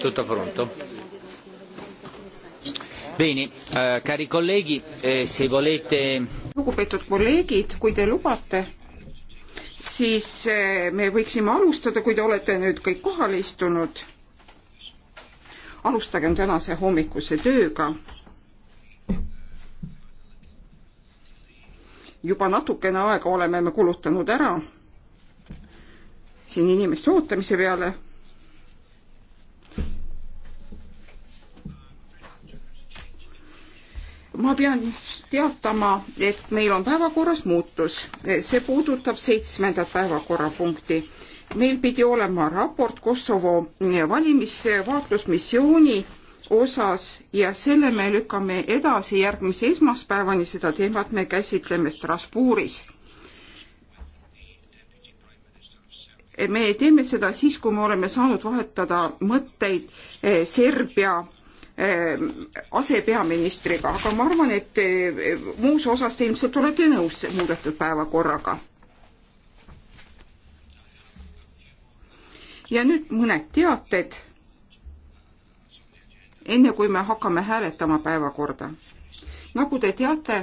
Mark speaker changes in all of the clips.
Speaker 1: Tutto pronto? Bene, eh, cari colleghi, eh, se volete... lugupeetud kolleegid, kui te lubate,
Speaker 2: siis eh, me võiksime alustada, kui te olete nüüd kõik kohale istunud. alustagem tänase hommikuse tööga. juba natukene aega oleme me kulutanud ära siin inimeste ootamise peale ma pean teatama, et meil on päevakorras muutus, see puudutab seitsmendat päevakorrapunkti. meil pidi olema raport Kosovo valimisvaatlusmissiooni osas ja selle me lükkame edasi järgmise esmaspäevani, seda teemat me käsitleme Strasbourgis. me teeme seda siis, kui me oleme saanud vahetada mõtteid eh, Serbia Ähm, asepeaministriga, aga ma arvan, et äh, muus osas te ilmselt olete nõus muudetud päevakorraga. ja nüüd mõned teated, enne kui me hakkame hääletama päevakorda. nagu te teate,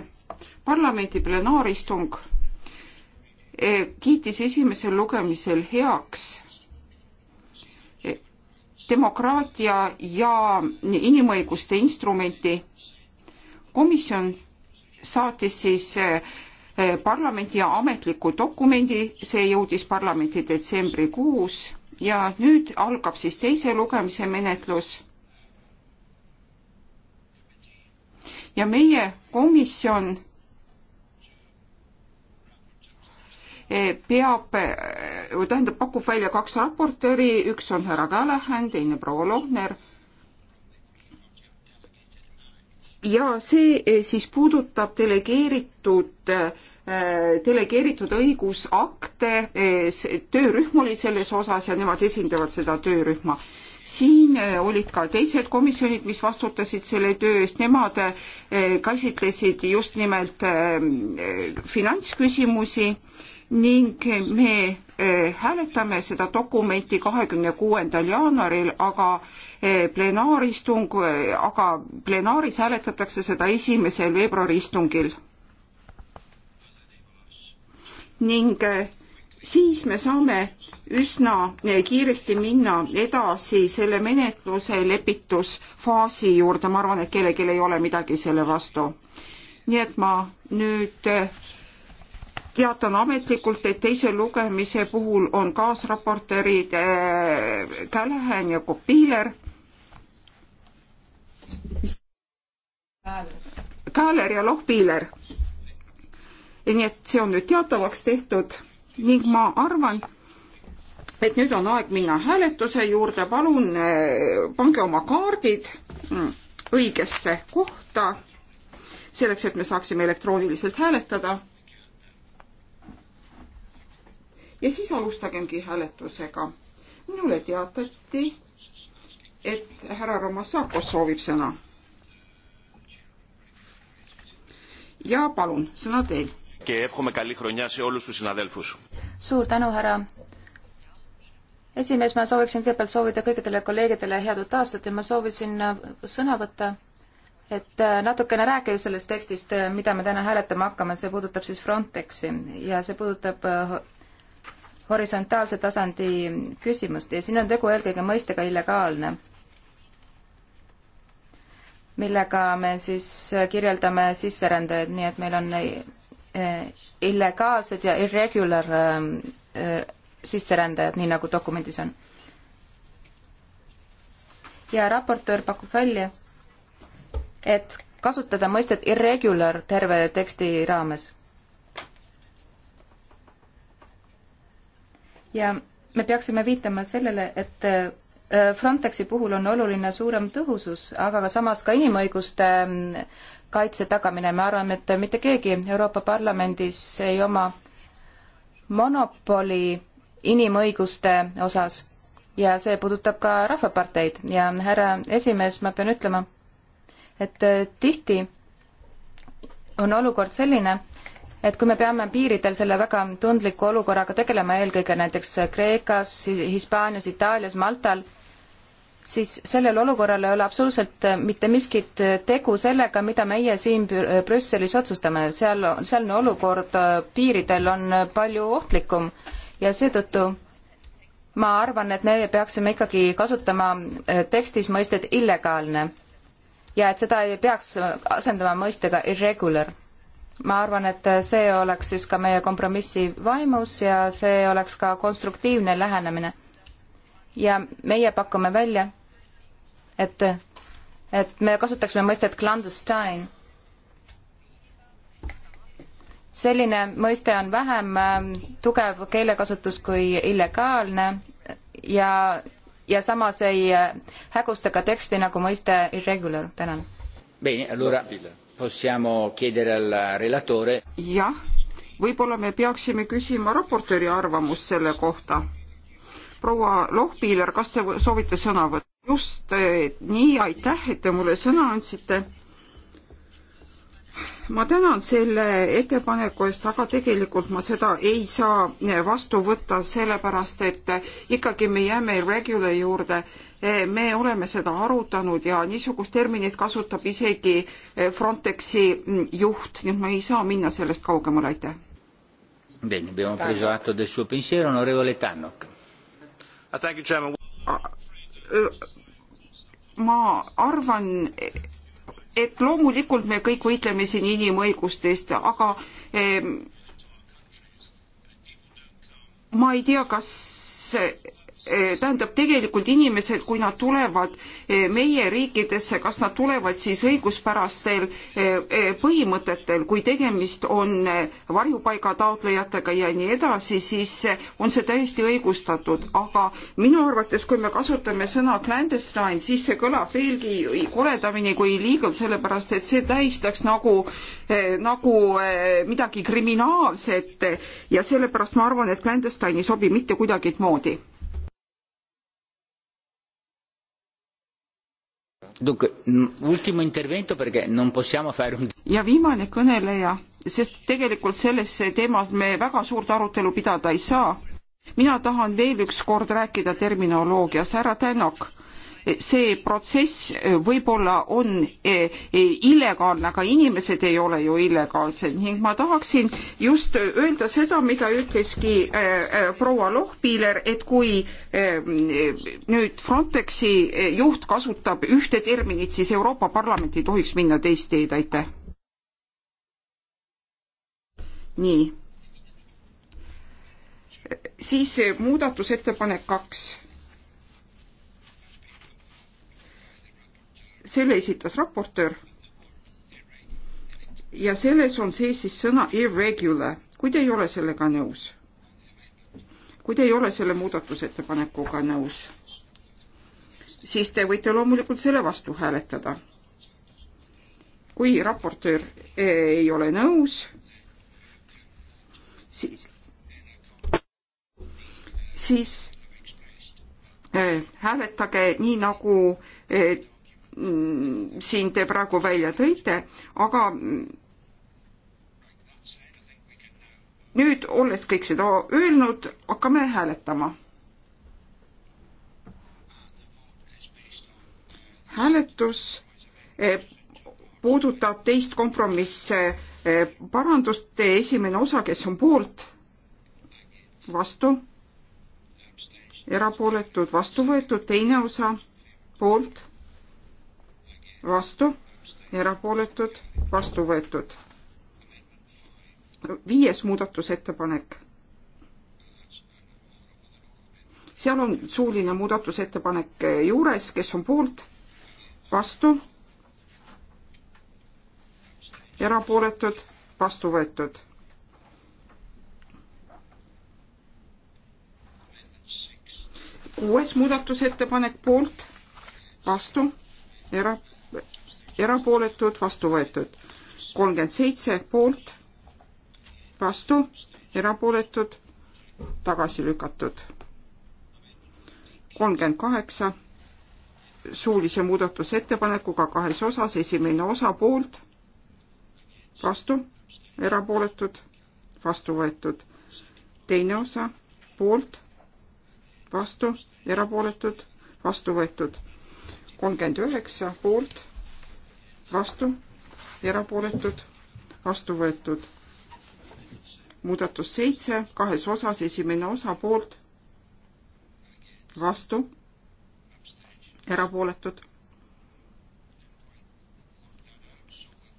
Speaker 2: parlamendi plenaaristung äh, kiitis esimesel lugemisel heaks demokraatia ja inimõiguste instrumenti. komisjon saatis siis eh, parlamendi ametliku dokumendi, see jõudis parlamenti detsembrikuus ja nüüd algab siis teise lugemise menetlus. ja meie komisjon peab, tähendab, pakub välja kaks raportööri, üks on härra Kälehän, teine proua Lohner. ja see eh, siis puudutab delegeeritud eh, delegeeritud õigusakte, eh, töörühm oli selles osas ja nemad esindavad seda töörühma siin olid ka teised komisjonid, mis vastutasid selle töö eest, nemad käsitlesid just nimelt finantsküsimusi ning me eh, hääletame seda dokumenti kahekümne kuuendal jaanuaril, aga eh, plenaaristung, eh, aga plenaaris hääletatakse seda esimesel veebruari istungil. ning siis me saame üsna kiiresti minna edasi selle menetluse lepitusfaasi juurde, ma arvan, et kellelgi ei ole midagi selle vastu. nii et ma nüüd teatan ametlikult, et teise lugemise puhul on kaasraportöörid Kälehän äh, ja Kopiiler. Kääler ja Lohpiiler. nii et see on nüüd teatavaks tehtud ning ma arvan, et nüüd on aeg minna hääletuse juurde, palun äh, pange oma kaardid mm, õigesse kohta, selleks et me saaksime elektrooniliselt hääletada ja siis alustagemgi hääletusega. minule teatati, et härra Romasakos soovib sõna. ja palun, sõna teil.
Speaker 3: suur tänu, härra esimees, ma sooviksin kõigepealt soovida kõikidele kolleegidele head uut aastat ja ma soovisin äh, sõna võtta, et äh, natukene rääkida sellest tekstist, äh, mida me täna hääletama hakkame, see puudutab siis Frontexi ja see puudutab horisontaalse tasandi küsimust ja siin on tegu eelkõige mõistega illegaalne, millega me siis kirjeldame sisserändajaid, nii et meil on eh, illegaalsed ja irregular eh, sisserändajad, nii nagu dokumendis on. ja raportöör pakub välja, et kasutada mõistet irregular terve teksti raames ja me peaksime viitama sellele, et äh, Frontexi puhul on oluline suurem tõhusus, aga ka samas ka inimõiguste mm, kaitse tagamine, me arvame, et mitte keegi Euroopa Parlamendis ei oma monopoli inimõiguste osas ja see puudutab ka rahvaparteid ja härra esimees, ma pean ütlema, et äh, tihti on olukord selline, et kui me peame piiridel selle väga tundliku olukorraga tegelema, eelkõige näiteks Kreekas, Hispaanias, Itaalias, Maltal, siis sellel olukorral ei ole absoluutselt eh, mitte miskit eh, tegu sellega, mida meie siin eh, Brüsselis otsustame, seal, sealne olukord piiridel on palju ohtlikum ja seetõttu ma arvan, et me peaksime ikkagi kasutama tekstis mõistet illegaalne ja et seda ei peaks asendama mõistega irregular ma arvan, et see oleks siis ka meie kompromissi vaimus ja see oleks ka konstruktiivne lähenemine. ja meie pakume välja, et, et me kasutaksime mõistet clandestine. selline mõiste on vähem ähm, tugev keelekasutus kui illegaalne ja, ja samas ei äh, hägusta ka teksti nagu mõiste irregular. tänan.
Speaker 1: Bene, allora jah, võib-olla me
Speaker 2: peaksime küsima raportööri arvamust selle kohta. proua Lohpiiler, kas te soovite sõna võtta? just nii, aitäh, et te mulle sõna andsite ma tänan selle ettepaneku eest, aga tegelikult ma seda ei saa vastu võtta, sellepärast et ikkagi me jääme regular juurde Eh, me oleme seda arutanud ja niisugust terminit kasutab isegi eh, Frontexi mm, juht, nii et ma ei saa minna sellest kaugemale, aitäh.
Speaker 1: Bene, abbiamo preso atto del suo pensiero, onorevole Tannock. Uh, eh,
Speaker 2: ma arvan, et loomulikult me kõik võitleme siin inimõiguste eest, aga eh, ma ei tea, kas Eh, tähendab tegelikult inimesed, kui nad tulevad eh, meie riikidesse, kas nad tulevad siis õiguspärastel eh, põhimõtetel, kui tegemist on varjupaiga taotlejatega ja nii edasi, siis on see täiesti õigustatud, aga minu arvates, kui me kasutame sõna clandestine, siis see kõlab veelgi koledamini kui illegal, sellepärast et see tähistaks nagu, nagu midagi kriminaalset ja sellepärast ma arvan, et clandestine ei sobi mitte kuidagimoodi
Speaker 1: Dunque, ultimo intervento perché non possiamo fare un...
Speaker 2: ja viimane kõneleja, sest tegelikult selles teemas me väga suurt arutelu pidada ei saa. mina tahan veel ükskord rääkida terminoloogiast, härra Tänok see protsess võib-olla on e, e, illegaalne, aga inimesed ei ole ju illegaalsed ning ma tahaksin just öelda seda, mida ütleski e, proua Lohpiiler, et kui nüüd Frontexi juht kasutab ühte terminit, siis Euroopa Parlament ei tohiks minna teist teed, aitäh. nii siis muudatusettepanek kaks selle esitas raportöör. ja selles on sees siis sõna irregular, kui te ei ole sellega nõus, kui te ei ole selle muudatusettepanekuga nõus, siis te võite loomulikult selle vastu hääletada. kui raportöör ei ole nõus, siis, siis eh, hääletage nii, nagu eh, Mm, siin te praegu välja tõite, aga nüüd, olles kõik seda öelnud, hakkame hääletama. hääletus eh, puudutab teist kompromisse eh, parandust, esimene osa, kes on poolt, vastu, erapooletud, vastu võetud, teine osa, poolt vastu, erapooletud, vastu võetud. viies muudatusettepanek. seal on suuline muudatusettepanek juures, kes on poolt, vastu, erapooletud, vastu võetud. kuues muudatusettepanek poolt, vastu, erapooletud erapooletud, vastu võetud. kolmkümmend seitse poolt, vastu, erapooletud, tagasi lükatud. kolmkümmend kaheksa suulise muudatusettepanekuga kahes osas, esimene osa poolt, vastu, erapooletud, vastu võetud. teine osa poolt, vastu, erapooletud, vastu võetud. kolmkümmend üheksa poolt vastu, erapooletud, vastu võetud. muudatus seitse kahes osas, esimene osa poolt, vastu, erapooletud.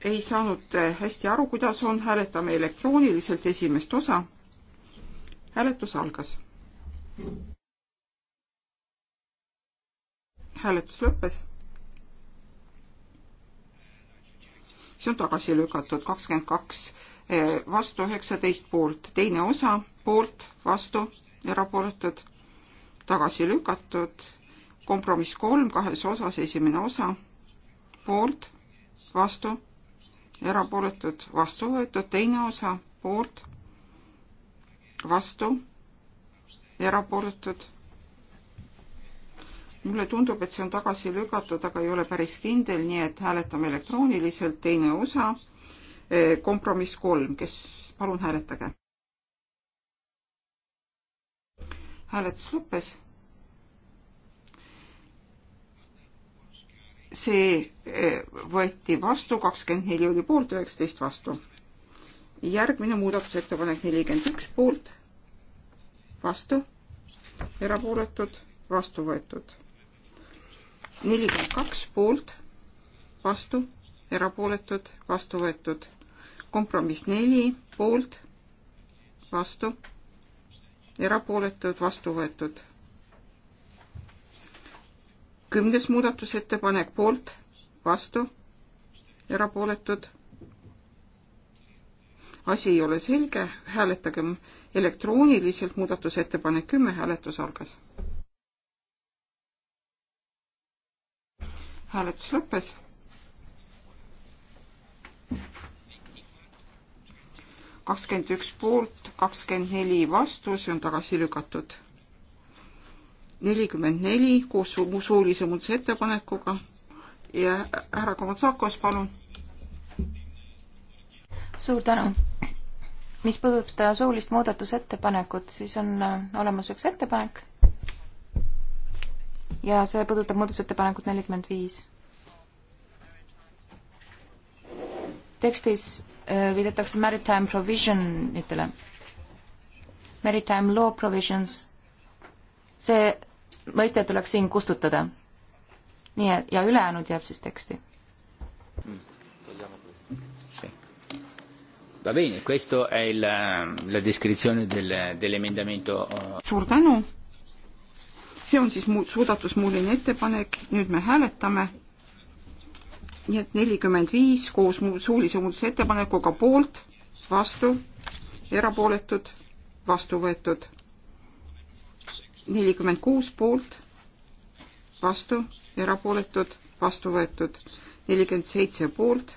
Speaker 2: ei saanud hästi aru, kuidas on, hääletame elektrooniliselt esimest osa. hääletus algas. hääletus lõppes see on tagasi lükatud, kakskümmend kaks eh, vastu üheksateist poolt, teine osa poolt, vastu, erapooletud, tagasi lükatud, kompromiss kolm kahes osas, esimene osa poolt, vastu, erapooletud, vastu võetud, teine osa poolt, vastu, erapooletud mulle tundub, et see on tagasi lükatud, aga ei ole päris kindel, nii et hääletame elektrooniliselt, teine osa, eh, kompromiss kolm, kes, palun hääletage. hääletus lõppes. see eh, võeti vastu, kakskümmend neli oli poolt, üheksateist vastu. järgmine muudatusettepanek nelikümmend üks poolt, vastu, erapooletud, vastu võetud nelikümmend kaks poolt, vastu, erapooletud, vastu võetud. kompromiss neli poolt, vastu, erapooletud, vastu võetud. kümnes muudatusettepanek poolt, vastu, erapooletud. asi ei ole selge, hääletagem elektrooniliselt, muudatusettepanek kümme, hääletus algas hääletus lõppes. kakskümmend üks poolt, kakskümmend neli vastu, see on tagasi lükatud. nelikümmend neli koos suulise muudatusettepanekuga ja härra Komatsakos, palun.
Speaker 3: suur tänu. mis puudutab seda suulist muudatusettepanekut, siis on äh, olemas üks ettepanek ja see puudutab muudatusettepanekut nelikümmend viis. tekstis äh, viidatakse maritime provision itele, maritime law provisions, see mõiste tuleks siin kustutada. nii et ja ülejäänud jääb siis teksti
Speaker 1: mm.. Va bene, questo è la, la descrizione del, dell'emendamento.
Speaker 2: Suur tänu see on siis muud, suudatusmuuline ettepanek, nüüd me hääletame. nii et nelikümmend viis koos muud suulise muudatusettepanekuga poolt, vastu, erapooletud, vastu võetud. nelikümmend kuus poolt, vastu, erapooletud, vastu võetud. nelikümmend seitse poolt,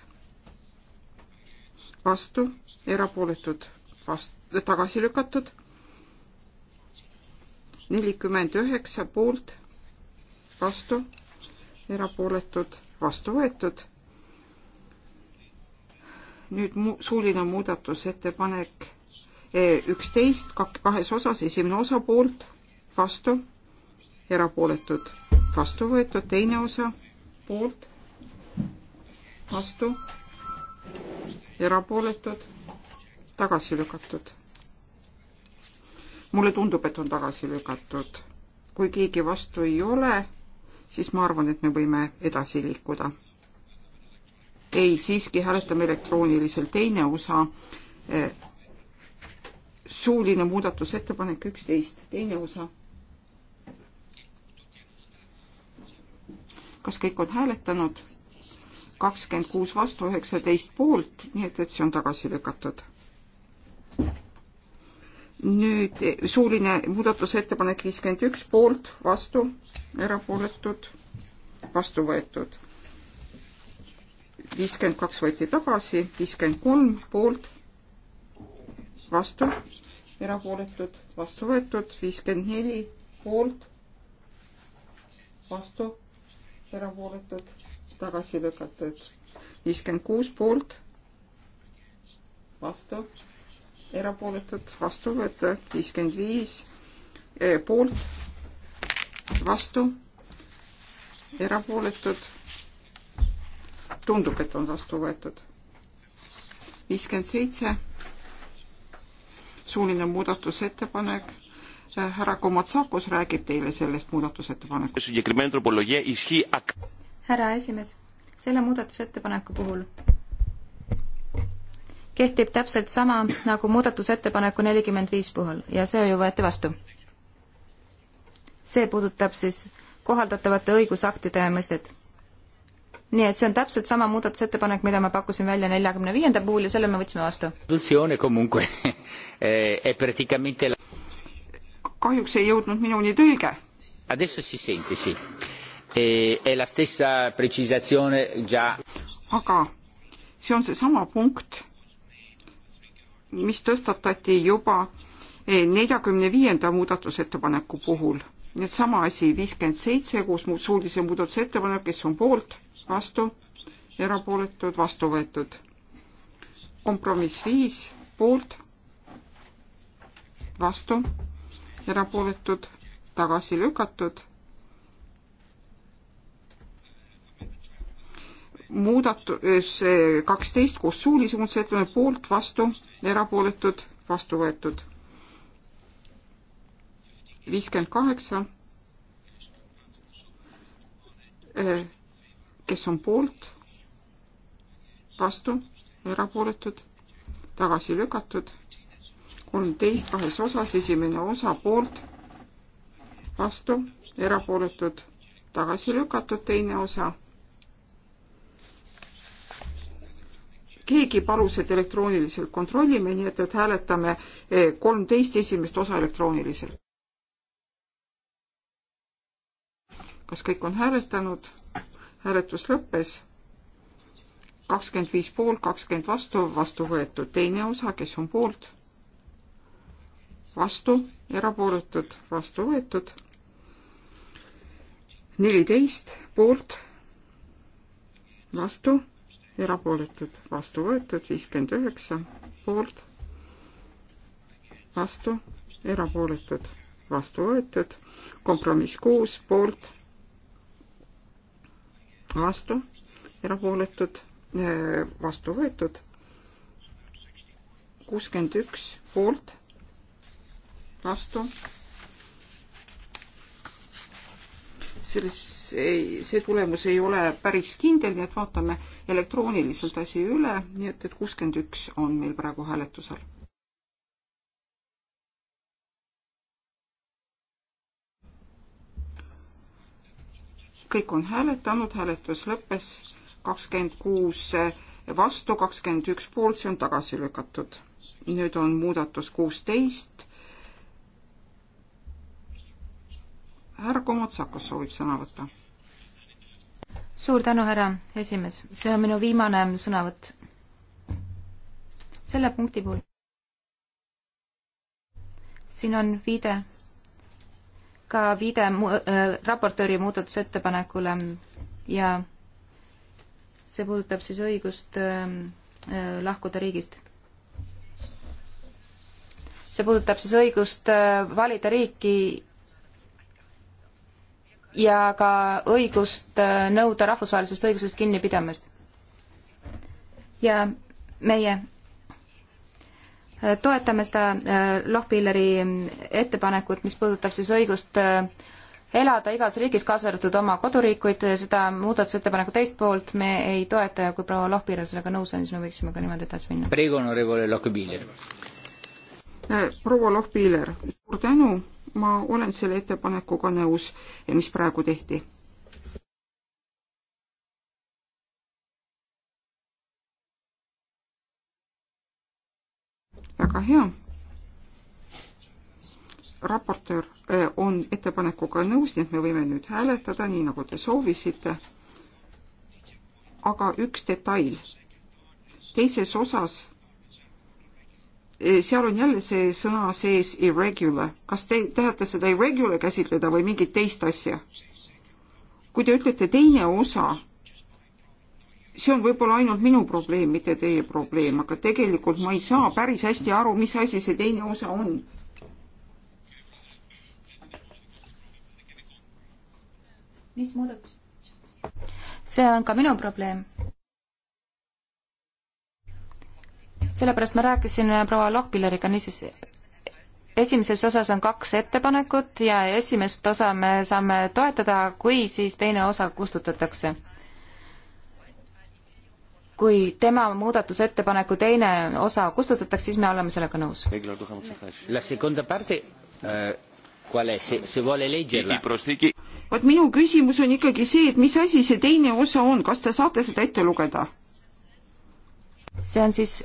Speaker 2: vastu, erapooletud, vastu, tagasi lükatud nelikümmend üheksa poolt, vastu, erapooletud, vastu võetud. nüüd mu-, suuline muudatusettepanek e, üksteist kak-, kahes osas, esimene osa poolt, vastu, erapooletud, vastu võetud, teine osa poolt, vastu, erapooletud, tagasi lükatud mulle tundub, et on tagasi lükatud. kui keegi vastu ei ole, siis ma arvan, et me võime edasi liikuda. ei, siiski hääletame elektrooniliselt, teine osa, eh, suuline muudatusettepanek üksteist, teine osa. kas kõik on hääletanud? kakskümmend kuus vastu, üheksateist poolt, nii et, et see on tagasi lükatud nüüd suuline muudatusettepanek viiskümmend üks poolt, vastu, erapooletud, vastu võetud. viiskümmend kaks võeti tagasi, viiskümmend kolm poolt, vastu, erapooletud, vastu võetud, viiskümmend neli poolt, vastu, erapooletud, tagasi lükatud, viiskümmend kuus poolt, vastu erapooletud, vastu võetud, viiskümmend viis eh, poolt, vastu, erapooletud. tundub, et on vastu võetud. viiskümmend seitse, suuline muudatusettepanek. Eh, härra Komatsakos räägib teile sellest muudatusettepanekust.
Speaker 3: härra esimees, selle muudatusettepaneku puhul kehtib täpselt sama nagu muudatusettepaneku nelikümmend viis puhul ja see ju võeti vastu. see puudutab siis kohaldatavate õigusaktide mõistet. nii et see on täpselt sama muudatusettepanek, mida ma pakkusin välja neljakümne viienda puhul ja selle me võtsime
Speaker 1: vastu. Eh,
Speaker 2: kahjuks ei jõudnud minuni tõlge.
Speaker 1: Adesso si sente, sì. E, è la stessa precisazione già. Aga see on seesama
Speaker 2: punkt mis tõstatati juba eh, neljakümne viienda muudatusettepaneku puhul. nüüd sama asi, viiskümmend seitse koos suulise muudatusettepanek, kes on poolt, vastu, erapooletud, vastu võetud. kompromiss viis, poolt, vastu, erapooletud, tagasi lükatud muudatus eh, kaksteist koos suulise muudatusettepaneku poolt, vastu, erapooletud, vastu võetud. viiskümmend kaheksa. Eh, kes on poolt, vastu, erapooletud, tagasi lükatud. kolmteist kahes osas, esimene osa poolt, vastu, erapooletud, tagasi lükatud, teine osa keegi palus, et elektrooniliselt kontrollime, nii et, et hääletame eh, kolmteist esimest osa elektrooniliselt. kas kõik on hääletanud? hääletus lõppes. kakskümmend viis poolt, kakskümmend vastu, vastu võetud teine osa, kes on poolt? vastu, erapooletud, vastu võetud. neliteist poolt, vastu erapooletud, vastu võetud, viiskümmend üheksa poolt, vastu, erapooletud, vastu võetud, kompromiss kuus poolt, vastu, erapooletud, eh, vastu võetud, kuuskümmend üks poolt, vastu selles, see tulemus ei ole päris kindel, nii et vaatame elektrooniliselt asi üle, nii et, et kuuskümmend üks on meil praegu hääletusel. kõik on hääletanud, hääletus lõppes kakskümmend kuus vastu, kakskümmend üks poolt, see on tagasi lükatud. nüüd on muudatus kuusteist härra Komotsakos soovib sõna võtta.
Speaker 3: suur tänu, härra esimees, see on minu viimane sõnavõtt selle punkti puhul. siin on viide, ka viide mu, äh, raportööri muudatusettepanekule ja see puudutab siis õigust äh, äh, lahkuda riigist see puudutab siis õigust äh, valida riiki ja ka õigust äh, nõuda rahvusvahelisest õigusest kinnipidamist. ja meie äh, toetame seda äh, Lohpilleri ettepanekut, mis puudutab siis õigust elada igas riigis, kaasa arvatud oma koduriik, kuid seda muudatusettepaneku teist poolt me ei toeta ja kui proua Lohpiller sellega nõus on, siis me võiksime ka niimoodi
Speaker 2: edasi minna.
Speaker 1: proua Lohpiller.
Speaker 2: proua Lohpiller, suur tänu ma olen selle ettepanekuga nõus, mis praegu tehti. väga hea. raportöör äh, on ettepanekuga nõus, nii et me võime nüüd hääletada, nii nagu te soovisite. aga üks detail. teises osas Eh, seal on jälle see sõna sees irregular. kas te tahate seda irregular käsitleda või mingit teist asja? kui te ütlete teine osa, see on võib-olla ainult minu probleem, mitte teie probleem, aga tegelikult ma ei saa päris hästi aru, mis asi see teine osa on.
Speaker 3: mis muudatus? see on ka minu probleem sellepärast ma rääkisin proua Lohpilleriga, niisiis esimeses osas on kaks ettepanekut ja esimest osa me saame toetada, kui siis teine osa kustutatakse. kui tema muudatusettepaneku teine osa kustutatakse, siis me oleme sellega nõus. Eh,
Speaker 2: vot minu küsimus on ikkagi see, et mis asi see teine osa on, kas te saate seda ette lugeda? see on
Speaker 3: siis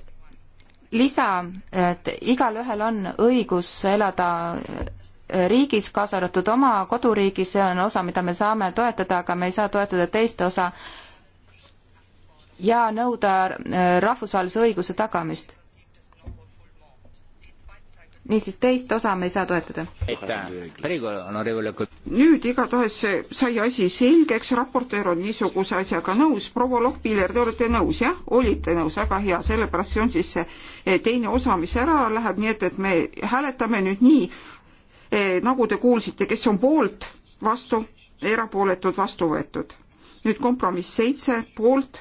Speaker 3: lisa, et igalühel on õigus elada äh, riigis, kaasa arvatud oma koduriigis, see on osa, mida me saame toetada, aga me ei saa toetada teist osa ja nõuda äh, rahvusvahelise
Speaker 2: õiguse tagamist niisiis, teist osa me ei saa toetada. nüüd igatahes sai asi selgeks, raportöör on niisuguse asjaga nõus, proua Lokk-Piller, te olete nõus, jah? olite nõus, väga hea, sellepärast see on siis see eh, teine osa, mis ära läheb, nii et, et me hääletame nüüd nii, eh, nagu te kuulsite, kes on poolt, vastu, erapooletud, vastu võetud. nüüd kompromiss seitse, poolt,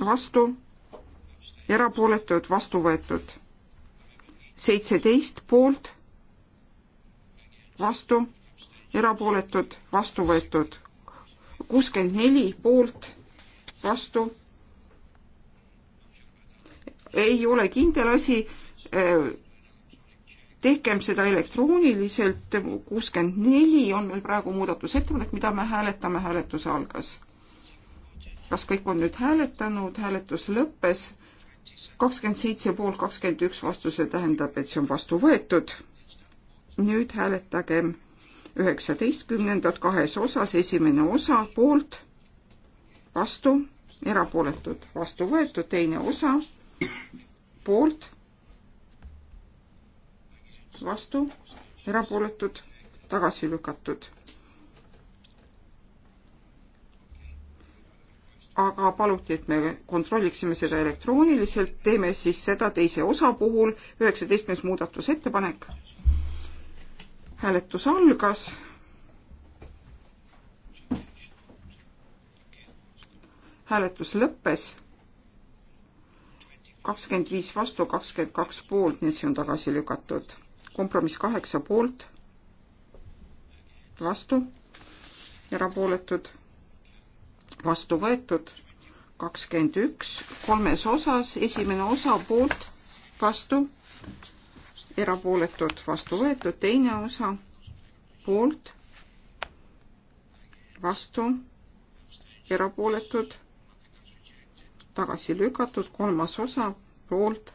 Speaker 2: vastu erapooletud, vastu võetud. seitseteist poolt, vastu, erapooletud, vastu võetud. kuuskümmend neli poolt, vastu. ei ole kindel asi. Äh, tehkem seda elektrooniliselt, kuuskümmend neli on meil praegu muudatusettepanek, mida me hääletame, hääletus algas kas kõik on nüüd hääletanud, hääletus lõppes kakskümmend seitse poolt, kakskümmend üks vastu, see tähendab, et see on vastu võetud. nüüd hääletagem üheksateistkümnendat kahes osas, esimene osa poolt, vastu, erapooletud, vastu võetud, teine osa poolt, vastu, erapooletud, tagasi lükatud aga paluti, et me kontrolliksime seda elektrooniliselt, teeme siis seda teise osa puhul, üheksateistkümnes muudatusettepanek. hääletus algas. hääletus lõppes. kakskümmend viis vastu, kakskümmend kaks poolt, nii et see on tagasi lükatud. kompromiss kaheksa poolt, vastu, erapooletud vastu võetud kakskümmend üks kolmes osas, esimene osa poolt, vastu, erapooletud, vastu võetud, teine osa poolt, vastu, erapooletud, tagasi lükatud, kolmas osa poolt,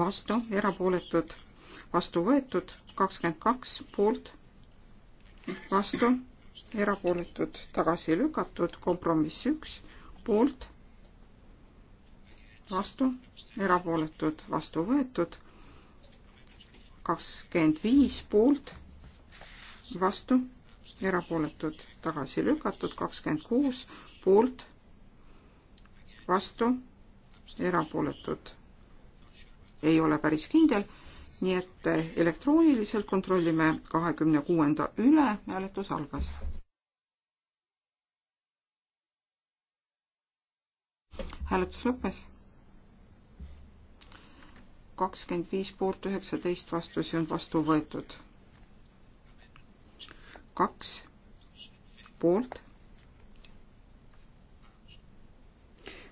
Speaker 2: vastu, erapooletud, vastu võetud, kakskümmend kaks poolt, vastu erapooletud tagasi lükatud, kompromiss üks, poolt, vastu, erapooletud vastu võetud, kakskümmend viis poolt, vastu, erapooletud tagasi lükatud, kakskümmend kuus poolt, vastu, erapooletud ei ole päris kindel nii et elektrooniliselt kontrollime kahekümne kuuenda üle, hääletus algas. hääletus lõppes. kakskümmend viis poolt üheksateist vastu, see on vastu võetud. kaks poolt.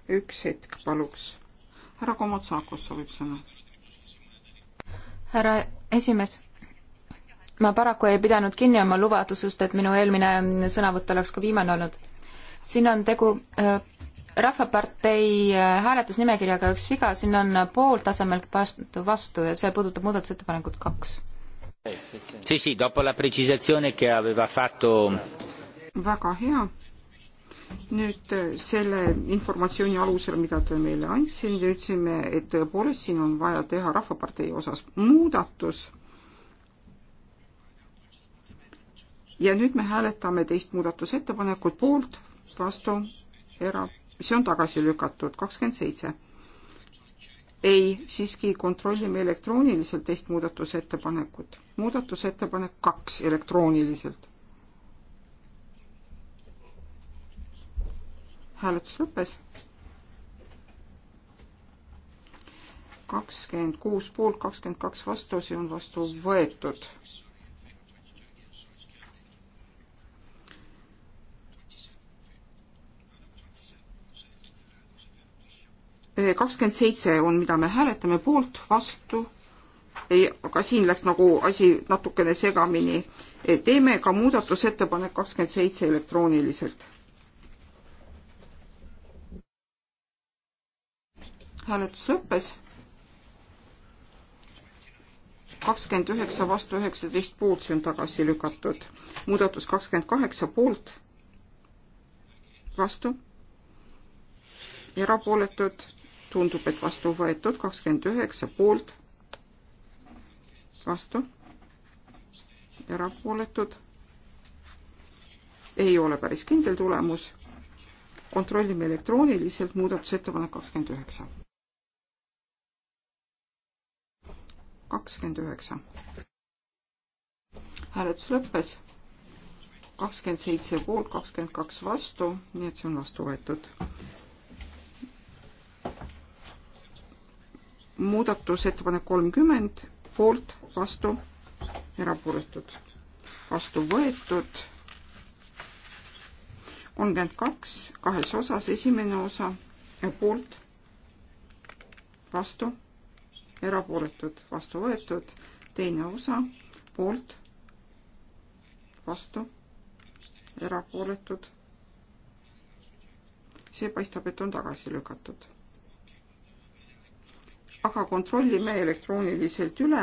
Speaker 2: üks hetk paluks. härra Komotsakos soovib sõna.
Speaker 3: härra esimees, ma paraku ei pidanud kinni oma lubadusest, et minu eelmine sõnavõtt oleks ka viimane olnud. siin on tegu öö, Rahvapartei äh, hääletusnimekirjaga üks viga, siin on pool tasemel vastu ja see puudutab muudatusettepanekut kaks.
Speaker 1: Sì, sì, dopo la precisazione che aveva fatto
Speaker 2: väga hea. nüüd äh, selle informatsiooni alusel, mida te meile andsite, ütlesime, et tõepoolest siin on vaja teha Rahvapartei osas muudatus. ja nüüd me hääletame teist muudatusettepanekut poolt, vastu, erapooletu see on tagasi lükatud, kakskümmend seitse. ei, siiski kontrollime elektrooniliselt teist muudatusettepanekut. muudatusettepanek kaks elektrooniliselt. hääletus lõppes. kakskümmend kuus poolt, kakskümmend kaks vastu, see on vastu võetud kakskümmend seitse on, mida me hääletame poolt, vastu, ei, aga siin läks nagu asi natukene segamini. E, teeme ka muudatusettepanek kakskümmend seitse elektrooniliselt. hääletus lõppes. kakskümmend üheksa vastu üheksateist poolt, see on tagasi lükatud. muudatus kakskümmend kaheksa poolt, vastu erapooletud tundub, et vastu võetud, kakskümmend üheksa poolt, vastu, erapooletud, ei ole päris kindel tulemus. kontrollime elektrooniliselt muudatusettepanek kakskümmend üheksa. kakskümmend üheksa. hääletus lõppes kakskümmend seitse poolt, kakskümmend kaks vastu, nii et see on vastu võetud. muudatusettepanek kolmkümmend, poolt, vastu, erapooletud, vastu võetud. kolmkümmend kaks, kahes osas, esimene osa, poolt, vastu, erapooletud, vastu võetud, teine osa, poolt, vastu, erapooletud. see paistab, et on tagasi lükatud aga kontrollime elektrooniliselt üle.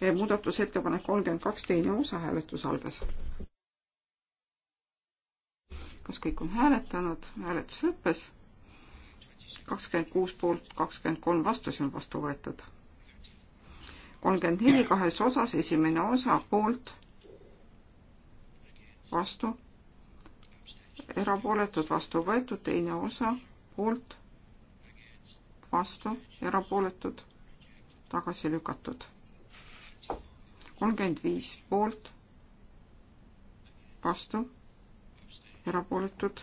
Speaker 2: Eh, muudatusettepanek kolmkümmend kaks, teine osa, hääletus algas. kas kõik on hääletanud? hääletus lõppes. kakskümmend kuus poolt, kakskümmend kolm vastu, see on vastu võetud. kolmkümmend neli kahes osas, esimene osa poolt, vastu, erapooletud, vastu võetud, teine osa poolt vastu, erapooletud, tagasi lükatud. kolmkümmend viis poolt, vastu, erapooletud,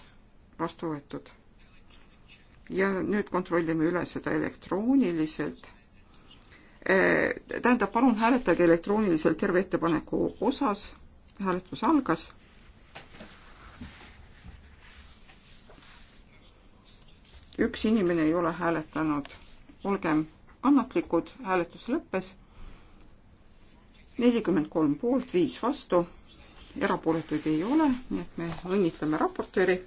Speaker 2: vastu võetud. ja nüüd kontrollime üle seda elektrooniliselt äh, tähendab, palun hääletage elektrooniliselt terve ettepaneku osas. hääletus algas üks inimene ei ole hääletanud. olgem kannatlikud, hääletus lõppes. nelikümmend kolm poolt, viis vastu, erapooletuid ei ole, nii et me õnnitleme raportööri.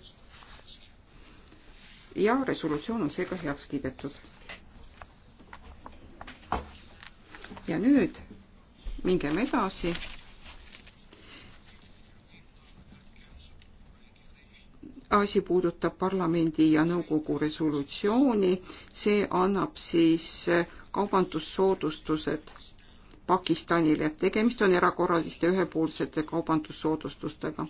Speaker 2: ja resolutsioon on seega heaks kiidetud. ja nüüd mingem edasi asi puudutab parlamendi ja nõukogu resolutsiooni, see annab siis kaubandussoodustused Pakistanile. tegemist on erakorraliste ühepoolsete kaubandussoodustustega.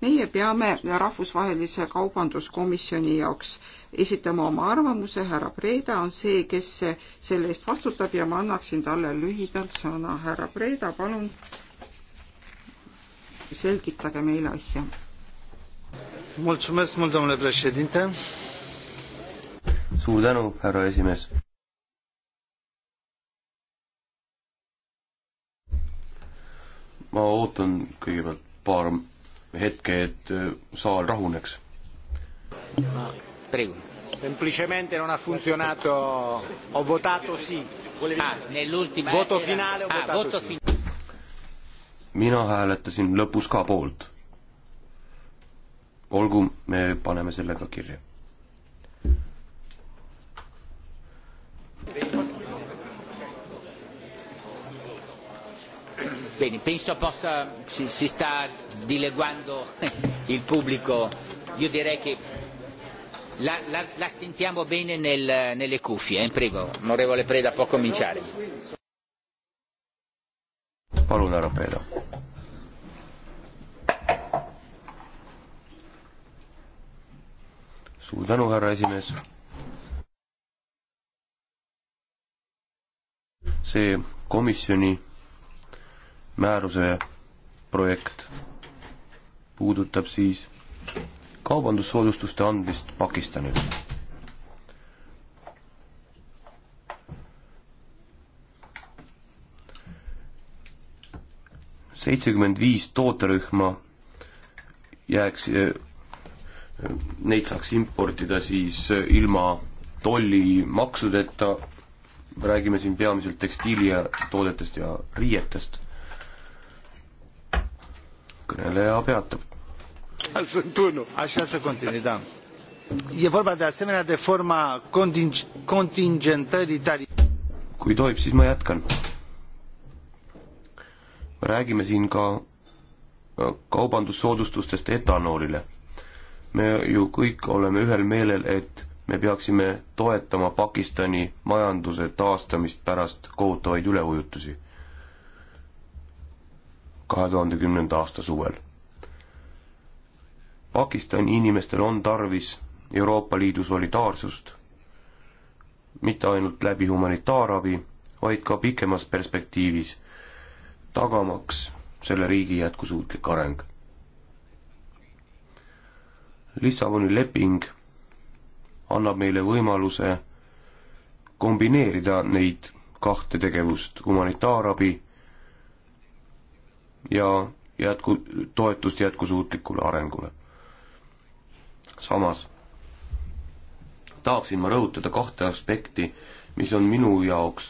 Speaker 2: meie peame Rahvusvahelise Kaubanduskomisjoni jaoks esitama oma arvamuse, härra Preeda on see, kes selle eest vastutab ja ma annaksin talle lühidalt sõna. härra Preeda, palun selgitage meile asja
Speaker 4: mulțumesc mult, domnule președinte.
Speaker 5: suur tänu, härra esimees. ma ootan kõigepealt paar hetke, et äh, saal rahuneks.
Speaker 1: Prego. Semplicemente non ha funzionato, ho votato sì. Ah, voto finale ho ah, votato sì.
Speaker 5: mina hääletasin lõpus ka poolt olgu, me paneme selle ka kirja.
Speaker 1: Bene, penso possa, si, si sta dileguando il pubblico, io direi che la, la, la sentiamo bene nel, nelle cuffie, eh? prego, onorevole Preda può cominciare.
Speaker 5: Palun, härra Preda suur tänu, härra esimees. see komisjoni määruse projekt puudutab siis kaubandussoodustuste andmist Pakistanile. seitsekümmend viis tooterühma jääks eh, neid saaks importida siis äh, ilma tollimaksudeta, räägime siin peamiselt tekstiili ja toodetest ja riietest. kõneleja peatab.
Speaker 4: Așa să continui, da. E vorba de asemenea
Speaker 1: de forma contingentării tari-.
Speaker 5: kui tohib, siis ma jätkan. räägime siin ka äh, kaubandussoodustustest etanoolile me ju kõik oleme ühel meelel, et me peaksime toetama Pakistani majanduse taastamist pärast kohutavaid üleujutusi kahe tuhande kümnenda aasta suvel. Pakistani inimestel on tarvis Euroopa Liidu solidaarsust, mitte ainult läbi humanitaarabi, vaid ka pikemas perspektiivis, tagamaks selle riigi jätkusuutlik areng Lissaboni leping annab meile võimaluse kombineerida neid kahte tegevust, humanitaarabi ja jätku, toetust jätkusuutlikule arengule. samas tahaksin ma rõhutada kahte aspekti, mis on minu jaoks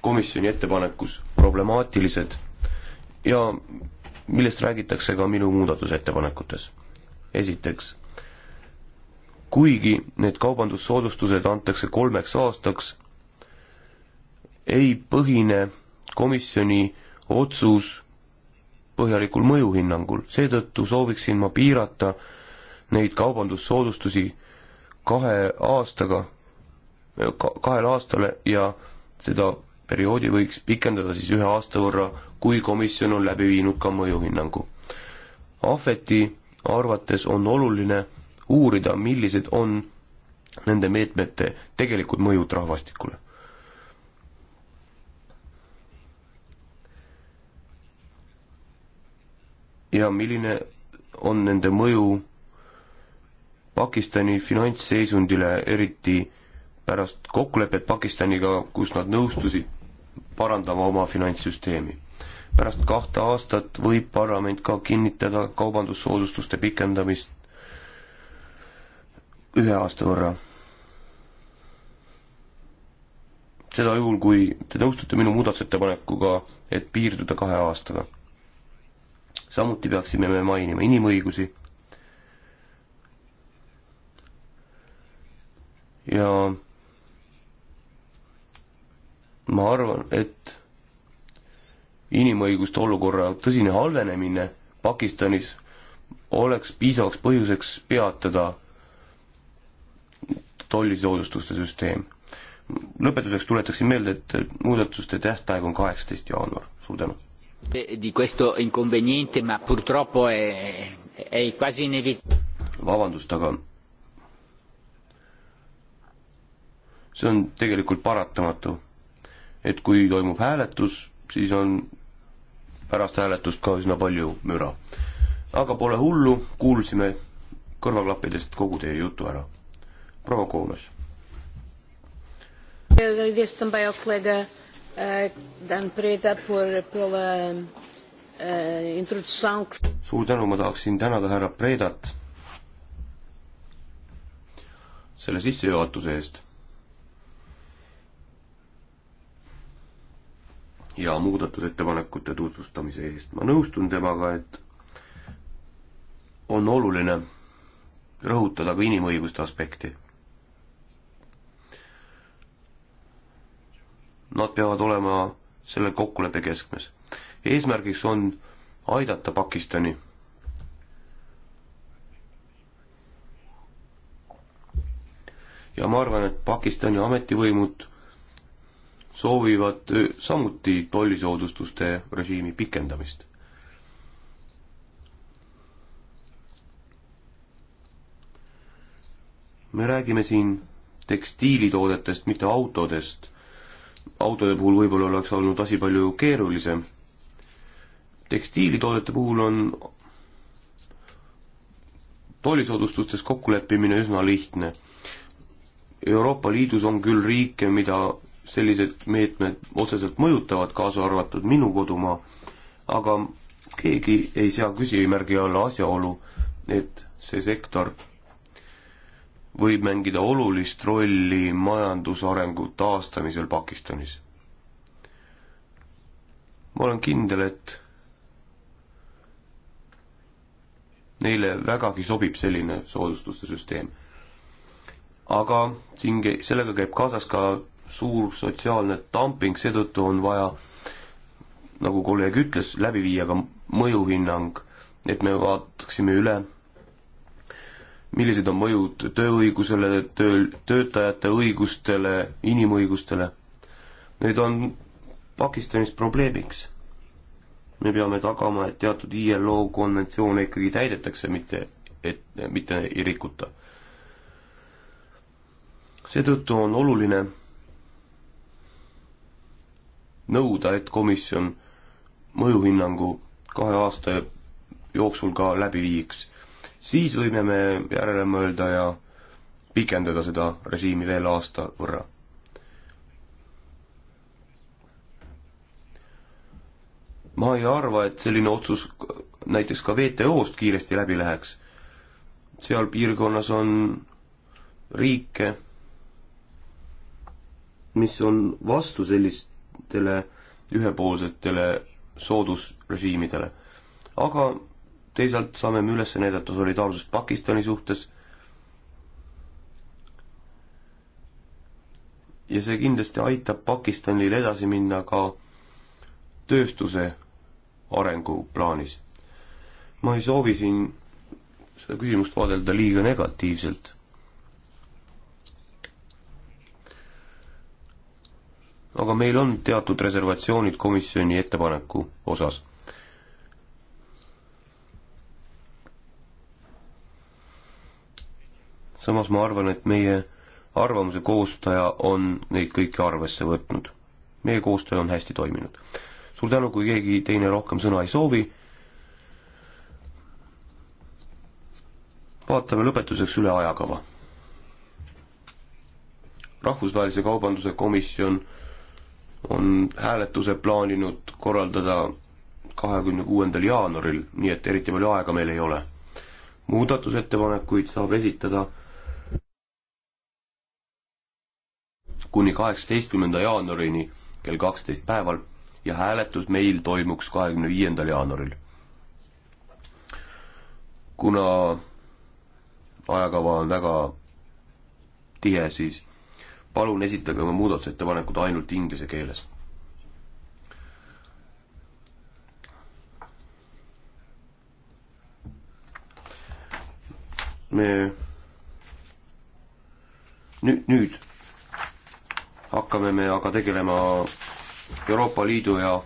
Speaker 5: komisjoni ettepanekus problemaatilised ja millest räägitakse ka minu muudatusettepanekutes. esiteks kuigi need kaubandussoodustused antakse kolmeks aastaks, ei põhine komisjoni otsus põhjalikul mõjuhinnangul, seetõttu sooviksin ma piirata neid kaubandussoodustusi kahe aastaga, kahele aastale ja seda perioodi võiks pikendada siis ühe aasta võrra, kui komisjon on läbi viinud ka mõjuhinnangu. Ahveti arvates on oluline uurida, millised on nende meetmete tegelikud mõjud rahvastikule. ja milline on nende mõju Pakistani finantsseisundile, eriti pärast kokkulepet Pakistaniga, kus nad nõustusid parandama oma finantssüsteemi. pärast kahte aastat võib parlament ka kinnitada kaubandussoodustuste pikendamist ühe aasta võrra. seda juhul, kui te nõustute minu muudatusettepanekuga, et piirduda kahe aastaga. samuti peaksime me mainima inimõigusi ja ma arvan, et inimõiguste olukorra tõsine halvenemine Pakistanis oleks piisavaks põhjuseks peatada tollisoodustuste süsteem. lõpetuseks tuletaksin meelde, et muudatuste tähtaeg on kaheksateist jaanuar, suur tänu.
Speaker 1: Di questo inconveniente ma purtroppo è, è quasi inevitabile.
Speaker 5: vabandust, aga see on tegelikult paratamatu. et kui toimub hääletus, siis on pärast hääletust ka üsna palju müra. aga pole hullu, kuulsime kõrvaklappidest kogu teie jutu ära proua Koomes. Eh, eh, suur tänu, ma tahaksin tänada härra Predat selle sissejuhatuse eest. ja muudatusettepanekute tutvustamise eest. ma nõustun temaga, et on oluline rõhutada ka inimõiguste aspekti nad peavad olema selle kokkuleppe keskmes. eesmärgiks on aidata Pakistani. ja ma arvan, et Pakistani ametivõimud soovivad samuti tollisoodustuste režiimi pikendamist. me räägime siin tekstiilitoodetest, mitte autodest autode puhul võib-olla oleks olnud asi palju keerulisem. tekstiilitoodete puhul on tollisoodustustes kokkuleppimine üsna lihtne. Euroopa Liidus on küll riike, mida sellised meetmed otseselt mõjutavad, kaasa arvatud minu kodumaa, aga keegi ei sea küsimärgi alla asjaolu, et see sektor võib mängida olulist rolli majandusarengu taastamisel Pakistanis. ma olen kindel, et neile vägagi sobib selline soodustuste süsteem. aga siin, sellega käib kaasas ka suur sotsiaalne dumping, seetõttu on vaja, nagu kolleeg ütles, läbi viia ka mõjuhinnang, et me vaataksime üle millised on mõjud tööõigusele, töö, töötajate õigustele, inimõigustele. Need on Pakistanis probleemiks. me peame tagama, et teatud ILO konventsioone ikkagi täidetakse, mitte et, mitte ei rikuta. seetõttu on oluline nõuda, et komisjon mõjuhinnangu kahe aasta jooksul ka läbi viiks siis võime me järele mõelda ja pikendada seda režiimi veel aasta võrra. ma ei arva, et selline otsus näiteks ka WTO-st kiiresti läbi läheks. seal piirkonnas on riike, mis on vastu sellistele ühepoolsetele soodusrežiimidele. aga teisalt saame me üles näidata solidaarsust Pakistani suhtes ja see kindlasti aitab Pakistanil edasi minna ka tööstuse arenguplaanis. ma ei soovi siin seda küsimust vaadelda liiga negatiivselt. aga meil on teatud reservatsioonid komisjoni ettepaneku osas samas ma arvan, et meie arvamuse koostaja on neid kõiki arvesse võtnud. meie koostöö on hästi toiminud. suur tänu, kui keegi teine rohkem sõna ei soovi. vaatame lõpetuseks üle ajakava. rahvusvahelise kaubanduse komisjon on hääletuse plaaninud korraldada kahekümne kuuendal jaanuaril, nii et eriti palju aega meil ei ole. muudatusettepanekuid saab esitada kuni kaheksateistkümnenda jaanuarini kell kaksteist päeval ja hääletus meil toimuks kahekümne viiendal jaanuaril. kuna ajakava on väga tihe, siis palun esitage oma muudatusettepanekud ainult inglise keeles. me nüüd, nüüd hakkame me aga tegelema Euroopa Liidu ja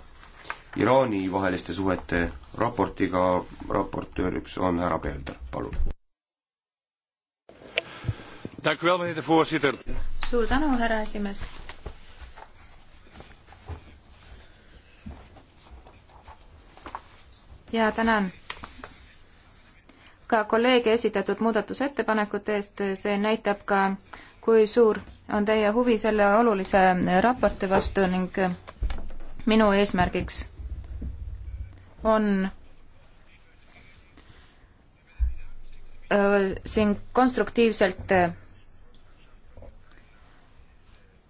Speaker 5: Iraani vaheliste suhete raportiga, raportööriks on härra Pelder, palun.
Speaker 3: suur tänu, härra esimees. ja tänan ka kolleege esitatud muudatusettepanekute eest, see näitab ka, kui suur on teie huvi selle olulise raporti vastu ning minu eesmärgiks on äh, siin konstruktiivselt äh,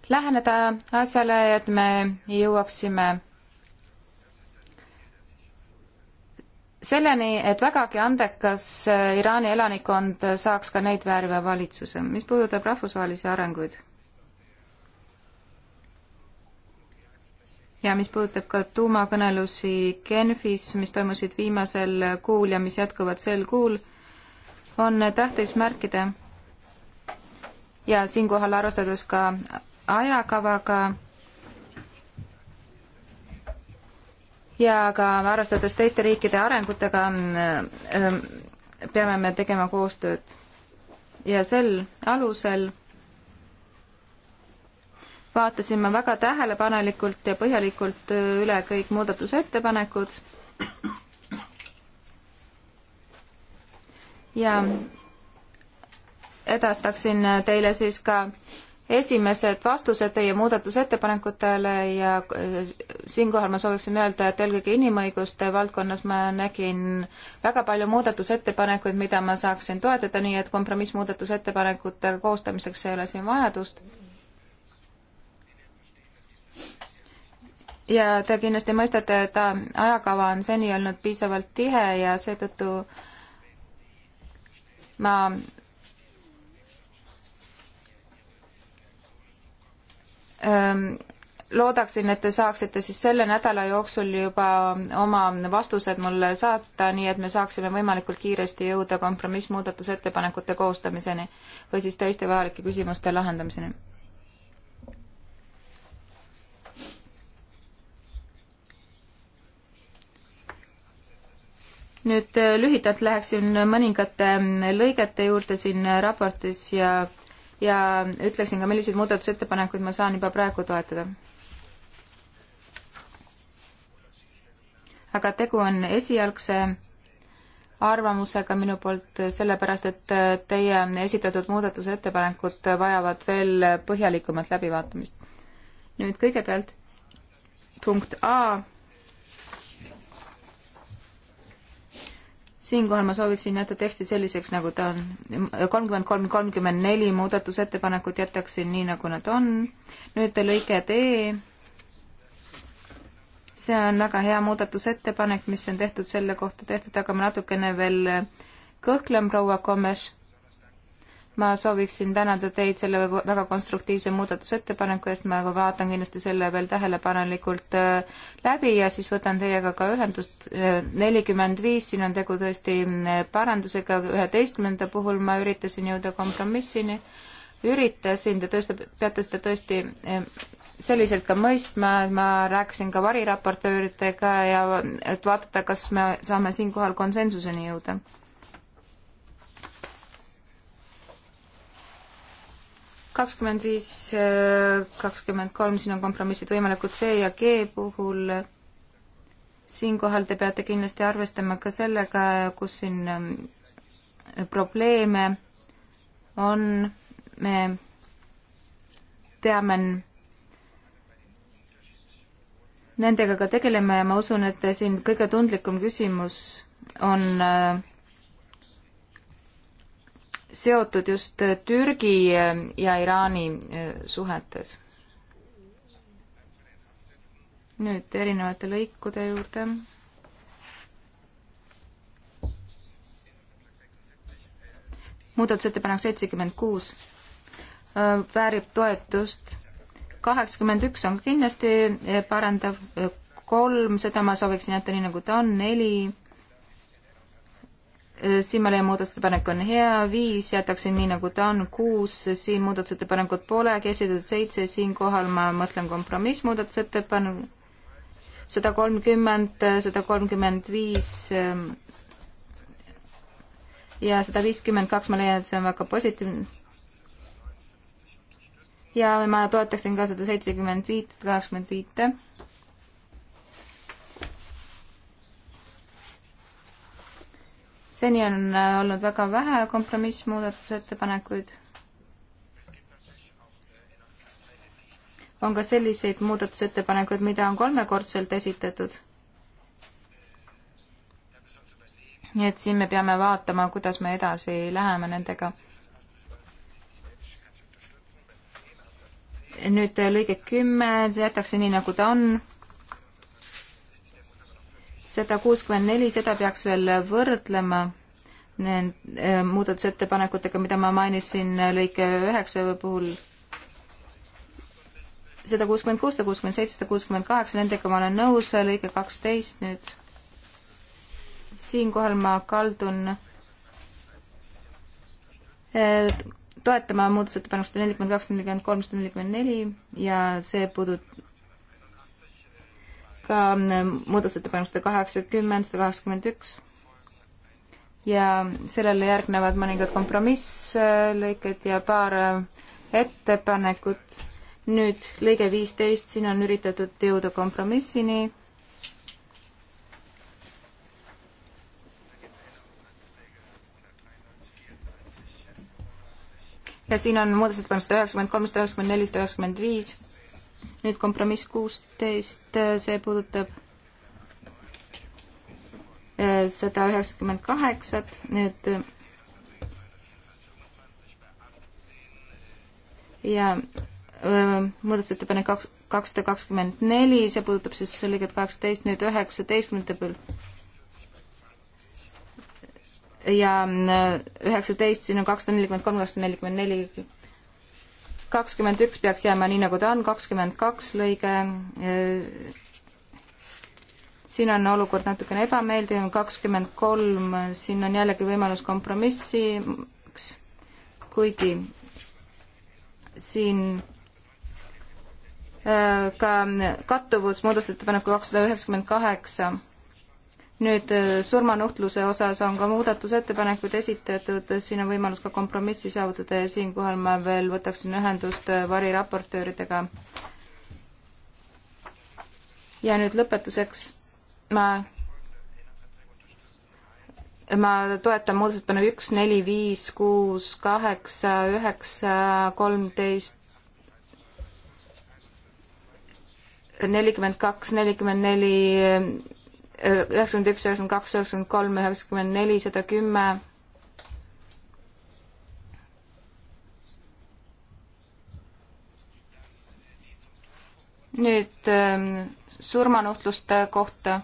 Speaker 3: läheneda asjale, et me jõuaksime selleni, et vägagi andekas äh, Iraani elanikkond saaks ka neid vääriva valitsuse. mis puudutab rahvusvahelisi arenguid ja mis puudutab ka tuumakõnelusi Genfis, mis toimusid viimasel kuul ja mis jätkuvad sel kuul, on tähtis märkida ja siinkohal arvestades ka ajakavaga ja ka arvestades teiste riikide arengutega, ähm, ähm, peame me tegema koostööd ja sel alusel vaatasin ma väga tähelepanelikult ja põhjalikult üle kõik muudatusettepanekud. ja edastaksin teile siis ka esimesed vastused teie muudatusettepanekutele ja siinkohal ma sooviksin öelda, et eelkõige inimõiguste valdkonnas ma nägin väga palju muudatusettepanekuid, mida ma saaksin toetada, nii et kompromissmuudatusettepanekute koostamiseks ei ole siin vajadust ja te kindlasti mõistate, et ajakava on seni olnud piisavalt tihe ja seetõttu ma ähm, loodaksin, et te saaksite siis selle nädala jooksul juba oma vastused mulle saata, nii et me saaksime võimalikult kiiresti jõuda kompromissmuudatusettepanekute koostamiseni või siis teiste vajalike küsimuste lahendamiseni nüüd äh, lühidalt läheksin mõningate äh, lõigete juurde siin äh, raportis ja, ja ütleksin ka, milliseid muudatusettepanekuid ma saan juba praegu toetada. aga tegu on esialgse arvamusega minu poolt, sellepärast et teie esitatud muudatusettepanekud vajavad veel põhjalikumat läbivaatamist. nüüd kõigepealt punkt A siinkohal ma sooviksin jätta teksti selliseks, nagu ta on. kolmkümmend kolm, kolmkümmend neli muudatusettepanekut jätaksin nii, nagu nad on. nüüd lõige D. see on väga hea muudatusettepanek, mis on tehtud selle kohta tehtud, aga ma natukene veel kõhklen, proua Komes ma sooviksin tänada teid selle väga konstruktiivse muudatusettepaneku eest, ma vaatan kindlasti selle veel tähelepanelikult äh, läbi ja siis võtan teiega ka ühendust. Äh, nelikümmend viis, siin on tegu tõesti äh, parandusega, üheteistkümnenda puhul ma üritasin jõuda kompromissini, üritasin, te tõesti, peate seda tõesti selliselt ka mõistma, et ma rääkisin ka variraportööridega ja et vaadata, kas me saame siinkohal konsensuseni jõuda kakskümmend viis, kakskümmend kolm, siin on kompromissid võimalikud C ja G puhul. siinkohal te peate kindlasti arvestama ka sellega, kus siin ähm, probleeme on, me peame nendega ka tegelema ja ma usun, et siin kõige tundlikum küsimus on äh, seotud just äh, Türgi äh, ja Iraani äh, suhetes. nüüd erinevate lõikude juurde. muudatusettepanek seitsekümmend kuus väärib toetust. kaheksakümmend üks on kindlasti parandav, kolm, seda ma sooviksin jätta nii, nagu ta on, neli Äh, siin ma leian muudatusettepanek on hea, viis jätaksin nii, nagu ta on, kuus, siin muudatusettepanekut polegi esitatud, seitse, siinkohal ma mõtlen kompromissmuudatusettepanek, sada kolmkümmend, sada kolmkümmend viis ähm, ja sada viiskümmend kaks, ma leian, et see on väga positiivne. ja ma toetaksin ka sada seitsekümmend viit, kaheksakümmend viite seni on äh, olnud väga vähe kompromissmuudatusettepanekuid. on ka selliseid muudatusettepanekuid, mida on kolmekordselt esitatud. nii et siin me peame vaatama, kuidas me edasi läheme nendega. nüüd äh, lõige kümme, jätaks see nii, nagu ta on sada kuuskümmend neli, seda peaks veel võrdlema nende äh, muudatusettepanekutega, mida ma mainisin äh, lõike üheksa puhul. sada kuuskümmend kuus, sada kuuskümmend seitse, sada kuuskümmend kaheksa, nendega ma olen nõus, äh, lõige kaksteist nüüd. siinkohal ma kaldun toetama muudatusettepanekust nelikümmend kaks, nelikümmend kolm, sada nelikümmend neli ja see puudut-, ka mm, muudatusettepanek sada kaheksakümmend, sada kaheksakümmend üks ja sellele järgnevad mõningad kompromisslõiked ja paar äh, ettepanekut. nüüd lõige viisteist, siin on üritatud jõuda kompromissini. ja siin on muudatusettepanek sada üheksakümmend kolm, sada üheksakümmend neli, sada üheksakümmend viis nüüd kompromiss kuusteist, äh, see puudutab äh, sada üheksakümmend kaheksat, nüüd äh, ja muudatusettepanek kaks, kakssada kakskümmend neli, see puudutab siis lõiget kaheksateist, nüüd üheksateistkümnenda peal. ja üheksateist, siin on kakssada nelikümmend kolm, kakssada nelikümmend neli kakskümmend üks peaks jääma nii, nagu ta on, kakskümmend kaks lõige, eh, siin on olukord natukene ebameeldiv, kakskümmend kolm, siin on jällegi võimalus kompromissiks, kuigi siin eh, ka kattuvus muudatusettepaneku kakssada üheksakümmend kaheksa nüüd äh, surmanuhtluse osas on ka muudatusettepanekud esitatud, siin on võimalus ka kompromissi saavutada ja siinkohal ma veel võtaksin ühendust äh, variraportööridega. ja nüüd lõpetuseks ma, ma toetan muudatusettepanek üks, neli, viis, kuus, kaheksa, üheksa, kolmteist, nelikümmend kaks, nelikümmend neli, üheksakümmend üks, üheksakümmend kaks, üheksakümmend kolm, üheksakümmend neli, sada kümme. nüüd ähm, surmanuhtluste kohta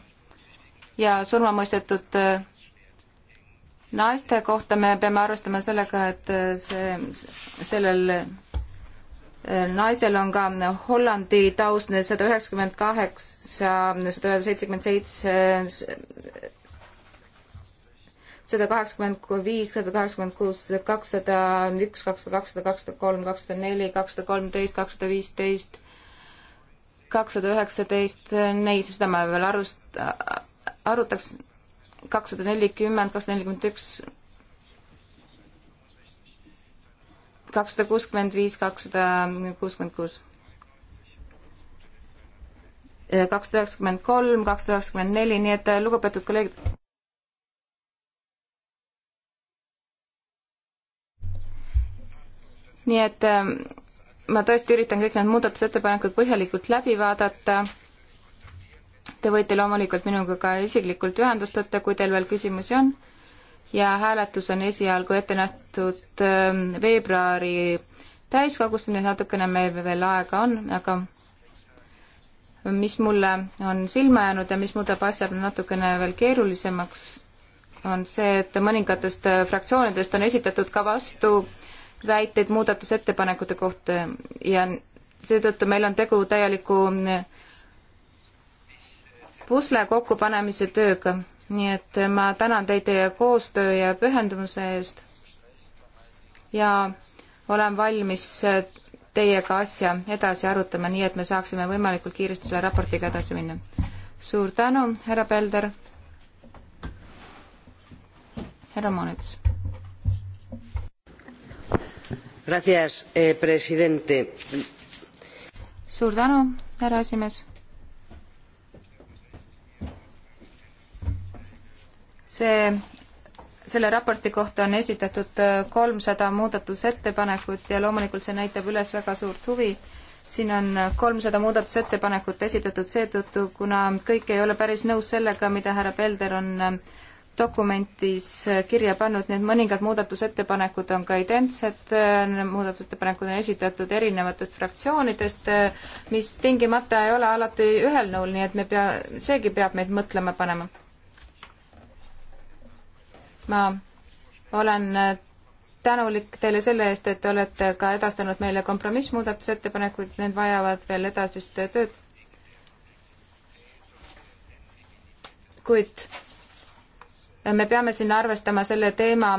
Speaker 3: ja surmamõistetud äh, naiste kohta me peame arvestama sellega, et äh, see, sellel naisel on ka Hollandi taust sada üheksakümmend kaheksa, sada seitsekümmend seitse, sada kaheksakümmend viis, sada kaheksakümmend kuus, kakssada üks, kakssada kaks, sada kakssada kolm, kakssada neli, kakssada kolmteist, kakssada viisteist, kakssada üheksateist, ei, seda ma veel arust-, arutaks, kakssada nelikümmend, kakssada nelikümmend üks, kakssada kuuskümmend viis, kakssada kuuskümmend kuus. Äh, kakssada üheksakümmend kolm, kakssada üheksakümmend neli, nii et äh, lugupeetud kolleegid. nii et ähm, ma tõesti üritan kõik need muudatusettepanekud põhjalikult läbi vaadata. Te võite loomulikult minuga ka isiklikult ühendust võtta, kui teil veel küsimusi on ja hääletus on esialgu ette nähtud ähm, veebruari täiskogus, nii et natukene meil veel aega on, aga mis mulle on silma jäänud ja mis muudab asjad natukene veel keerulisemaks, on see, et mõningatest fraktsioonidest on esitatud ka vastuväiteid muudatusettepanekute kohta ja seetõttu meil on tegu täieliku pusle kokkupanemise tööga nii et ma tänan teid teie koostöö ja pühendumuse eest ja olen valmis äh, teiega asja edasi arutama, nii et me saaksime võimalikult kiiresti selle raportiga edasi minna. suur tänu, härra Pelder. härra
Speaker 4: Moonets. Gracias, eh, president.
Speaker 3: suur tänu, härra esimees see, selle raporti kohta on esitatud äh, kolmsada muudatusettepanekut ja loomulikult see näitab üles väga suurt huvi. siin on äh, kolmsada muudatusettepanekut esitatud seetõttu, kuna kõik ei ole päris nõus sellega, mida härra Pelder on äh, dokumentis kirja pannud, nii et mõningad muudatusettepanekud on ka identsed, muudatusettepanekud on esitatud erinevatest fraktsioonidest, mis tingimata ei ole alati ühel nõul, nii et me pea, seegi peab meid mõtlema panema ma olen tänulik teile selle eest, et olete ka edastanud meile kompromissmuudatusettepanekuid, need vajavad veel edasist tööd. kuid me peame siin arvestama selle teema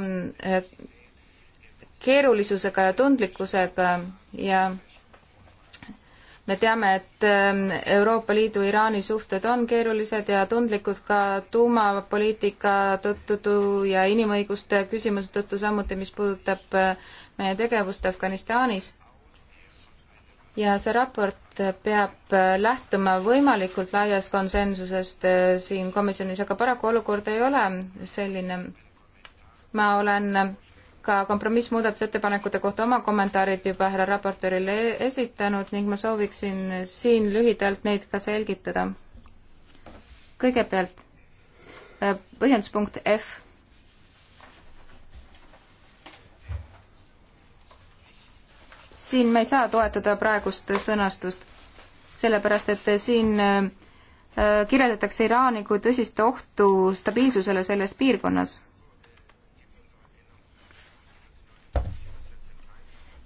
Speaker 3: keerulisusega ja tundlikkusega ja me teame, et ähm, Euroopa Liidu Iraani suhted on keerulised ja tundlikud ka tuumapoliitika tõttu ja inimõiguste küsimuse tõttu, samuti mis puudutab äh, meie tegevust Afganistanis. ja see raport peab äh, lähtuma võimalikult laiast konsensusest äh, siin komisjonis, aga paraku olukord ei ole selline. ma olen ka kompromissmuudatusettepanekute kohta oma kommentaarid juba härra raportöörile esitanud ning ma sooviksin siin lühidalt neid ka selgitada. kõigepealt äh, põhjenduspunkt F. siin me ei saa toetada praegust sõnastust, sellepärast et siin äh, kirjeldatakse Iraani kui tõsist ohtu stabiilsusele selles piirkonnas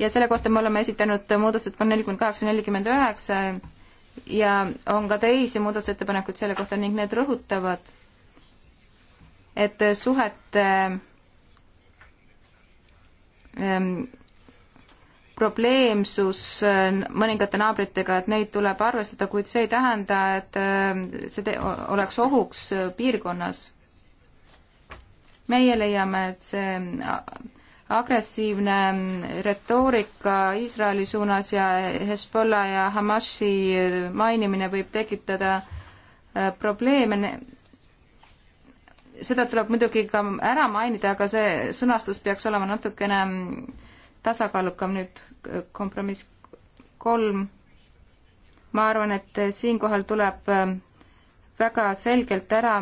Speaker 3: ja selle kohta me oleme esitanud muudatusettepaneku nelikümmend kaheksa, nelikümmend üheksa ja on ka teisi muudatusettepanekuid selle kohta ning need rõhutavad, et suhete ähm, probleemsus ehm, mõningate naabritega, et neid tuleb arvestada, kuid see ei tähenda, et ehm, see oleks ohuks ehm, piirkonnas. meie leiame, et see agressiivne retoorika Iisraeli suunas ja Hezbollah ja Hamasi mainimine võib tekitada äh, probleeme. seda tuleb muidugi ka ära mainida, aga see sõnastus peaks olema natukene mm, tasakaalukam nüüd äh, kompromiss kolm. ma arvan, et äh, siinkohal tuleb väga selgelt ära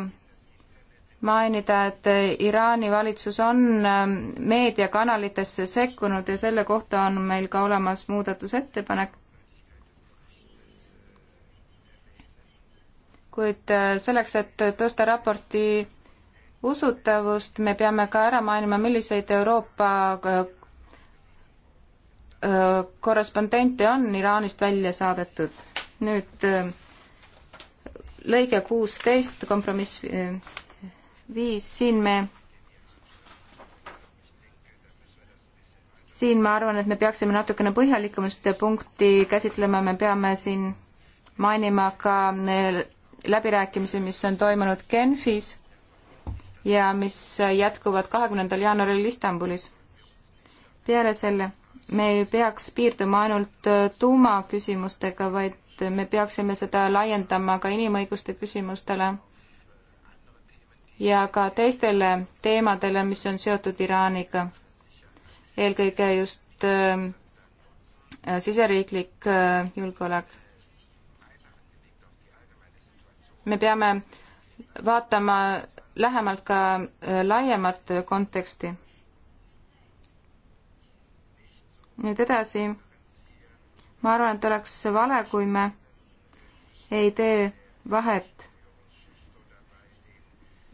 Speaker 3: mainida, et Iraani valitsus on ähm, meediakanalitesse sekkunud ja selle kohta on meil ka olemas muudatusettepanek. kuid äh, selleks, et tõsta raporti usutavust, me peame ka ära mainima, milliseid Euroopa äh, äh, korrespondente on Iraanist välja saadetud. nüüd lõige kuusteist kompromiss viis, siin me, siin ma arvan, et me peaksime natukene põhjalikumalt seda punkti käsitlema, me peame siin mainima ka eh, läbirääkimisi, mis on toimunud Genfis ja mis jätkuvad kahekümnendal jaanuaril Istanbulis. peale selle me ei peaks piirduma ainult eh, tuumaküsimustega, vaid me peaksime seda laiendama ka inimõiguste küsimustele ja ka teistele teemadele, mis on seotud Iraaniga. eelkõige just ähm, äh, siseriiklik äh, julgeolek. me peame vaatama lähemalt ka äh, laiemat konteksti. nüüd edasi. ma arvan, et oleks vale, kui me ei tee vahet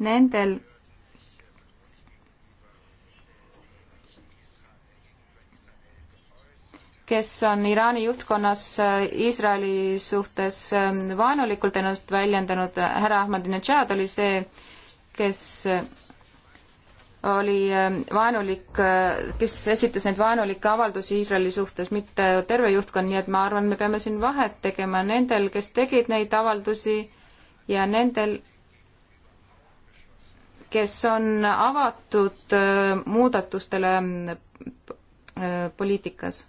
Speaker 3: nendel, kes on Iraani juhtkonnas äh, Iisraeli suhtes ähm, vaenulikult ennast väljendanud, äh, härra Ahmadinejad oli see, kes äh, oli ähm, vaenulik, kes esitas neid vaenulikke avaldusi Iisraeli suhtes, mitte terve juhtkond, nii et ma arvan, me peame siin vahet tegema nendel, kes tegid neid avaldusi ja nendel, kes on avatud äh, muudatustele äh, poliitikas?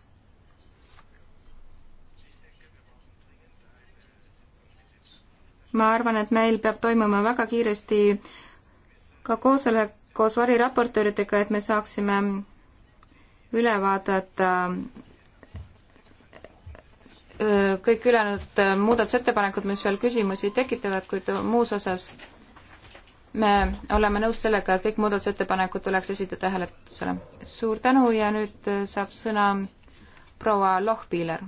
Speaker 3: ma arvan, et meil peab toimuma väga kiiresti ka koosolek koos variraportööridega, et me saaksime üle vaadata äh, kõik ülejäänud muudatusettepanekud, mis veel küsimusi tekitavad, kuid muus osas me oleme nõus sellega, et kõik muudatusettepanekud tuleks esitada hääletusele. suur tänu ja nüüd äh, saab sõna proua Lohpiiler.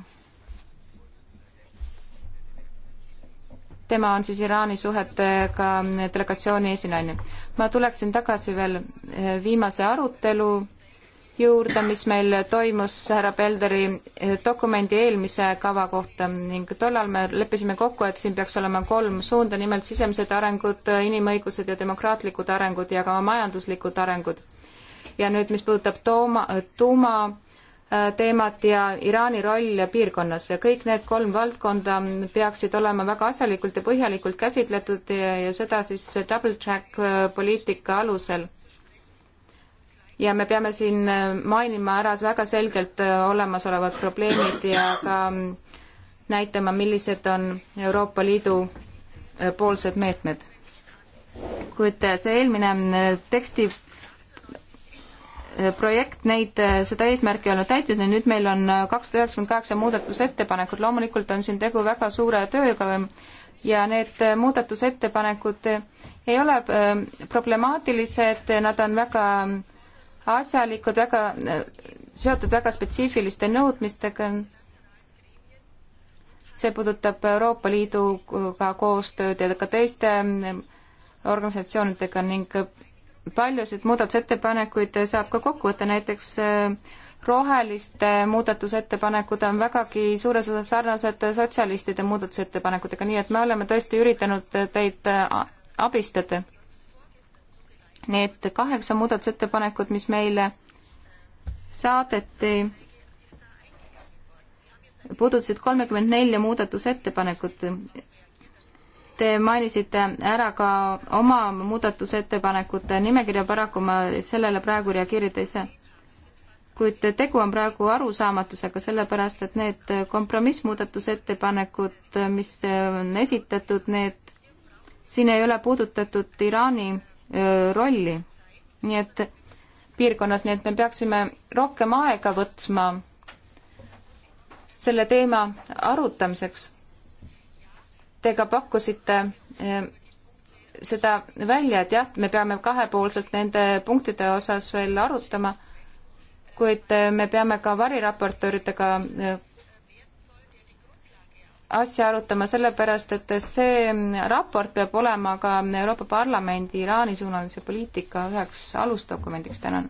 Speaker 3: tema on siis Iraani suhetega delegatsiooni esinaine. ma tuleksin tagasi veel äh, viimase arutelu juurde, mis meil toimus härra Pelderi eh, dokumendi eelmise kava kohta ning tollal me leppisime kokku, et siin peaks olema kolm suunda, nimelt sisemised arengud, inimõigused ja demokraatlikud arengud ja ka majanduslikud arengud. ja nüüd, mis puudutab tooma, tuuma eh, teemat ja Iraani roll piirkonnas ja kõik need kolm valdkonda peaksid olema väga asjalikult ja põhjalikult käsitletud ja, ja seda siis double track eh, poliitika alusel ja me peame siin äh, mainima ära väga selgelt äh, olemasolevad probleemid ja ka mm, näitama, millised on Euroopa Liidu äh, poolsed meetmed. kuid see eelmine teksti projekt neid, seda eesmärki ei olnud täitnud ja nüüd meil on kakssada üheksakümmend kaheksa muudatusettepanekut, loomulikult on siin tegu väga suure tööga ja need muudatusettepanekud ei ole problemaatilised, nad on väga asjalikud, väga, seotud väga spetsiifiliste nõudmistega. see puudutab Euroopa Liiduga koostööd ja ka teiste organisatsioonidega ning paljusid muudatusettepanekuid saab ka kokku võtta, näiteks äh, roheliste muudatusettepanekud on vägagi suures osas sarnased sotsialistide muudatusettepanekutega, nii et me oleme tõesti üritanud teid äh, abistada need kaheksa muudatusettepanekut, mis meile saadeti, puudutasid kolmekümmend nelja muudatusettepanekut. Te mainisite ära ka oma muudatusettepanekute nimekirja, paraku ma sellele praegu reageerida ei saa. kuid tegu on praegu arusaamatusega, sellepärast et need kompromissmuudatusettepanekud, mis on esitatud, need, siin ei ole puudutatud Iraani rolli. nii et piirkonnas, nii et me peaksime rohkem aega võtma selle teema arutamiseks. Te ka pakkusite seda välja, et jah, me peame kahepoolselt nende punktide osas veel arutama, kuid me peame ka variraportööridega asja arutama, sellepärast et see raport peab olema ka Euroopa Parlamendi Iraani-suunalise poliitika üheks alusdokumendiks, tänan.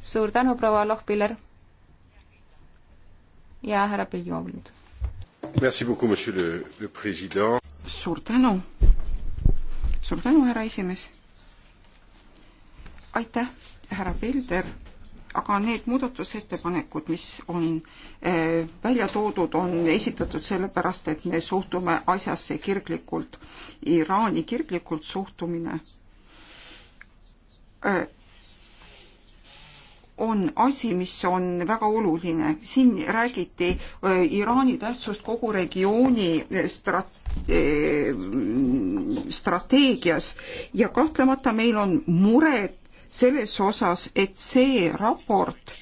Speaker 3: suur tänu, proua Lohpiller.
Speaker 2: ja härra Pilju nüüd. suur tänu. suur tänu, härra esimees. aitäh, härra Pilder aga need muudatusettepanekud, mis on eh, välja toodud, on esitatud sellepärast, et me suhtume asjasse kirglikult. Iraani kirglikult suhtumine eh, on asi, mis on väga oluline. siin räägiti eh, Iraani tähtsust kogu regiooni strat-, strateegias ja kahtlemata meil on mured selles osas, et see raport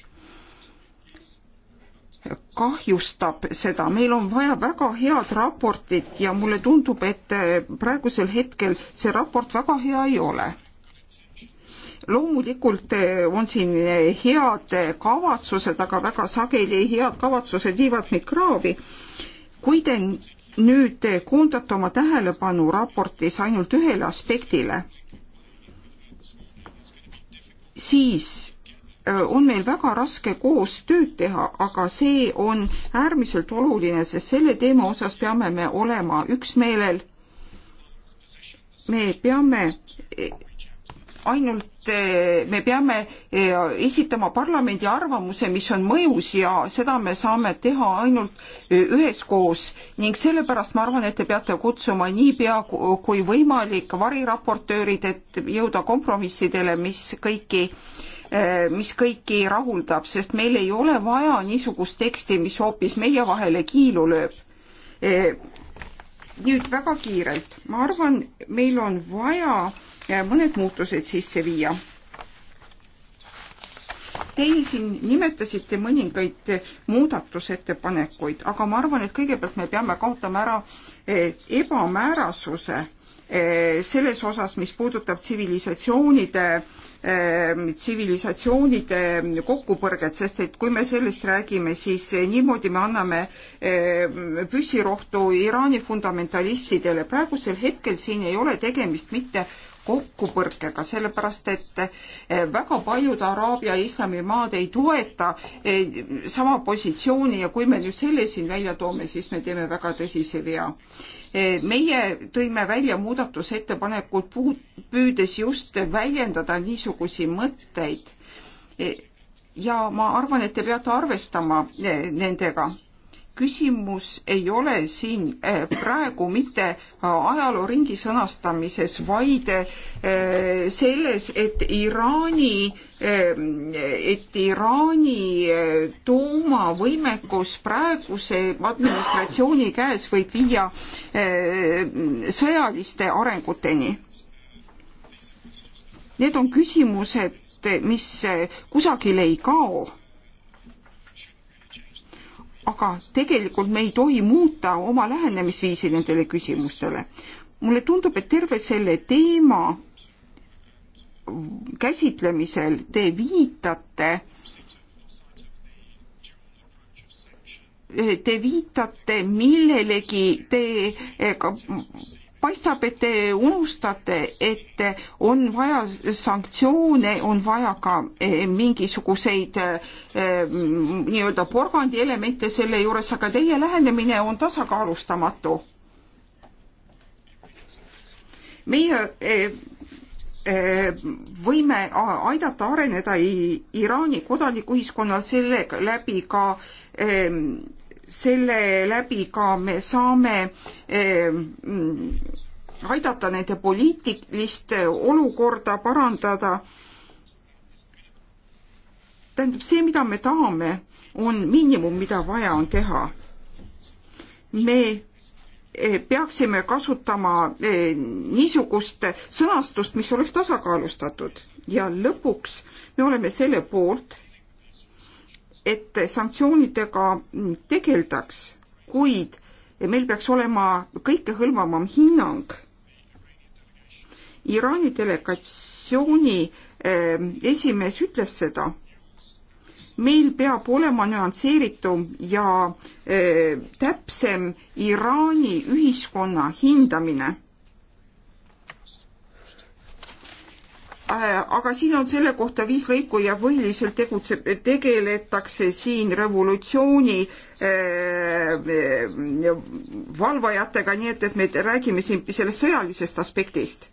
Speaker 2: kahjustab seda, meil on vaja väga head raportit ja mulle tundub, et äh, praegusel hetkel see raport väga hea ei ole. loomulikult äh, on siin äh, head kavatsused, aga väga sageli head kavatsused viivad meid kraavi. kui te nüüd koondate oma tähelepanu raportis ainult ühele aspektile siis äh, on meil väga raske koos tööd teha, aga see on äärmiselt oluline, sest selle teema osas peame me olema üksmeelel. me peame ainult eh, me peame eh, esitama parlamendi arvamuse, mis on mõjus ja seda me saame teha ainult eh, üheskoos ning sellepärast ma arvan, et te peate kutsuma niipea kui võimalik variraportöörid, et jõuda kompromissidele, mis kõiki mis kõiki rahuldab, sest meil ei ole vaja niisugust teksti, mis hoopis meie vahele kiilu lööb nüüd väga kiirelt, ma arvan, meil on vaja mõned muutused sisse viia. Teie siin nimetasite mõningaid muudatusettepanekuid, aga ma arvan, et kõigepealt me peame kaotama ära eh, ebamäärasuse eh, selles osas, mis puudutab tsivilisatsioonide, eh, tsivilisatsioonide kokkupõrget, sest et kui me sellest räägime, siis niimoodi me anname püssirohtu Iraani fundamentalistidele. praegusel hetkel siin ei ole tegemist mitte kokkupõrkega, sellepärast et eh, väga paljud Araabia islamimaad ei toeta eh, sama positsiooni ja kui me nüüd selle siin välja toome, siis me teeme väga tõsise vea. Eh, meie tõime välja muudatusettepanekud puud, püüdes just väljendada niisugusi mõtteid. ja ma arvan, et te peate arvestama nendega küsimus ei ole siin eh, praegu mitte eh, ajalooringi sõnastamises, vaid eh, selles, et Iraani, et Iraani tuumavõimekus praeguse administratsiooni käes võib viia sõjaliste arenguteni. Need on küsimused, mis kusagile ei kao aga tegelikult me ei tohi muuta oma lähenemisviisi nendele küsimustele. mulle tundub, et terve selle teema käsitlemisel te viitate Te viitate millelegi, te paistab, et te unustate, et on vaja sanktsioone, on vaja ka eh, mingisuguseid eh, mm, nii-öelda porgandielemente selle juures, aga teie lähenemine on tasakaalustamatu. meie eh, võime aidata areneda Iraani kodanikuühiskonnal selle läbi ka selle läbi ka me saame eh, mm, aidata nende poliitilist olukorda parandada. tähendab, see, mida me tahame, on miinimum, mida vaja on teha. me eh, peaksime kasutama eh, niisugust sõnastust, mis oleks tasakaalustatud ja lõpuks me oleme selle poolt, et sanktsioonidega tegeldaks, kuid meil peaks olema kõikehõlmavam hinnang. Iraani delegatsiooni ehm, esimees ütles seda. meil peab olema nüansseeritum ja ehm, täpsem Iraani ühiskonna hindamine Äh, aga siin on selle kohta viis lõiku ja põhiliselt tegutseb, tegeletakse siin revolutsiooni äh, valvajatega, nii et, et me räägime siin sellest sõjalisest aspektist.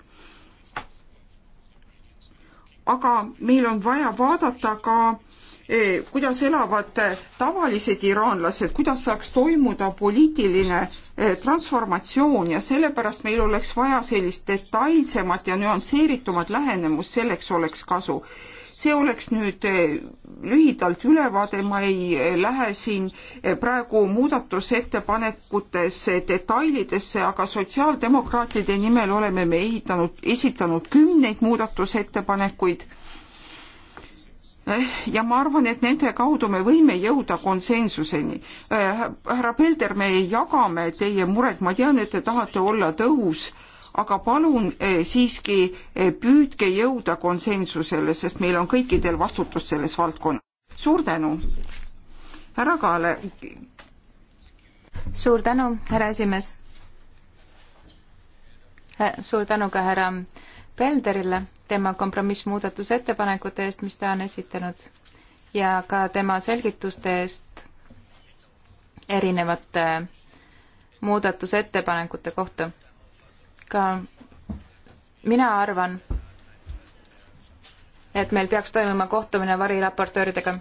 Speaker 2: aga meil on vaja vaadata ka äh, Eh, kuidas elavad eh, tavalised iraanlased, kuidas saaks toimuda poliitiline eh, transformatsioon ja sellepärast meil oleks vaja sellist detailsemat ja nüansseeritumat lähenemust, selleks oleks kasu. see oleks nüüd lühidalt ülevaade, ma ei lähe siin praegu muudatusettepanekutes detailidesse, aga sotsiaaldemokraatide nimel oleme me ehitanud, esitanud kümneid muudatusettepanekuid ja ma arvan, et nende kaudu me võime jõuda konsensuseni. Äh, härra Pelder, me jagame teie muret, ma tean, et te tahate olla tõhus, aga palun äh, siiski äh, püüdke jõuda konsensusele, sest meil on kõikidel vastutus selles valdkonnas. suur tänu. härra Kaale.
Speaker 3: suur tänu, härra esimees. suur tänu ka härra Pelderile tema kompromissmuudatuse ettepanekute eest, mis ta on esitanud ja ka tema selgituste eest erinevate muudatusettepanekute kohta. ka mina arvan, et meil peaks toimuma kohtumine variraportööridega.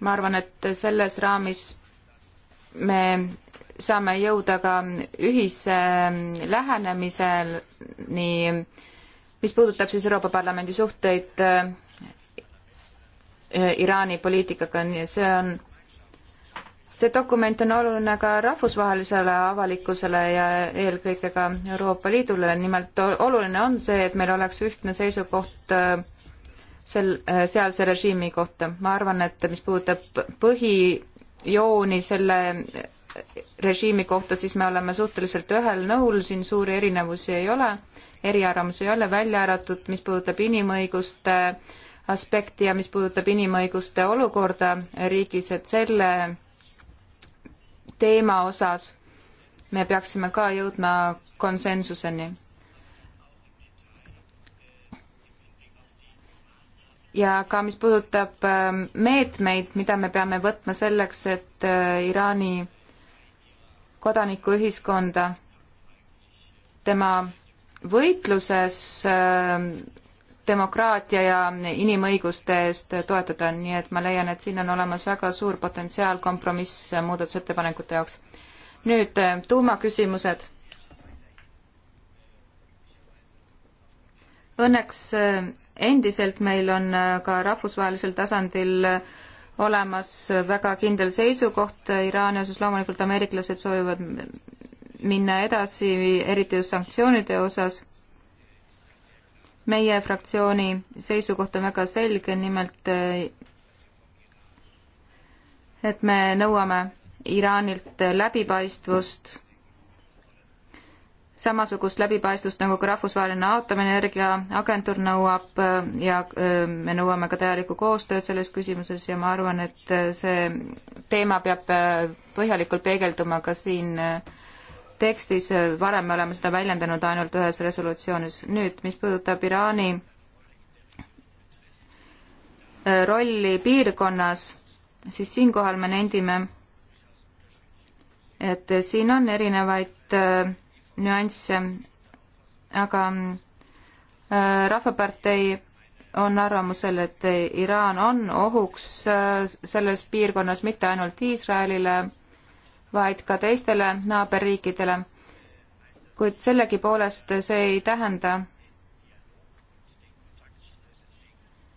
Speaker 3: ma arvan, et selles raamis me saame jõuda ka ühise lähenemiseni, mis puudutab siis Euroopa Parlamendi suhteid äh, Iraani poliitikaga, nii et see on, see dokument on oluline ka rahvusvahelisele avalikkusele ja eelkõige ka Euroopa Liidule, nimelt oluline on see, et meil oleks ühtne seisukoht äh, sel, äh, sealse režiimi kohta. ma arvan, et mis puudutab põhijooni selle režiimi kohta, siis me oleme suhteliselt ühel nõul, siin suuri erinevusi ei ole, eriarvamusi ei ole, välja arvatud, mis puudutab inimõiguste aspekti ja mis puudutab inimõiguste olukorda riigis, et selle teema osas me peaksime ka jõudma konsensuseni. ja ka mis puudutab äh, meetmeid, mida me peame võtma selleks, et äh, Iraani kodanikuühiskonda. tema võitluses ähm, demokraatia ja inimõiguste eest toetada, nii et ma leian, et siin on olemas väga suur potentsiaal kompromiss muudatusettepanekute jaoks. nüüd äh, tuumaküsimused. Õnneks äh, endiselt meil on äh, ka rahvusvahelisel tasandil äh, olemas väga kindel seisukoht Iraani osas, loomulikult ameeriklased soovivad minna edasi, eriti just sanktsioonide osas. meie fraktsiooni seisukoht on väga selge, nimelt et me nõuame Iraanilt läbipaistvust samasugust läbipaistvust nagu ka rahvusvaheline aatomienergiaagentuur nõuab äh, ja äh, me nõuame ka täielikku koostööd selles küsimuses ja ma arvan, et äh, see teema peab põhjalikult peegelduma ka siin tekstis, varem me oleme seda väljendanud ainult ühes resolutsioonis. nüüd, mis puudutab Iraani rolli piirkonnas, siis siinkohal me nendime, et siin on erinevaid nüansse, aga äh, Rahvapartei on arvamusel, et Iraan on ohuks äh, selles piirkonnas mitte ainult Iisraelile, vaid ka teistele naaberriikidele. kuid sellegipoolest see ei tähenda,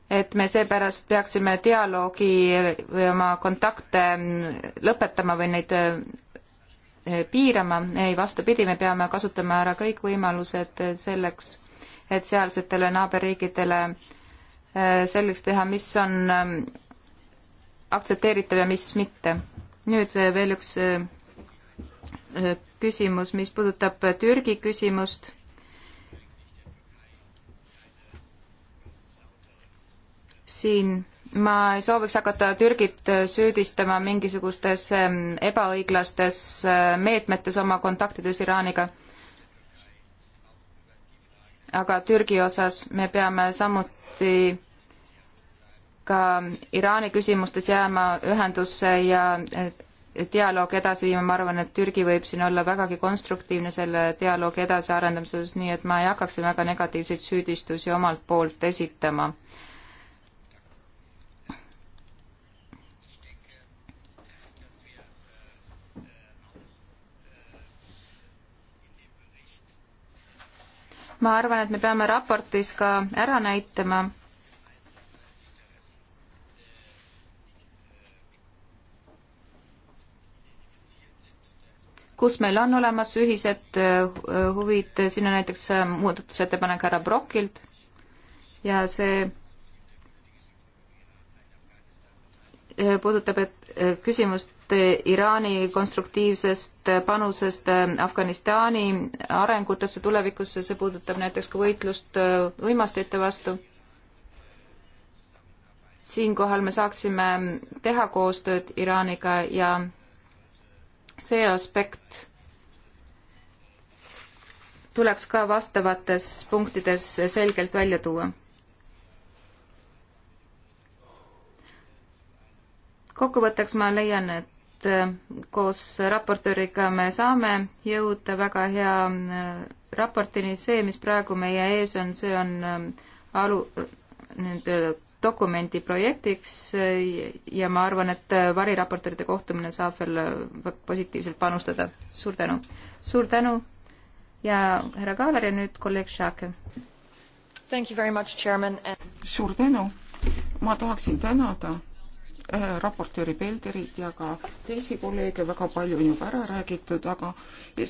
Speaker 3: et me seepärast peaksime dialoogi või oma kontakte lõpetama või neid äh, Eh, piirama, ei vastupidi, me peame kasutama ära kõik võimalused selleks, et sealsetele naaberriikidele eh, selgeks teha, mis on eh, aktsepteeritav ja mis mitte. nüüd veel üks küsimus, mis puudutab Türgi küsimust siin ma ei sooviks hakata Türgit äh, süüdistama mingisugustes ähm, ebaõiglastes äh, meetmetes oma kontaktides Iraaniga. aga Türgi osas me peame samuti ka Iraani küsimustes jääma ühendusse ja äh, dialoogi edasi viima, ma arvan, et Türgi võib siin olla vägagi konstruktiivne selle dialoogi edasiarendamises, nii et ma ei hakkaks siin väga negatiivseid süüdistusi omalt poolt esitama ma arvan, et me peame raportis ka ära näitama, kus meil on olemas ühised äh, huvid, siin on näiteks äh, muudatusettepanek härra Brokilt ja see puudutab, et äh, küsimust äh, Iraani konstruktiivsest äh, panusest Afganistani arengutesse tulevikusse, see puudutab näiteks ka võitlust uimastite vastu. siinkohal me saaksime teha koostööd Iraaniga ja see aspekt tuleks ka vastavates punktides selgelt välja tuua kokkuvõtteks ma leian, et äh, koos raportööriga me saame jõuda väga hea äh, raportini, see, mis praegu meie ees on, see on äh, alu-, nüüd dokumendi projektiks ja ma arvan, et variraportorite kohtumine saab veel positiivselt panustada. suur tänu! suur tänu ja härra Kaaler ja nüüd kolleeg Šake.
Speaker 2: suur tänu! ma tahaksin tänada Äh, raportööri Pelderit ja ka teisi kolleege, väga palju on juba ära räägitud, aga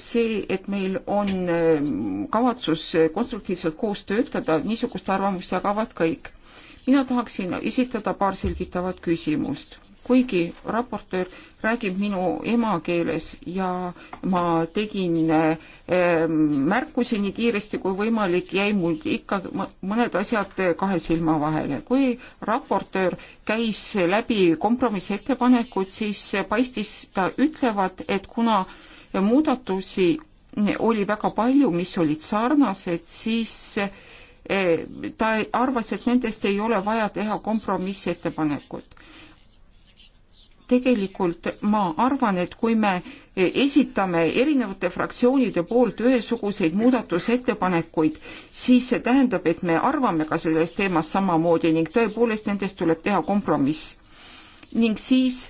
Speaker 2: see, et meil on äh, kavatsus konstruktiivselt koos töötada, niisugust arvamust jagavad kõik. mina tahaksin esitada paar selgitavat küsimust kuigi raportöör räägib minu emakeeles ja ma tegin ehm, märkusi nii kiiresti kui võimalik, jäi mul ikka mõned asjad kahe silma vahele. kui raportöör käis läbi kompromissettepanekud, siis paistis ta ütlevat, et kuna muudatusi oli väga palju, mis olid sarnased, siis eh, ta arvas, et nendest ei ole vaja teha kompromissettepanekut tegelikult ma arvan, et kui me esitame erinevate fraktsioonide poolt ühesuguseid muudatusettepanekuid, siis see tähendab, et me arvame ka selles teemas samamoodi ning tõepoolest nendest tuleb teha kompromiss. ning siis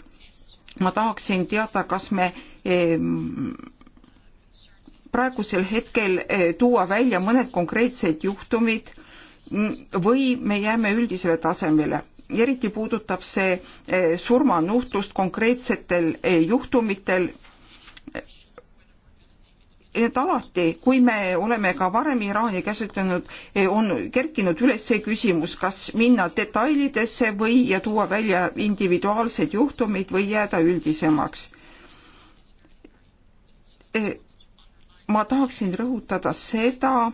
Speaker 2: ma tahaksin teada, kas me ehm, praegusel hetkel eh, tuua välja mõned konkreetsed juhtumid või me jääme üldisele tasemele eriti puudutab see eh, surmanuhtlust konkreetsetel eh, juhtumitel. et alati, kui me oleme ka varem Iraani käsitlenud, eh, on kerkinud üles see küsimus, kas minna detailidesse või ja tuua välja individuaalseid juhtumeid või jääda üldisemaks. ma tahaksin rõhutada seda,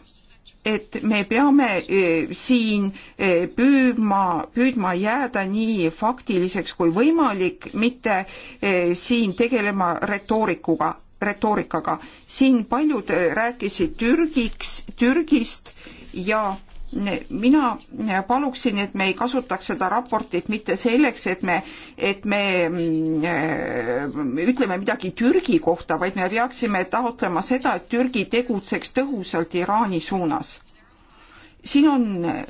Speaker 2: et me peame eh, siin eh, püüdma, püüdma jääda nii faktiliseks kui võimalik, mitte eh, siin tegelema retoorikuga, retoorikaga. siin paljud rääkisid Türgiks, Türgist ja mina paluksin, et me ei kasutaks seda raportit mitte selleks, et me, et me mm, äh, ütleme midagi Türgi kohta, vaid me peaksime taotlema seda, et Türgi tegutseks tõhusalt Iraani suunas. siin on äh,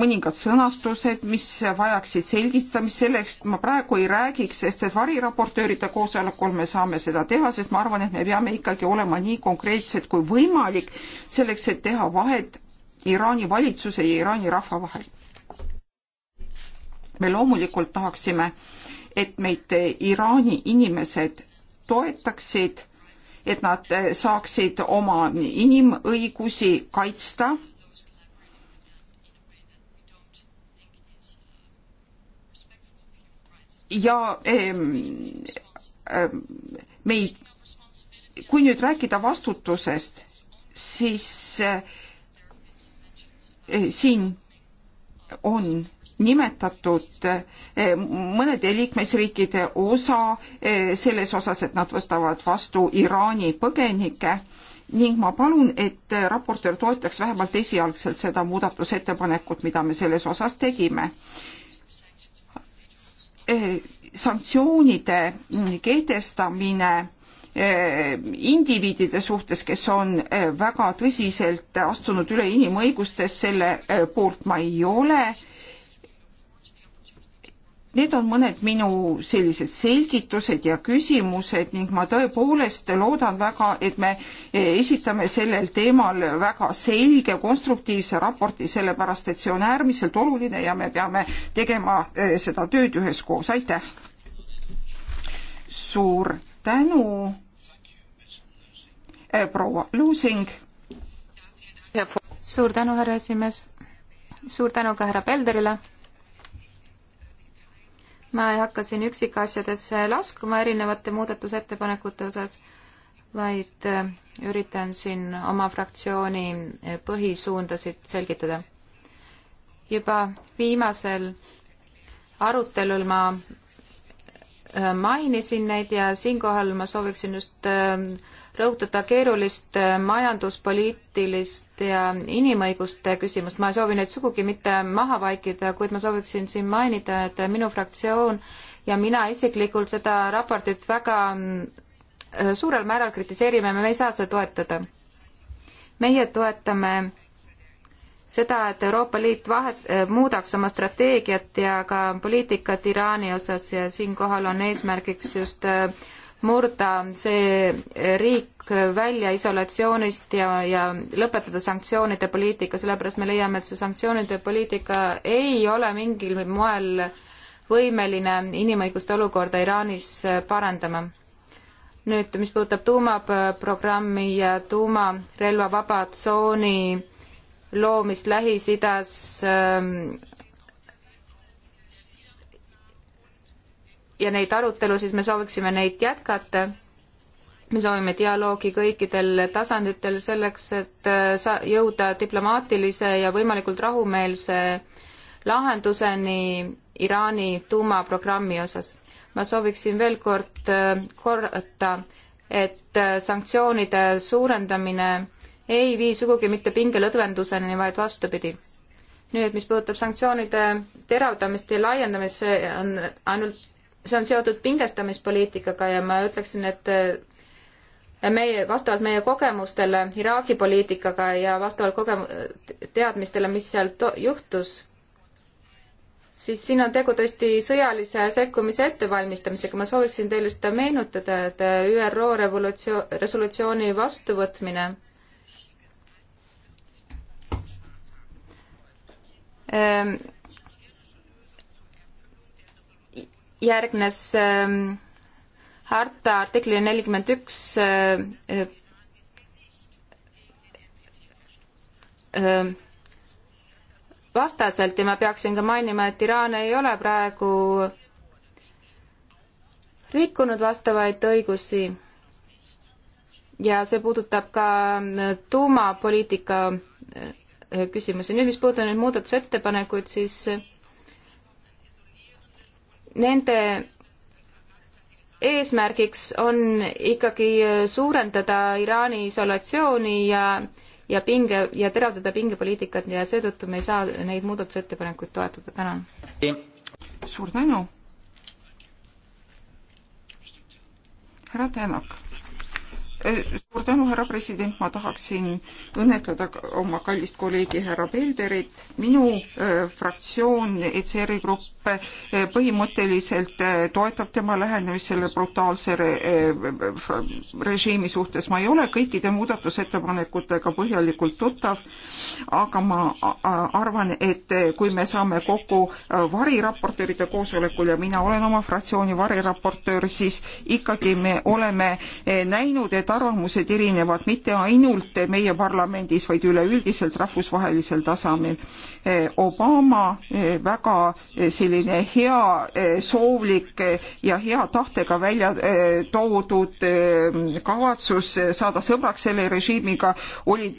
Speaker 2: mõningad sõnastused, mis vajaksid selgitamist, sellest ma praegu ei räägiks, sest et variraportööride koosolekul me saame seda teha, sest ma arvan, et me peame ikkagi olema nii konkreetsed kui võimalik, selleks et teha vahet Iraani valitsuse ja Iraani rahva vahel. me loomulikult tahaksime, et meid Iraani inimesed toetaksid, et nad saaksid oma inimõigusi kaitsta ja ähm, ähm, meid, kui nüüd rääkida vastutusest, siis äh, Eh, siin on nimetatud eh, mõnede liikmesriikide osa eh, selles osas, et nad võtavad vastu Iraani põgenikke ning ma palun, et raportöör toetaks vähemalt esialgselt seda muudatusettepanekut, mida me selles osas tegime. sanktsioonide kehtestamine Eh, indiviidide suhtes, kes on eh, väga tõsiselt astunud üle inimõigustest, selle eh, poolt ma ei ole. Need on mõned minu sellised selgitused ja küsimused ning ma tõepoolest loodan väga, et me esitame sellel teemal väga selge konstruktiivse raporti, sellepärast et see on äärmiselt oluline ja me peame tegema seda tööd üheskoos, aitäh! suur tänu, eh, proua Luusing. suur tänu, härra esimees.
Speaker 3: suur tänu ka härra Pelderile. ma ei hakka siin üksikasjadesse laskuma erinevate muudatusettepanekute osas, vaid eh, üritan siin oma fraktsiooni eh, põhisuundasid selgitada. juba viimasel arutelul ma Äh, mainisin neid ja siinkohal ma sooviksin just äh, rõhutada keerulist äh, majanduspoliitilist ja inimõiguste küsimust. ma ei soovi neid sugugi mitte maha vaikida, kuid ma sooviksin siin mainida, et minu fraktsioon ja mina isiklikult seda raportit väga suurel määral kritiseerime, me ei saa seda toetada. meie toetame seda, et Euroopa Liit vahet, eh, muudaks oma strateegiat ja ka poliitikat Iraani osas ja siinkohal on eesmärgiks just eh, murda see riik välja isolatsioonist ja, ja lõpetada sanktsioonide poliitika, sellepärast me leiame, et see sanktsioonide poliitika ei ole mingil moel võimeline inimõiguste olukorda Iraanis eh, parandama nüüd, mis puudutab tuumaprogrammi ja tuumarelvavaba tsooni loomist Lähis-Idas ähm, ja neid arutelusid me sooviksime neid jätkata. me soovime dialoogi kõikidel tasanditel selleks, et äh, sa-, jõuda diplomaatilise ja võimalikult rahumeelse lahenduseni Iraani tuumaprogrammi osas. ma sooviksin veel kord äh, korrata, et äh, sanktsioonide suurendamine ei vii sugugi mitte pinge lõdvenduseni, vaid vastupidi. nüüd, mis puudutab sanktsioonide teravdamist ja laiendamist, see on ainult, see on seotud pingestamispoliitikaga ja ma ütleksin, et meie, vastavalt meie kogemustele Iraagi poliitikaga ja vastavalt kogem-, teadmistele, mis seal to-, juhtus, siis siin on tegu tõesti sõjalise sekkumise ettevalmistamisega. ma sooviksin teile seda meenutada, et ÜRO revolutsioon, resolutsiooni vastuvõtmine Ehm, järgnes ehm, harta artikli nelikümmend üks ehm, vastaselt ja ma peaksin ka mainima, et Iraan ei ole praegu rikkunud vastavaid õigusi. ja see puudutab ka tuumapoliitika Äh, küsimusi. nüüd, mis puudutab nüüd muudatusettepanekuid, siis äh, nende eesmärgiks on ikkagi äh, suurendada Iraani isolatsiooni ja ja pinge ja teravdada pingepoliitikat ja seetõttu me ei saa neid muudatusettepanekuid toetada, tänan. suur tänu.
Speaker 2: härra Tänak suur tänu, härra president, ma tahaksin õnnetleda oma kallist kolleegi härra Pelderit. minu äh, fraktsioon, ECR-i grupp äh, põhimõtteliselt äh, toetab tema lähenemist selle brutaalse re, äh, režiimi suhtes. ma ei ole kõikide muudatusettepanekutega põhjalikult tuttav, aga ma arvan, et äh, kui me saame kokku äh, variraportööride koosolekul ja mina olen oma fraktsiooni variraportöör, siis ikkagi me oleme näinud, et et arvamused erinevad mitte ainult meie parlamendis, vaid üleüldiselt rahvusvahelisel tasemel. Eh, Obama eh, väga eh, selline hea soovlik ja hea tahtega välja toodud kavatsus saada sõbraks selle režiimiga oli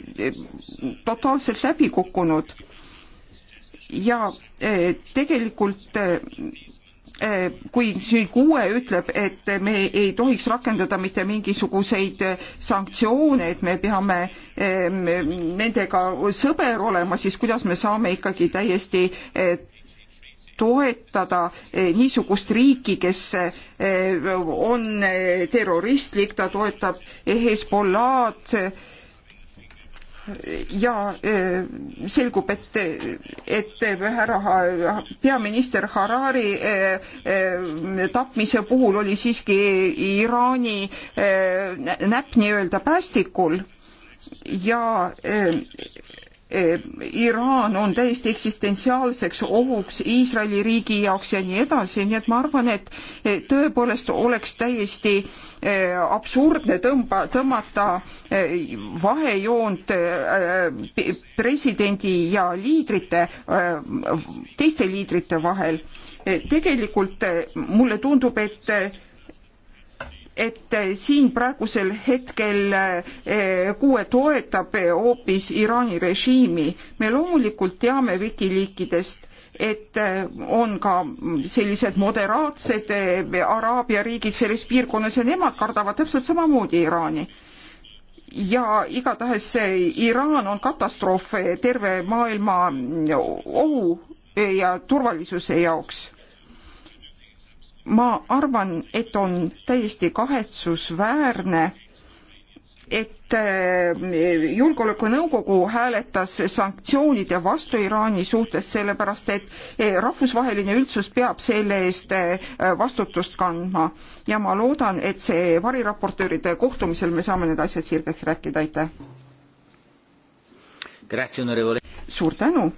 Speaker 2: totaalselt läbi kukkunud ja tegelikult Äh, kui nüüd kuue ütleb, et me ei tohiks rakendada mitte mingisuguseid äh, sanktsioone, et me peame ähm, nendega sõber olema, siis kuidas me saame ikkagi täiesti äh, toetada niisugust riiki, kes on terroristlik, ta toetab Hezbollah'd ja e, selgub, et, et e, härra peaminister Harari e, tapmise puhul oli siiski Iraani näpp nii-öelda päästikul ja Iraan on täiesti eksistentsiaalseks ohuks Iisraeli riigi jaoks ja nii edasi, nii et ma arvan, et tõepoolest oleks täiesti eh, absurdne tõmba, tõmmata eh, vahejoont eh, presidendi ja liidrite, teiste liidrite vahel. tegelikult mulle tundub, et et eh, siin praegusel hetkel eh, kuue toetab eh, hoopis Iraani režiimi. me loomulikult teame Wikileakidest, et on ka sellised moderaatsed Araabia riigid selles piirkonnas ja nemad kardavad täpselt samamoodi Iraani ja igatahes Iraan on katastroof terve maailma mm, ohu ja turvalisuse jaoks ma arvan, et on täiesti kahetsusväärne, et äh, Julgeolekunõukogu hääletas sanktsioonide vastu Iraani suhtes, sellepärast et äh, rahvusvaheline üldsus peab selle eest äh, vastutust kandma ja ma loodan, et see variraportööride kohtumisel me saame need asjad sirgeks rääkida, aitäh. suur tänu.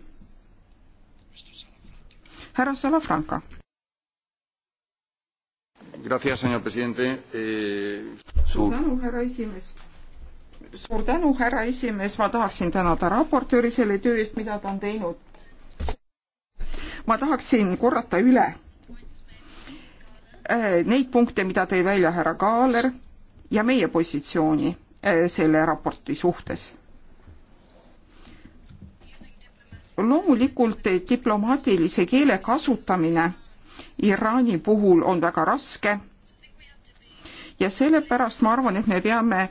Speaker 2: härra Salafranca.
Speaker 5: Eh, suur tänu,
Speaker 2: härra esimees. suur tänu, härra esimees, ma tahaksin tänada raportööri selle töö eest, mida ta on teinud. ma tahaksin korrata üle äh, neid punkte, mida tõi välja härra Kaaler ja meie positsiooni äh, selle raporti suhtes loomulikult eh, diplomaatilise keele kasutamine Iraani puhul on väga raske. ja sellepärast ma arvan, et me peame eh,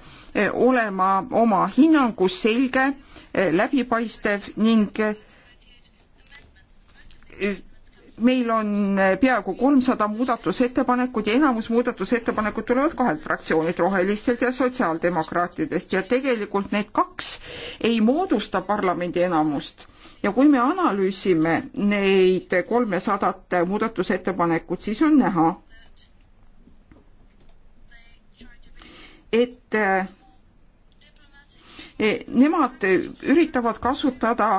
Speaker 2: olema oma hinnangus selge, eh, läbipaistev ning eh, meil on peaaegu kolmsada muudatusettepanekut ja enamus muudatusettepanekud tulevad kahelt fraktsioonilt, Rohelistelt ja Sotsiaaldemokraatidest ja tegelikult need kaks ei moodusta parlamendi enamust ja kui me analüüsime neid kolmesadat muudatusettepanekut, siis on näha, et eh, nemad üritavad kasutada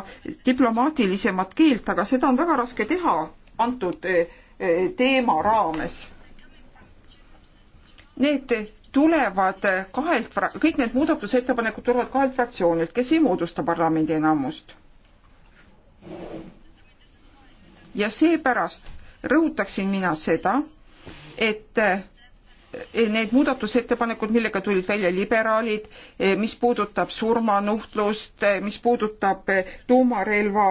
Speaker 2: diplomaatilisemat keelt, aga seda on väga raske teha antud eh, teema raames. Need tulevad kahelt, kõik need muudatusettepanekud tulevad kahelt fraktsioonilt, kes ei moodusta parlamendi enamust ja seepärast rõhutaksin mina seda, et eh, need muudatusettepanekud, millega tulid välja liberaalid, eh, mis puudutab surmanuhtlust, eh, mis puudutab tuumarelva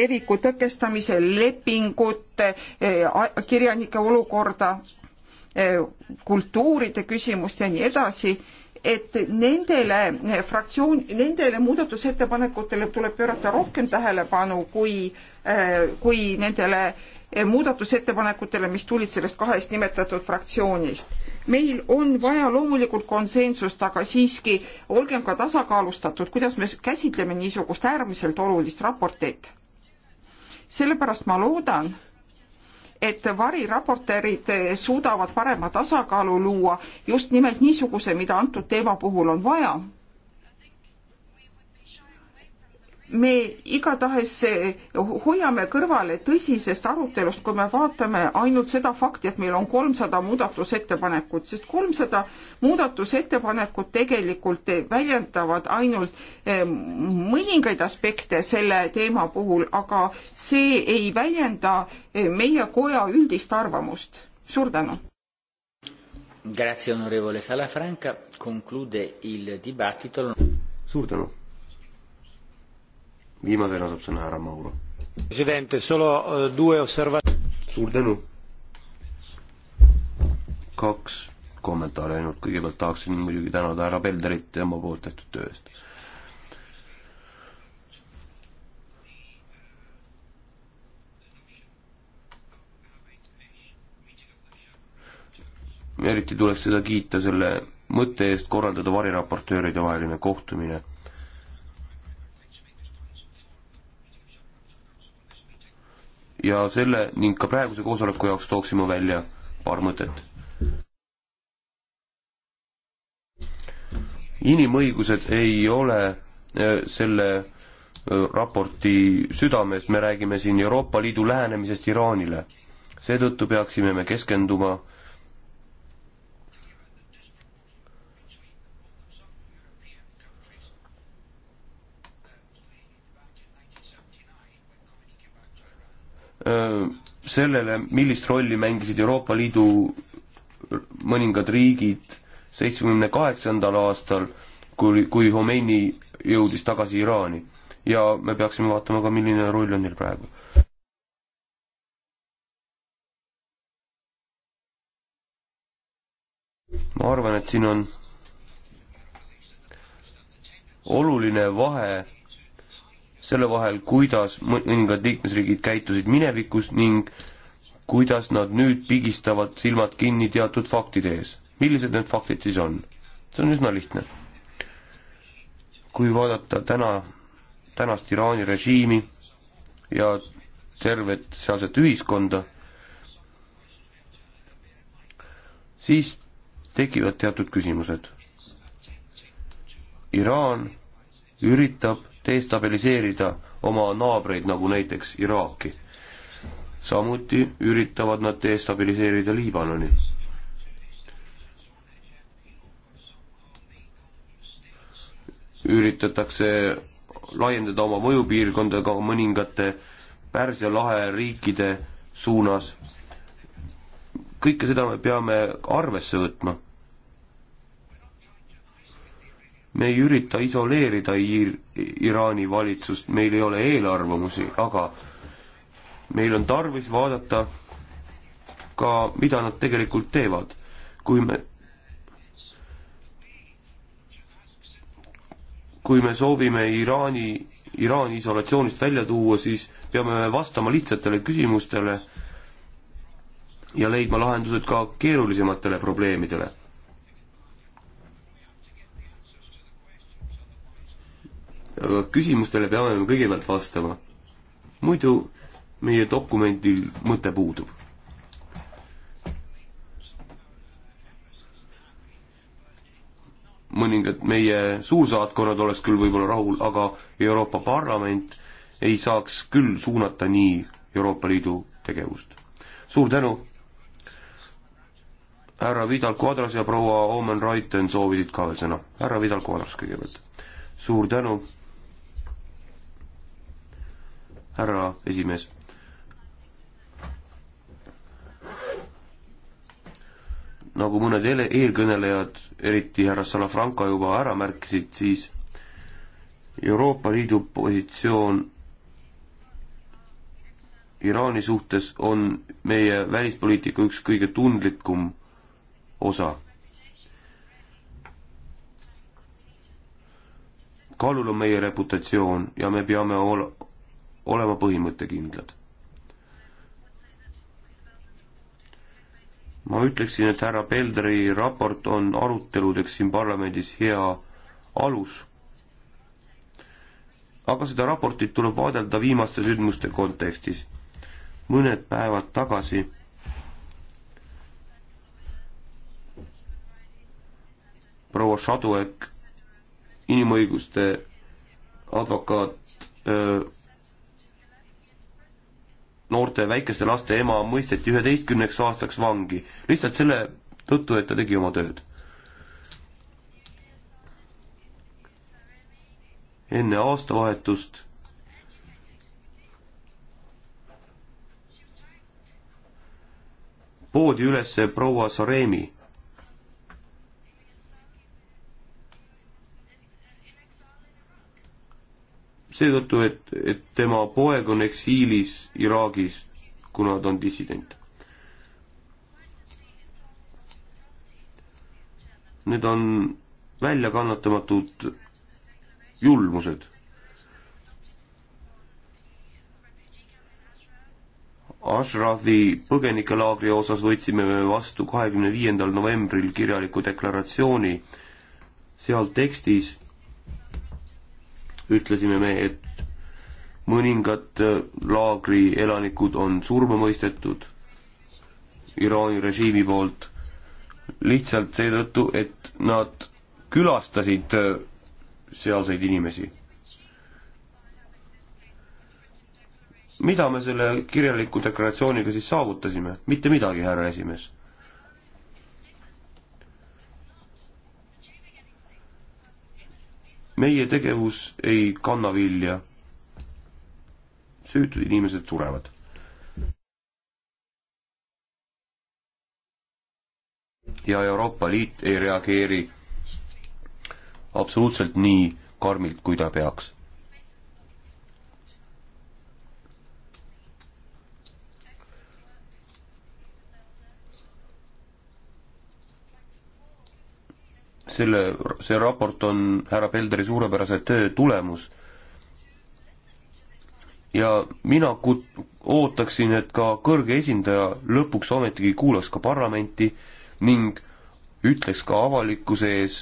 Speaker 2: leviku tõkestamise lepingut, kirjanike olukorda, kultuuride küsimust ja nii edasi et nendele fraktsioon, nendele muudatusettepanekutele tuleb pöörata rohkem tähelepanu kui, äh, kui nendele äh, muudatusettepanekutele, mis tulid sellest kahest nimetatud fraktsioonist. meil on vaja loomulikult konsensust, aga siiski olgem ka tasakaalustatud, kuidas me käsitleme niisugust äärmiselt olulist raportit. sellepärast ma loodan, et variraportöörid suudavad parema tasakaalu luua just nimelt niisuguse, mida antud teema puhul on vaja me igatahes eh, hoiame kõrvale tõsisest arutelust, kui me vaatame ainult seda fakti, et meil on kolmsada muudatusettepanekut, sest kolmsada muudatusettepanekut tegelikult väljendavad ainult eh, mõningaid aspekte selle teema puhul, aga see ei väljenda eh, meie koja üldist arvamust. suur tänu!
Speaker 1: Grazie onorevole Salafranca, conclude il dibattito.
Speaker 5: suur tänu! viimasena saab sõna härra Mauro. president, solo eh, due osserva-. suur tänu. kaks kommentaari ainult, kõigepealt tahaksin muidugi tänada härra Pelderit tema poolt tehtud töö eest. eriti tuleks seda kiita selle mõtte eest korraldada variraportööride vaheline kohtumine ja selle ning ka praeguse koosoleku jaoks tooksime välja paar mõtet. inimõigused ei ole äh, selle äh, raporti südames, me räägime siin Euroopa Liidu lähenemisest Iraanile. seetõttu peaksime me keskenduma sellele, millist rolli mängisid Euroopa Liidu mõningad riigid seitsmekümne kaheksandal aastal, kui, kui Homeini jõudis tagasi Iraani. ja me peaksime vaatama ka, milline roll on neil praegu. ma arvan, et siin on oluline vahe selle vahel, kuidas mõningad liikmesriigid käitusid minevikus ning kuidas nad nüüd pigistavad silmad kinni teatud faktide ees. millised need faktid siis on? see on üsna lihtne. kui vaadata täna, tänast Iraani režiimi ja tervet sealset ühiskonda, siis tekivad teatud küsimused. Iraan üritab destabiliseerida oma naabreid, nagu näiteks Iraaki. samuti üritavad nad destabiliseerida Liibanoni. üritatakse laiendada oma mõjupiirkonda ka mõningate Pärsia lahe riikide suunas. kõike seda me peame arvesse võtma me ei ürita isoleerida Iir-, Iraani valitsust, meil ei ole eelarvamusi, aga meil on tarvis vaadata ka, mida nad tegelikult teevad. kui me, kui me soovime Iraani, Iraani isolatsioonist välja tuua, siis peame vastama lihtsatele küsimustele ja leidma lahendused ka keerulisematele probleemidele aga küsimustele peame me kõigepealt vastama. muidu meie dokumendil mõte puudub. mõningad meie suursaatkonnad oleks küll võib-olla rahul, aga Euroopa Parlament ei saaks küll suunata nii Euroopa Liidu tegevust. suur tänu! härra Vidal Quadras ja proua Omen Raiten soovisid ka veel sõna. härra Vidal Quadras kõigepealt. suur tänu! härra esimees. nagu mõned eel-, eelkõnelejad, eriti härra Salafranca juba ära märkisid, siis Euroopa Liidu positsioon Iraani suhtes on meie välispoliitika üks kõige tundlikum osa. kaalul on meie reputatsioon ja me peame ol-, olema põhimõttekindlad. ma ütleksin, et härra Pelderi raport on aruteludeks siin parlamendis hea alus, aga seda raportit tuleb vaadelda viimaste sündmuste kontekstis. mõned päevad tagasi proua Šaduek, inimõiguste advokaat, noorte väikeste laste ema mõisteti üheteistkümneks aastaks vangi lihtsalt selle tõttu, et ta tegi oma tööd. enne aastavahetust poodi üles proua Saremi seetõttu, et, et tema poeg on eksiilis Iraagis, kuna ta on dissident. Need on väljakannatamatud julmused. Ashrafi põgenikelaagri osas võtsime me vastu kahekümne viiendal novembril kirjaliku deklaratsiooni, seal tekstis ütlesime me, et mõningad äh, laagri elanikud on surma mõistetud Iraani režiimi poolt lihtsalt seetõttu, et nad külastasid äh, sealseid inimesi. mida me selle kirjaliku deklaratsiooniga siis saavutasime? mitte midagi, härra esimees. meie tegevus ei kanna vilja. süütud inimesed surevad. ja Euroopa Liit ei reageeri absoluutselt nii karmilt, kui ta peaks. selle, see raport on härra Pelderi suurepärase töö tulemus. ja mina kut-, ootaksin, et ka kõrge esindaja lõpuks ometigi kuulaks ka parlamenti ning ütleks ka avalikkuse ees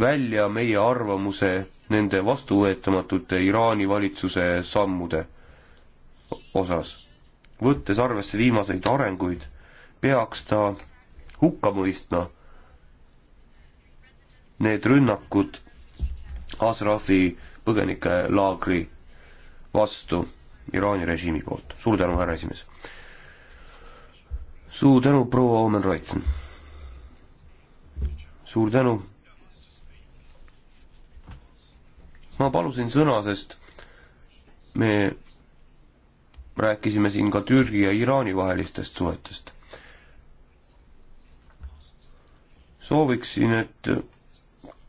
Speaker 5: välja meie arvamuse nende vastuvõetamatute Iraani valitsuse sammude osas. võttes arvesse viimaseid arenguid, peaks ta hukka mõistma need rünnakud Asrafi põgenikelaagri vastu Iraani režiimi poolt. suur tänu, härra esimees. suur tänu, proua Omen Reutsen. suur tänu. ma palusin sõna, sest me rääkisime siin ka Türgi ja Iraani vahelistest suhetest. sooviksin, et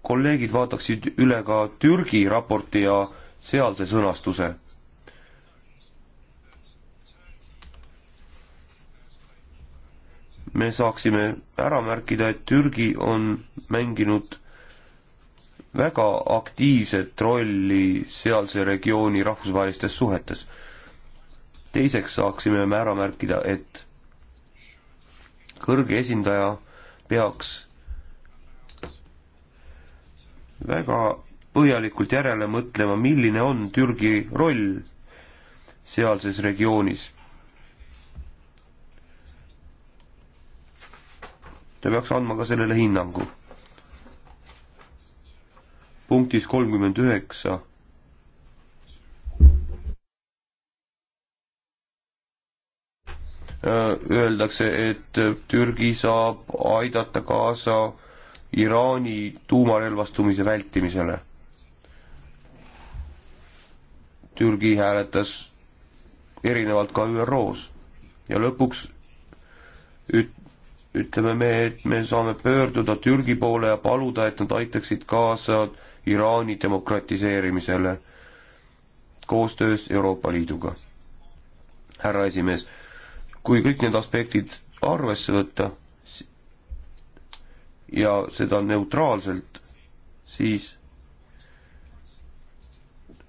Speaker 5: kolleegid vaataksid üle ka Türgi raporti ja sealse sõnastuse. me saaksime ära märkida, et Türgi on mänginud väga aktiivset rolli sealse regiooni rahvusvahelistes suhetes. teiseks saaksime me ära märkida, et kõrge esindaja peaks väga põhjalikult järele mõtlema, milline on Türgi roll sealses regioonis. ta peaks andma ka sellele hinnangu. punktis kolmkümmend üheksa äh, öeldakse, et Türgi saab aidata kaasa Iraani tuumarelvastumise vältimisele. Türgi hääletas erinevalt ka ÜRO-s ja lõpuks üt-, ütleme me, et me saame pöörduda Türgi poole ja paluda, et nad aitaksid kaasa Iraani demokratiseerimisele koostöös Euroopa Liiduga. härra esimees, kui kõik need aspektid arvesse võtta, ja seda neutraalselt, siis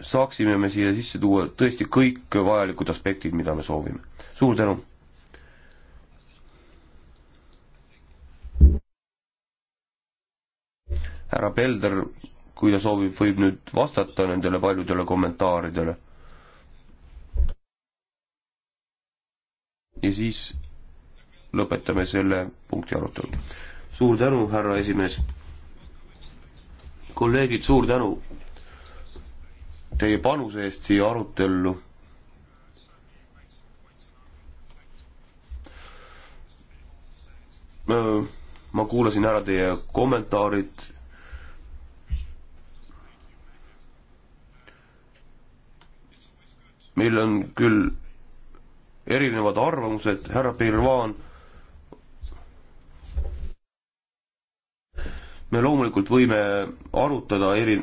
Speaker 5: saaksime me siia sisse tuua tõesti kõik vajalikud aspektid, mida me soovime. suur tänu! härra Pelder, kui ta soovib, võib nüüd vastata nendele paljudele kommentaaridele. ja siis lõpetame selle punkti arutelu suur tänu, härra esimees. kolleegid, suur tänu teie panuse eest siia arutellu. ma kuulasin ära teie kommentaarid. meil on küll erinevad arvamused, härra Pirvan me loomulikult võime arutada eri,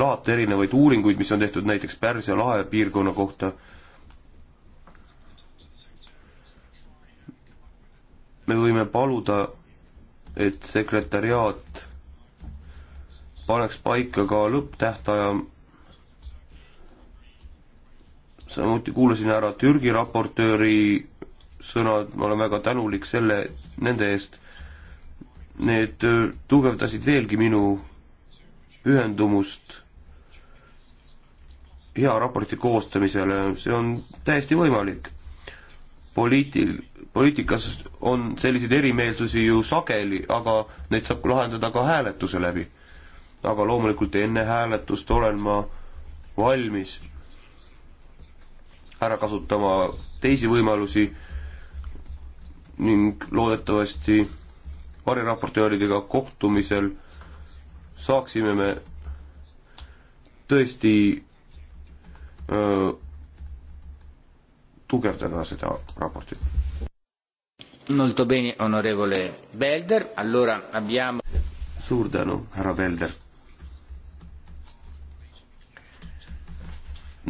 Speaker 5: laata erinevaid uuringuid, mis on tehtud näiteks Pärsia lahe piirkonna kohta. me võime paluda, et sekretäriaat paneks paika ka lõpptähtaja. samuti kuulasin ära Türgi raportööri sõnad, ma olen väga tänulik selle, nende eest Need äh, tugevdasid veelgi minu pühendumust hea raporti koostamisele, see on täiesti võimalik. poliitil-, poliitikas on selliseid erimeelsusi ju sageli, aga neid saab lahendada ka hääletuse läbi. aga loomulikult enne hääletust olen ma valmis ära kasutama teisi võimalusi ning loodetavasti variraportööridega kohtumisel saaksime me tõesti öö, tugevdada seda raportit.
Speaker 1: Molto bene, onorevole Belder, allora abbiamo
Speaker 5: suur tänu, härra Belder.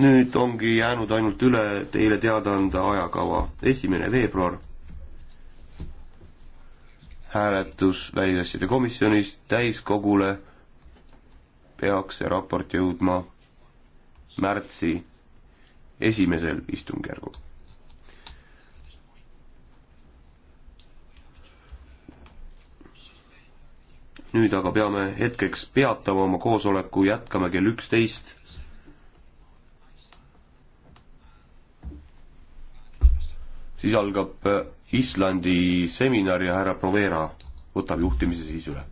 Speaker 5: nüüd ongi jäänud ainult üle teile teada anda ajakava esimene veebruar hääletus välisasjade komisjonis täiskogule peaks see raport jõudma märtsi esimesel istungjärgul. nüüd aga peame hetkeks peatama oma koosoleku, jätkame kell üksteist siis algab äh, Islandi seminari ja härra Provera võtab juhtimise siis üle.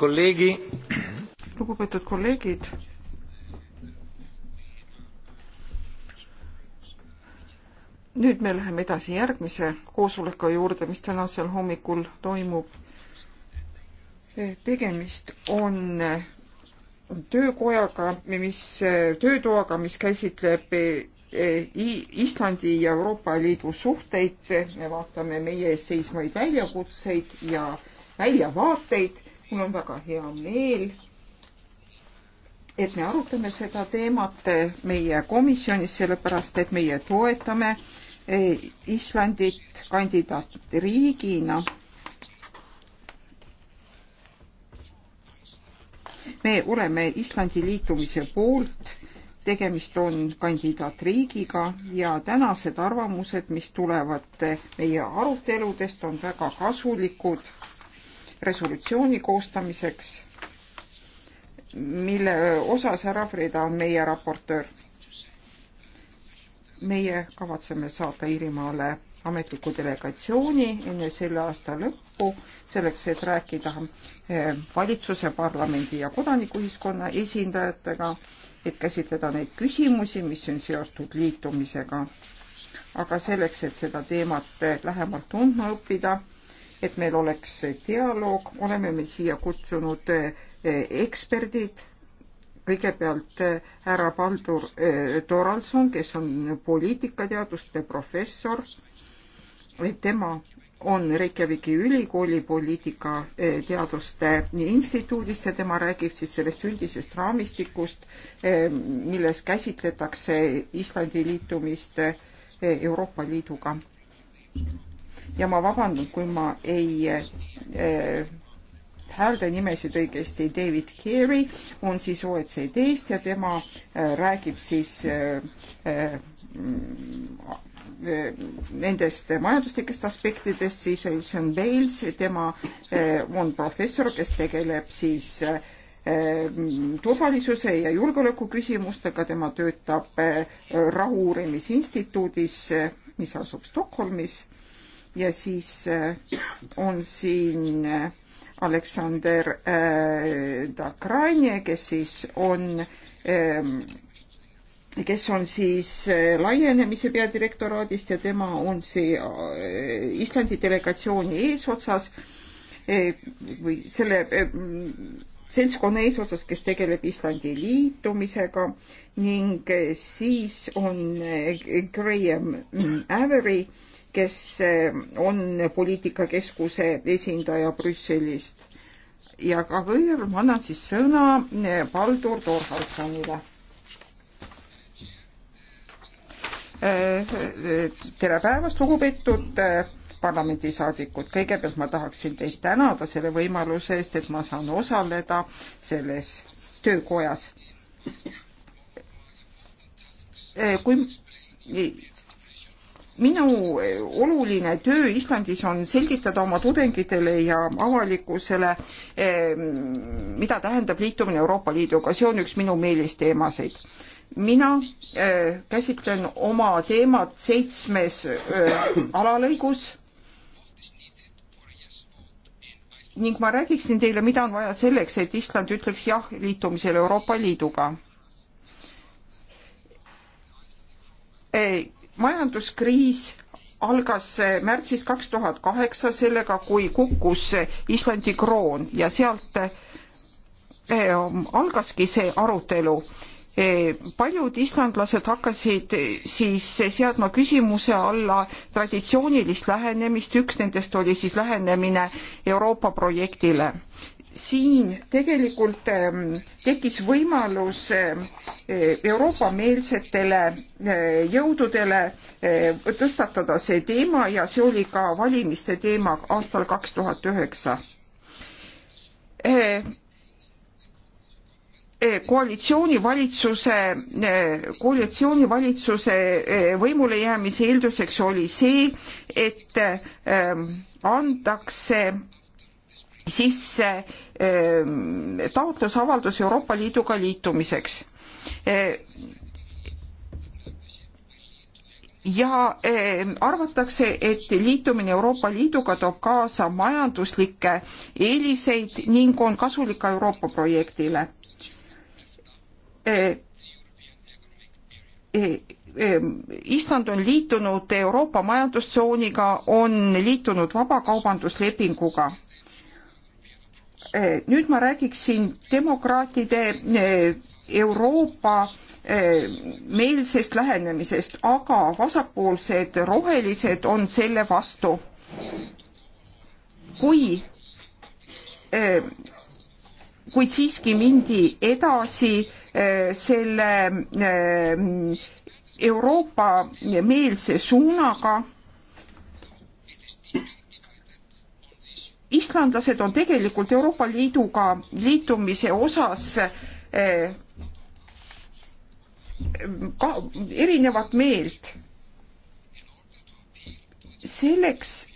Speaker 1: kolleegi.
Speaker 2: lugupeetud kolleegid. nüüd me läheme edasi järgmise koosoleku juurde, mis tänasel hommikul toimub. tegemist on töökojaga, mis, töötoaga, mis käsitleb Islandi ja Euroopa Liidu suhteid, me vaatame meie ees seisvaid väljakutseid ja väljavaateid mul on väga hea meel, et me arutame seda teemat meie komisjonis, sellepärast et meie toetame eh, Islandit kandidaatriigina. me oleme Islandi liitumise poolt, tegemist on kandidaatriigiga ja tänased arvamused, mis tulevad meie aruteludest, on väga kasulikud resolutsiooni koostamiseks, mille osas härra Freda on meie raportöör. meie kavatseme saata Iirimaale ametliku delegatsiooni enne selle aasta lõppu, selleks et rääkida eh, valitsuse, parlamendi ja kodanikuühiskonna esindajatega, et käsitleda neid küsimusi, mis on seotud liitumisega. aga selleks, et seda teemat lähemalt tundma õppida et meil oleks dialoog, oleme me siia kutsunud eh, eksperdid, kõigepealt eh, härra Baldur eh, Toralson, kes on poliitikateaduste professor, tema on Reykjaviki ülikooli poliitikateaduste instituudist ja tema räägib siis sellest üldisest raamistikust, milles käsitletakse Islandi liitumist Euroopa Liiduga ja ma vabandan, kui ma ei äh, häälda nimesid õigesti. David Carey on siis OECD-st ja tema äh, räägib siis äh, äh, nendest majanduslikest aspektidest, siis Wilson Bales, tema on professor, kes tegeleb siis mm, turvalisuse ja julgeoleku küsimustega, tema töötab Rahu-uurimisinstituudis, mis asub Stockholmis ja siis äh, on siin äh, Aleksander äh, Dakranje, kes siis on ähm, kes on siis laienemise peadirektoraadist ja tema on see Islandi delegatsiooni eesotsas või selle seltskonna eesotsas, kes tegeleb Islandi liitumisega ning siis on Graham Avery kes eh, on poliitikakeskuse esindaja Brüsselist. ja ka kõigepealt ma annan siis sõna Valdur eh, Torhalsonile. Eh, tere päevast, lugupeetud parlamendisaadikud, kõigepealt ma tahaksin teid tänada selle võimaluse eest, et ma saan osaleda selles töökojas. kui minu oluline töö Islandis on selgitada oma tudengitele ja avalikkusele, ehm, mida tähendab liitumine Euroopa Liiduga, see on üks minu meelisteemasid. mina eh, käsitlen oma teemat seitsmes eh, alalõigus ning ma räägiksin teile, mida on vaja selleks, et Island ütleks jah liitumisele Euroopa Liiduga eh, majanduskriis algas märtsis kaks tuhat kaheksa sellega, kui kukkus Islandi kroon ja sealt eh, algaski see arutelu. Eh, paljud islandlased hakkasid siis seadma küsimuse alla traditsioonilist lähenemist, üks nendest oli siis lähenemine Euroopa projektile siin tegelikult ähm, tekkis võimalus äh, Euroopa-meelsetele äh, jõududele äh, tõstatada see teema ja see oli ka valimiste teema aastal kaks tuhat üheksa. koalitsioonivalitsuse, koalitsioonivalitsuse võimule jäämise eelduseks oli see, et ähm, antakse sisse ehm, taotlusavaldus Euroopa Liiduga liitumiseks eh, ja ehm, arvatakse, et liitumine Euroopa Liiduga toob kaasa majanduslikke eeliseid ning on kasulik ka Euroopa projektile. Eh, eh, ehm, Island on liitunud Euroopa majandustsooniga, on liitunud vabakaubanduslepinguga Äh, nüüd ma räägiksin demokraatide äh, Euroopa äh, meelsest lähenemisest, aga vasakpoolsed rohelised on selle vastu. kui, kuid siiski mindi edasi selle Euroopa meelse suunaga islandlased on tegelikult Euroopa Liiduga liitumise osas eh, ka erinevat meelt. selleks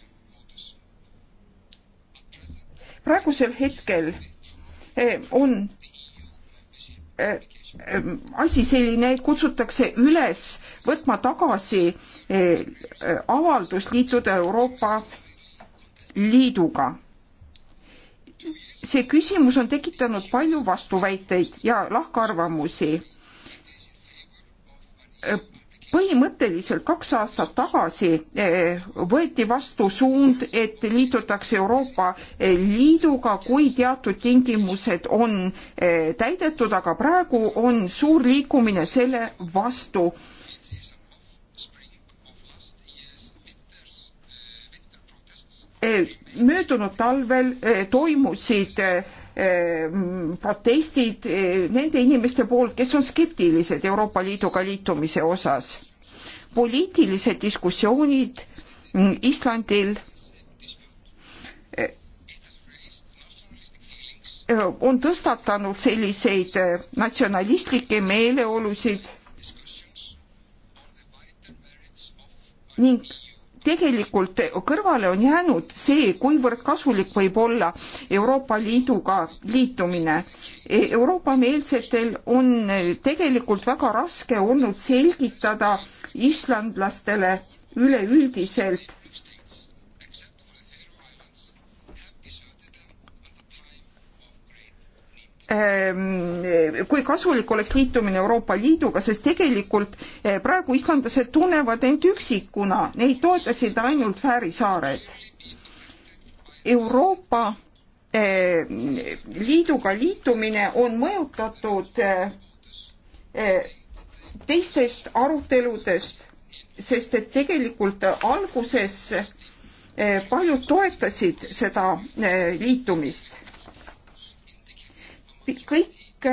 Speaker 2: praegusel hetkel eh, on eh, asi selline, et kutsutakse üles võtma tagasi avaldus liituda Euroopa Liiduga see küsimus on tekitanud palju vastuväiteid ja lahkarvamusi. põhimõtteliselt kaks aastat tagasi eh, võeti vastu suund, et liitutakse Euroopa eh, Liiduga, kui teatud tingimused on eh, täidetud, aga praegu on suur liikumine selle vastu Eh, möödunud talvel eh, toimusid eh, protestid nende inimeste poolt, kes on skeptilised Euroopa Liiduga liitumise osas. poliitilised diskussioonid mm, Islandil on tõstatanud selliseid natsionalistlikke meeleolusid ning tegelikult kõrvale on jäänud see, kuivõrd kasulik võib olla Euroopa Liiduga liitumine. E, Euroopa-meelsetel on tegelikult väga raske olnud selgitada islandlastele üleüldiselt Ehm, eh, kui kasulik oleks liitumine Euroopa Liiduga, sest tegelikult eh, praegu islandlased tunnevad end üksikuna, neid toetasid ainult Fääri saared. Euroopa eh, Liiduga liitumine on mõjutatud teistest aruteludest, sest et tegelikult alguses paljud toetasid seda liitumist kõik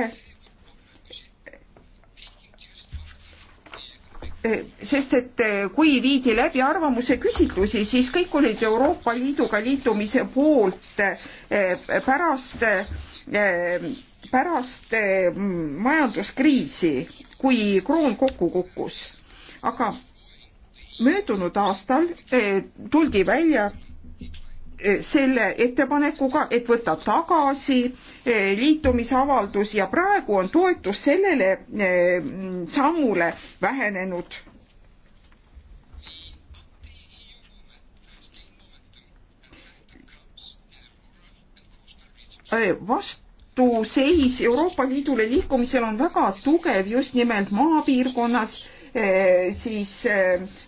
Speaker 2: eh, sest et eh, kui viidi läbi arvamuse küsitlusi, siis kõik olid Euroopa Liiduga liitumise poolt eh, pärast, pärast majanduskriisi, kui kroon kokku kukkus. aga möödunud aastal tuldi välja Eh, selle ettepanekuga, et võtta tagasi eh, liitumisavaldus ja praegu on toetus sellele eh, sammule vähenenud. vastuseis Euroopa Liidule liikumisel on väga tugev just nimelt maapiirkonnas, siis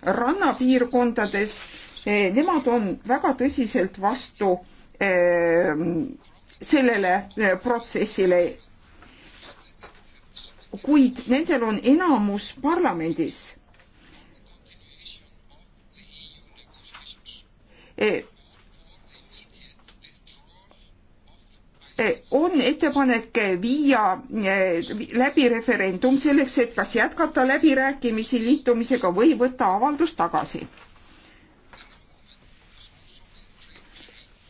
Speaker 2: rannapiirkondades Eh, nemad on väga tõsiselt vastu ehm, sellele eh, protsessile. kuid nendel on enamus parlamendis. Eh, on ettepanek viia läbi referendum selleks, et kas jätkata läbirääkimisi liitumisega või võtta avaldus tagasi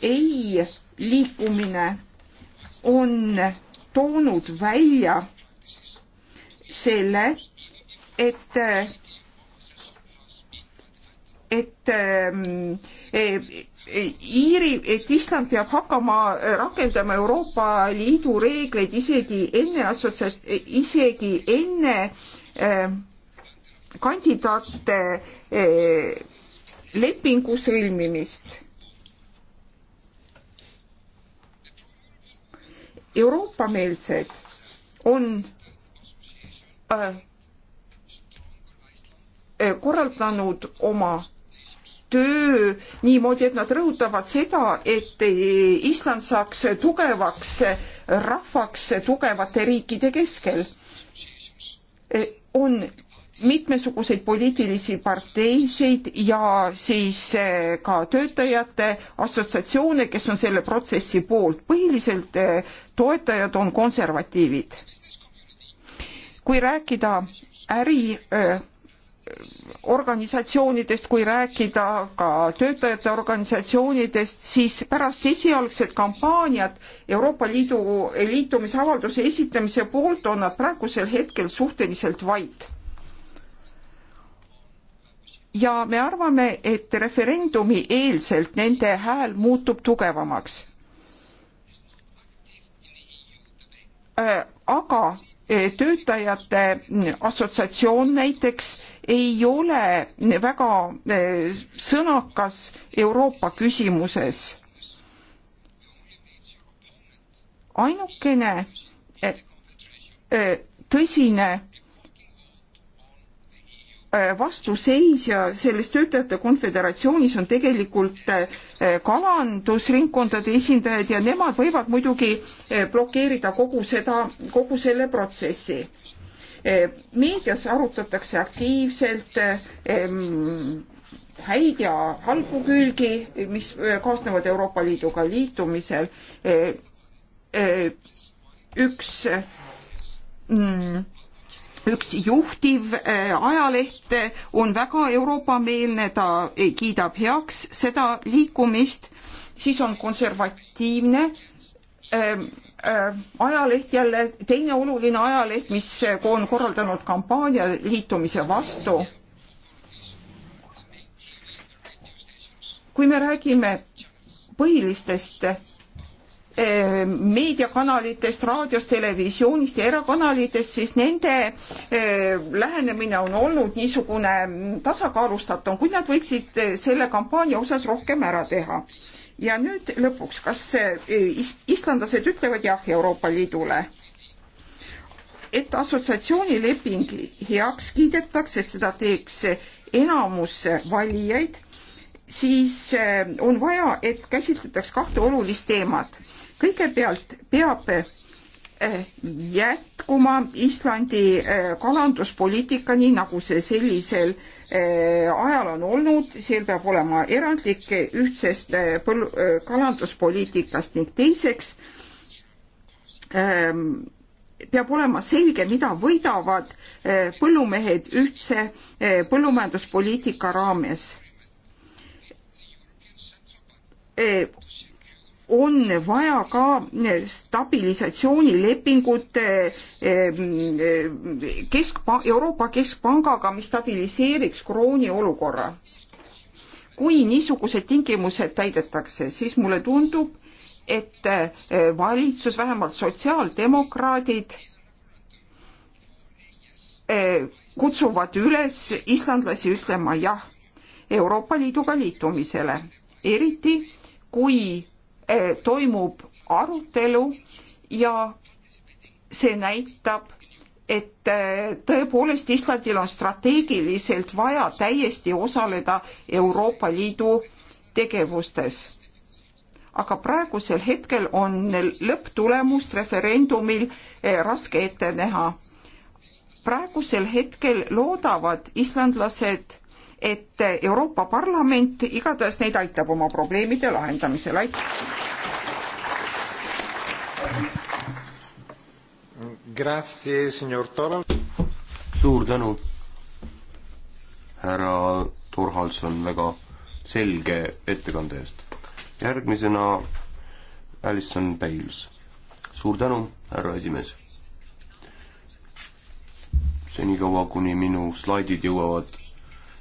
Speaker 2: ei liikumine on toonud välja selle, et, et eh, Iiri, et Island peab hakkama rakendama Euroopa Liidu reegleid isegi enne assotsiat-, isegi enne eh, kandidaate eh, lepingu sõlmimist Euroopa-meelsed on äh, äh, korraldanud oma töö niimoodi, et nad rõhutavad seda, et Island saaks tugevaks rahvaks tugevate riikide keskel. Äh, on mitmesuguseid poliitilisi parteisid ja siis eh, ka töötajate assotsiatsioone, kes on selle protsessi poolt. põhiliselt eh, toetajad on konservatiivid. kui rääkida äri eh, organisatsioonidest, kui rääkida ka töötajate organisatsioonidest, siis pärast esialgset kampaaniat Euroopa Liidu liitumisavalduse esitamise poolt on nad praegusel hetkel suhteliselt vait ja me arvame, et referendumi eelselt nende hääl muutub tugevamaks. Äh, aga äh, töötajate mm, assotsiatsioon näiteks ei ole väga äh, sõnakas Euroopa küsimuses. ainukene tõsine Äh, vastuseis ja selles töötajate konföderatsioonis on tegelikult äh, kalandusringkondade esindajad ja nemad võivad muidugi äh, blokeerida kogu seda, kogu selle protsessi. meedias arutatakse aktiivselt häid ja halbu külgi, mis kaasnevad Euroopa Liiduga liitumisel. üks mm, üks juhtiv äh, ajaleht äh, on väga Euroopa-meelne, ta äh, kiidab heaks seda liikumist, siis on konservatiivne ähm, ajaleht jälle, teine oluline ajaleht, mis on korraldanud kampaania liitumise vastu. kui me räägime põhilistest Eh, meediakanalitest, raadiost, televisioonist ja erakanalitest, siis nende eh, lähenemine on olnud niisugune tasakaalustatum, kuid nad võiksid eh, selle kampaania osas rohkem ära teha. ja nüüd lõpuks, kas islandlased ütlevad jah Euroopa Liidule? et assotsiatsioonileping heaks kiidetakse, et seda teeks enamus valijaid, siis on vaja, et käsitletaks kahte olulist teemat kõigepealt peab eh, jätkuma Islandi eh, kalanduspoliitika, nii nagu see sellisel eh, ajal on olnud, seal peab olema erandlik ühtsest kalanduspoliitikast ning teiseks ehm, peab olema selge, mida võidavad põllumehed ühtse põllumajanduspoliitika raames on vaja ka stabilisatsioonilepingut eh, eh, keskpa-, Euroopa Keskpangaga, mis stabiliseeriks krooni olukorra. kui niisugused tingimused täidetakse, siis mulle tundub, et eh, valitsus, vähemalt sotsiaaldemokraadid, kutsuvad üles islandlasi ütlema jah Euroopa Liiduga liitumisele, eriti kui Eh, toimub arutelu ja see näitab, et eh, tõepoolest Islandil on strateegiliselt vaja täiesti osaleda Euroopa Liidu tegevustes. aga praegusel hetkel on lõpptulemust referendumil eh, raske ette näha. praegusel hetkel loodavad islandlased et Euroopa Parlament igatahes neid aitab oma probleemide lahendamisel, aitäh!
Speaker 5: suur tänu, härra Torhalson, väga selge ettekande eest. järgmisena Alison Bales. suur tänu, härra esimees senikaua, kuni minu slaidid jõuavad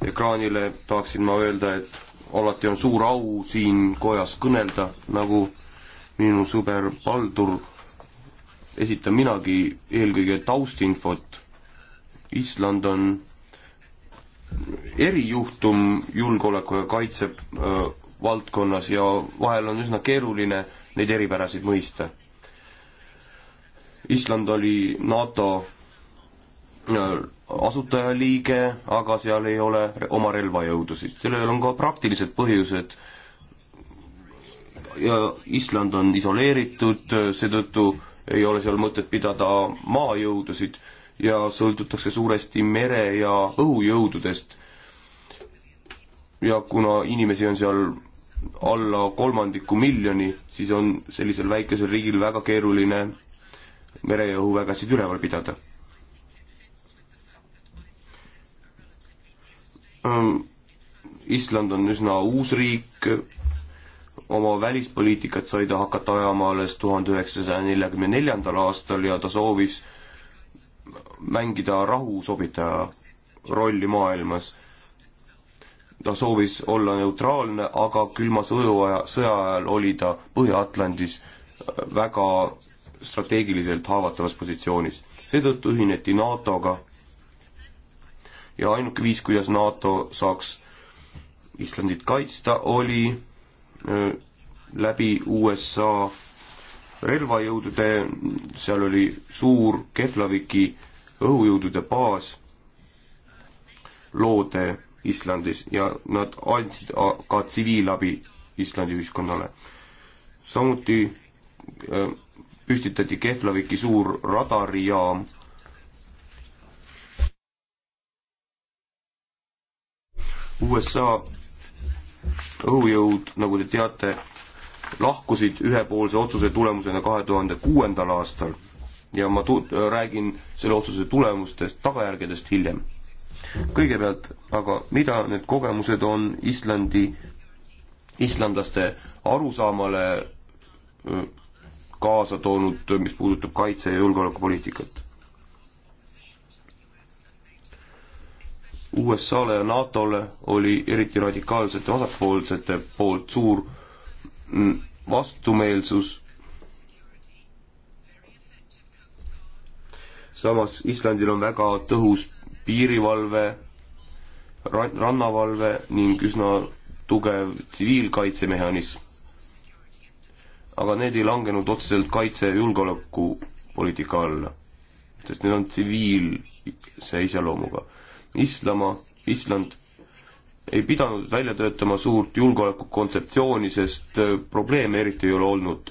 Speaker 5: ekraanile, tahaksin ma öelda, et alati on suur au siin kojas kõnelda, nagu minu sõber Paldur, esitan minagi eelkõige taustinfot. Island on erijuhtum julgeoleku ja kaitse öö, valdkonnas ja vahel on üsna keeruline neid eripärasid mõista. Island oli NATO öö, asutajaliige, aga seal ei ole oma relvajõudusid. sellel on ka praktilised põhjused. ja Island on isoleeritud, seetõttu ei ole seal mõtet pidada maajõudusid ja sõltutakse suuresti mere- ja õhujõududest. ja kuna inimesi on seal alla kolmandiku miljoni, siis on sellisel väikesel riigil väga keeruline mere- ja õhuvägesid üleval pidada Ähm, Island on üsna uus riik, oma välispoliitikat sai ta hakata ajama alles tuhande üheksasaja neljakümne neljandal aastal ja ta soovis mängida rahusobitaja rolli maailmas. ta soovis olla neutraalne, aga külma sõjuaja, sõja ajal oli ta Põhja-Atlandis äh, väga strateegiliselt haavatavas positsioonis. seetõttu ühineti NATO-ga ja ainuke viis, kuidas NATO saaks Islandit kaitsta, oli läbi USA relvajõudude, seal oli suur Keflaviki õhujõudude baas loode Islandis ja nad andsid ka tsiviilabi Islandi ühiskonnale. samuti püstitati Keflaviki suur radarijaam USA õhujõud, nagu te teate, lahkusid ühepoolse otsuse tulemusena kahe tuhande kuuendal aastal ja ma tu-, räägin selle otsuse tulemustest, tagajärgedest hiljem. kõigepealt aga, mida need kogemused on Islandi, islandlaste arusaamale äh, kaasa toonud, mis puudutab kaitse- ja julgeolekupoliitikat? USA-le ja NATO-le oli eriti radikaalsete vasakpoolsete poolt suur mm, vastumeelsus. samas Islandil on väga tõhus piirivalve, rannavalve ning üsna tugev tsiviilkaitsemehhanism. aga need ei langenud otseselt kaitse- ja julgeolekupoliitika alla, sest need on tsiviilse iseloomuga Islama, Island ei pidanud välja töötama suurt julgeolekukontseptsiooni, sest äh, probleeme eriti ei ole olnud.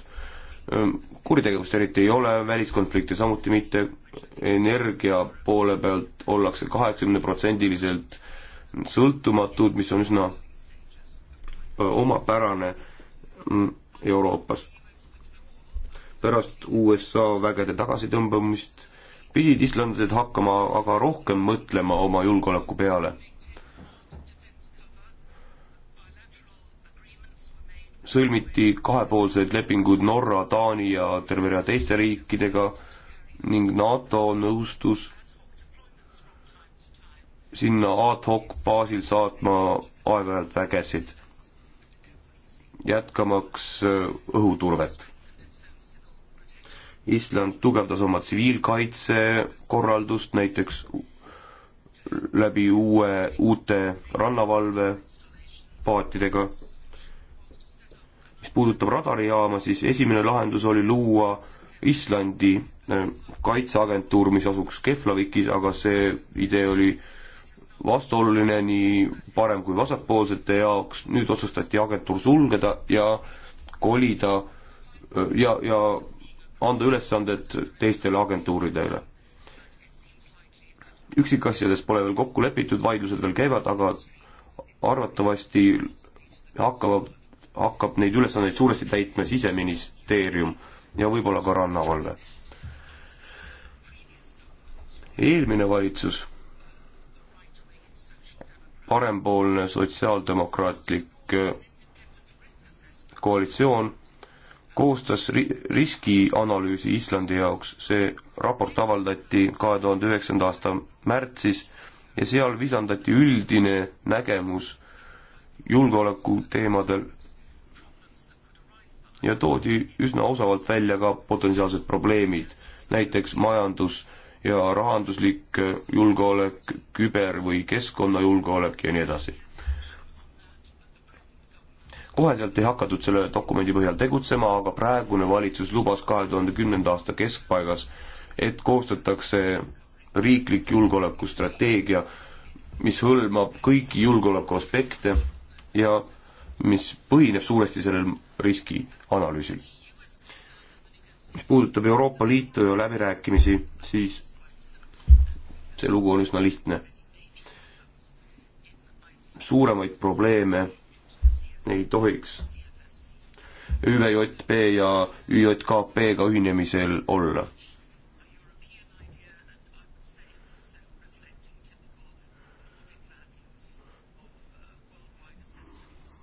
Speaker 5: Ehm, kuritegevust eriti ei ole, väliskonflikte samuti mitte, energia poole pealt ollakse kaheksakümneprotsendiliselt sõltumatud, mis on üsna omapärane mm, Euroopas. pärast USA vägede tagasitõmbamist pidid islandlased hakkama aga rohkem mõtlema oma julgeoleku peale. sõlmiti kahepoolsed lepingud Norra, Taani ja terve rea teiste riikidega ning NATO nõustus sinna ad hoc baasil saatma aeg-ajalt vägesid, jätkamaks õhuturvet Island tugevdas oma tsiviilkaitsekorraldust näiteks läbi uue, uute rannavalvepaatidega. mis puudutab radarijaama, siis esimene lahendus oli luua Islandi äh, kaitseagentuur, mis asuks Keflavikis, aga see idee oli vastuoluline nii parem- kui vasakpoolsete jaoks, nüüd otsustati agentuur sulgeda ja kolida äh, ja, ja anda ülesanded teistele agentuuridele. üksikasjades pole veel kokku lepitud, vaidlused veel käivad, aga arvatavasti hakkavad, hakkab neid ülesandeid suuresti täitma Siseministeerium ja võib-olla ka rannavalve. eelmine valitsus, parempoolne sotsiaaldemokraatlik koalitsioon koostas ri-, riskianalüüsi Islandi jaoks, see raport avaldati kahe tuhande üheksanda aasta märtsis ja seal visandati üldine nägemus julgeoleku teemadel ja toodi üsna osavalt välja ka potentsiaalsed probleemid, näiteks majandus ja rahanduslik julgeolek, küber- või keskkonnajulgeolek ja nii edasi koheselt ei hakatud selle dokumendi põhjal tegutsema, aga praegune valitsus lubas kahe tuhande kümnenda aasta keskpaigas, et koostatakse riiklik julgeolekustrateegia, mis hõlmab kõiki julgeoleku aspekte ja mis põhineb suuresti sellel riskianalüüsil. mis puudutab Euroopa Liitu ja läbirääkimisi, siis see lugu on üsna lihtne. suuremaid probleeme ei tohiks ÜVJP ja ÜJKP-ga ühinemisel olla.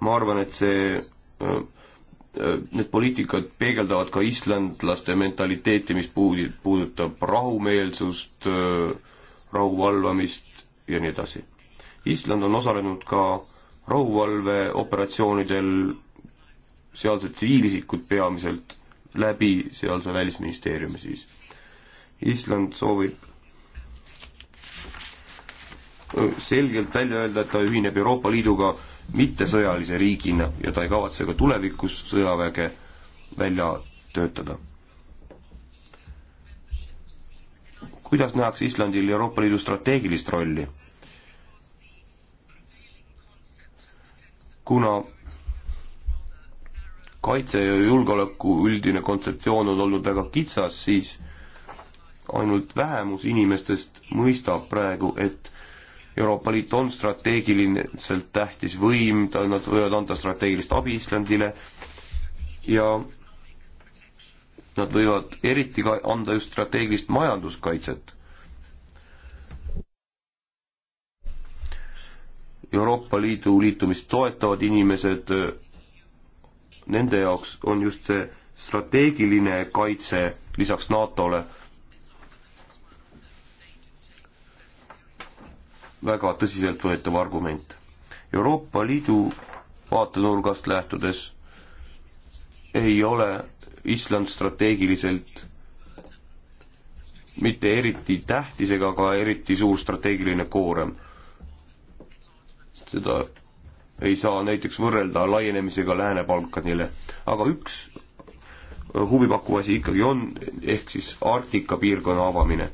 Speaker 5: ma arvan, et see, äh, äh, need poliitikad peegeldavad ka islandlaste mentaliteeti, mis puudi-, puudutab rahumeelsust, äh, rahu valvamist ja nii edasi. Island on osalenud ka äh, rahuvalveoperatsioonidel sealsed tsiviilisikud peamiselt läbi sealse välisministeeriumi siis. Island soovib selgelt välja öelda, et ta ühineb Euroopa Liiduga mittesõjalise riigina ja ta ei kavatse ka tulevikus sõjaväge välja töötada. kuidas nähakse Islandil Euroopa Liidu strateegilist rolli? kuna kaitse ja julgeoleku üldine kontseptsioon on olnud väga kitsas, siis ainult vähemus inimestest mõistab praegu, et Euroopa Liit on strateegiliselt tähtis võim, ta, nad võivad anda strateegilist abi Islandile ja nad võivad eriti ka anda just strateegilist majanduskaitset. Euroopa Liidu liitumist toetavad inimesed, nende jaoks on just see strateegiline kaitse lisaks NATO-le väga tõsiseltvõetav argument. Euroopa Liidu vaatenurgast lähtudes ei ole Island strateegiliselt mitte eriti tähtis ega ka eriti suur strateegiline koorem seda ei saa näiteks võrrelda laienemisega Lääne-Balkanile. aga üks äh, huvipakkuv asi ikkagi on, ehk siis Arktika piirkonna avamine.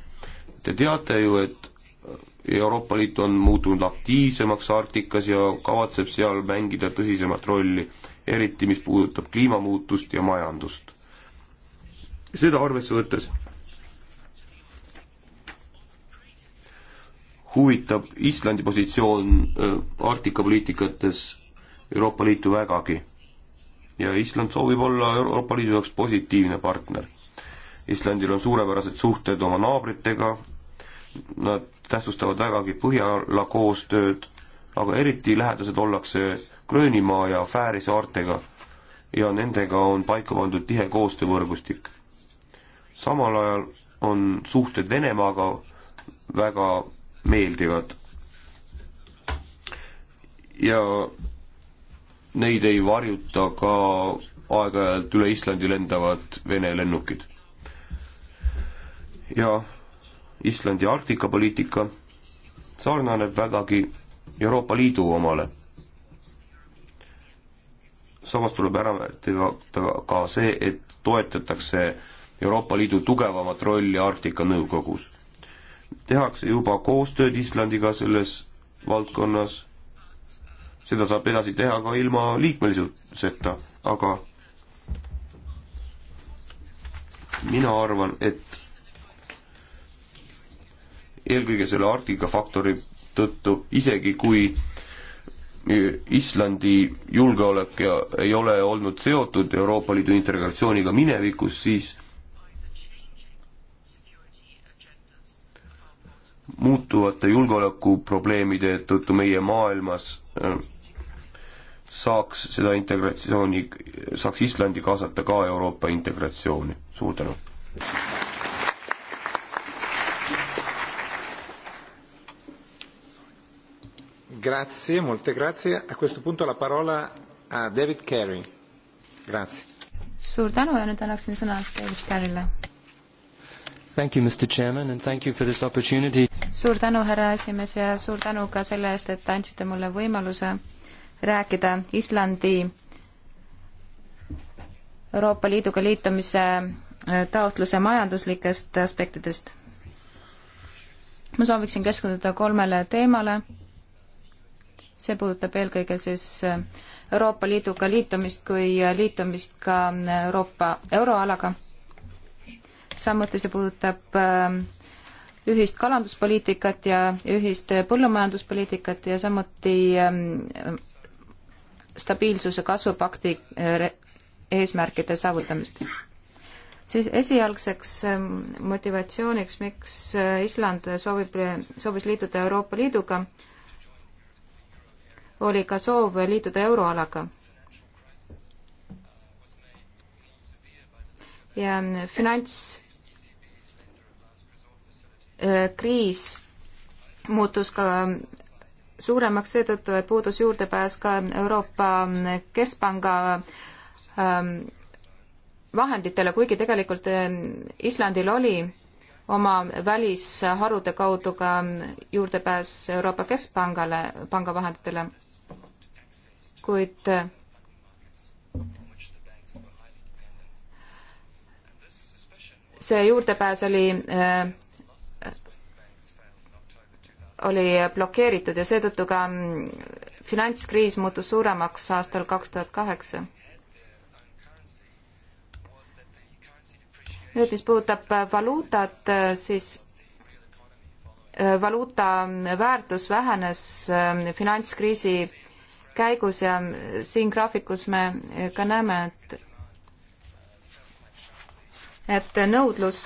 Speaker 5: Te teate ju, et äh, Euroopa Liit on muutunud aktiivsemaks Arktikas ja kavatseb seal mängida tõsisemat rolli, eriti mis puudutab kliimamuutust ja majandust. seda arvesse võttes huvitab Islandi positsioon äh, Arktika poliitikates Euroopa Liitu vägagi. ja Island soovib olla Euroopa Liidu jaoks positiivne partner. Islandil on suurepärased suhted oma naabritega, nad tähtsustavad vägagi Põhjala koostööd, aga eriti lähedased ollakse Gröönimaa ja Fääri saartega ja nendega on paika pandud tihe koostöövõrgustik. samal ajal on suhted Venemaaga väga meeldivad. ja neid ei varjuta ka aeg-ajalt üle Islandi lendavad Vene lennukid. ja Islandi Arktika-poliitika sarnaneb vägagi Euroopa Liidu omale. samas tuleb ära märkida ka see, et toetatakse Euroopa Liidu tugevamat rolli Arktika Nõukogus tehakse juba koostööd Islandiga selles valdkonnas, seda saab edasi teha ka ilma liikmelisuseta, aga mina arvan, et eelkõige selle Arktika faktori tõttu, isegi kui Islandi julgeolek ja ei ole olnud seotud Euroopa Liidu integratsiooniga minevikus, siis muutuvate julgeolekuprobleemide tõttu meie maailmas äh, saaks seda integratsiooni, saaks Islandi kaasata ka Euroopa integratsiooni. suur tänu!
Speaker 1: Grazie, molte grazie. A questo punto la parola a David Carey. Grazie.
Speaker 3: Suur tänu ja nüüd annaksin sõna David Carey'le.
Speaker 4: Thank you, Mr Chairman and thank you for this opportunity
Speaker 3: suur tänu, härra esimees ja suur tänu ka selle eest, et andsite mulle võimaluse rääkida Islandi Euroopa Liiduga liitumise äh, taotluse majanduslikest aspektidest. ma sooviksin keskenduda kolmele teemale. see puudutab eelkõige siis äh, Euroopa Liiduga liitumist kui äh, liitumist ka Euroopa euroalaga. samuti see puudutab äh, ühist kalanduspoliitikat ja ühist põllumajanduspoliitikat ja samuti ähm, stabiilsuse kasvupakti äh, eesmärkide saavutamist. siis esialgseks ähm, motivatsiooniks, miks äh, Island soovib, soovis liituda Euroopa Liiduga, oli ka soov liituda euroalaga ja ähm, finants Äh, kriis muutus ka suuremaks seetõttu, et puudus juurdepääs ka Euroopa mm, Keskpanga ähm, vahenditele, kuigi tegelikult ähm, Islandil oli oma välisharude kaudu ka mm, juurdepääs Euroopa Keskpangale, panga vahenditele, kuid äh, see juurdepääs oli äh, oli blokeeritud ja seetõttu ka finantskriis muutus suuremaks aastal kaks tuhat kaheksa. nüüd, mis puudutab valuutat, siis äh, valuuta väärtus vähenes äh, finantskriisi käigus ja äh, siin graafikus me ka näeme, et et nõudlus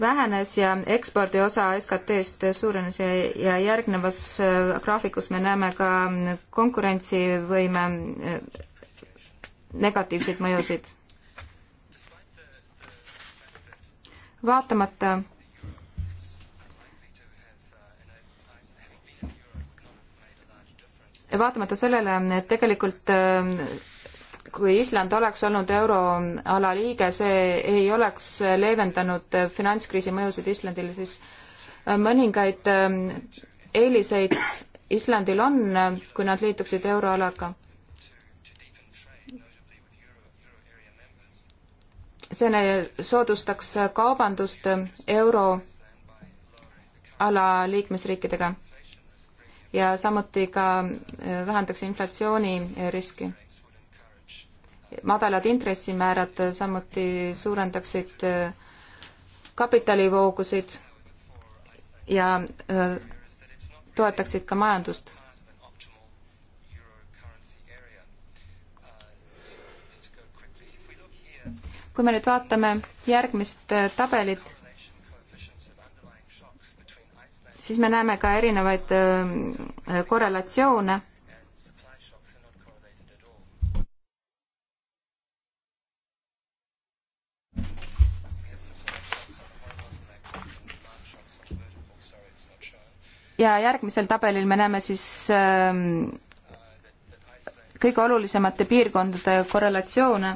Speaker 3: vähenes ja ekspordi osa SKT-st suurenes ja, ja järgnevas äh, graafikus me näeme ka konkurentsivõime äh, negatiivseid mõjusid. vaatamata vaatamata sellele, et tegelikult äh, kui Island oleks olnud euroala liige, see ei oleks leevendanud finantskriisi mõjusid Islandile, siis äh, mõningaid äh, eeliseid Islandil on, äh, kui nad liituksid euroalaga. see soodustaks kaubandust euroala liikmesriikidega ja samuti ka vähendaks inflatsiooni riski madalad intressimäärad samuti suurendaksid äh, kapitalivoogusid ja äh, toetaksid ka majandust. kui me nüüd vaatame järgmist äh, tabelit, siis me näeme ka erinevaid korrelatsioone ja järgmisel tabelil me näeme siis ähm, kõige olulisemate piirkondade korrelatsioone.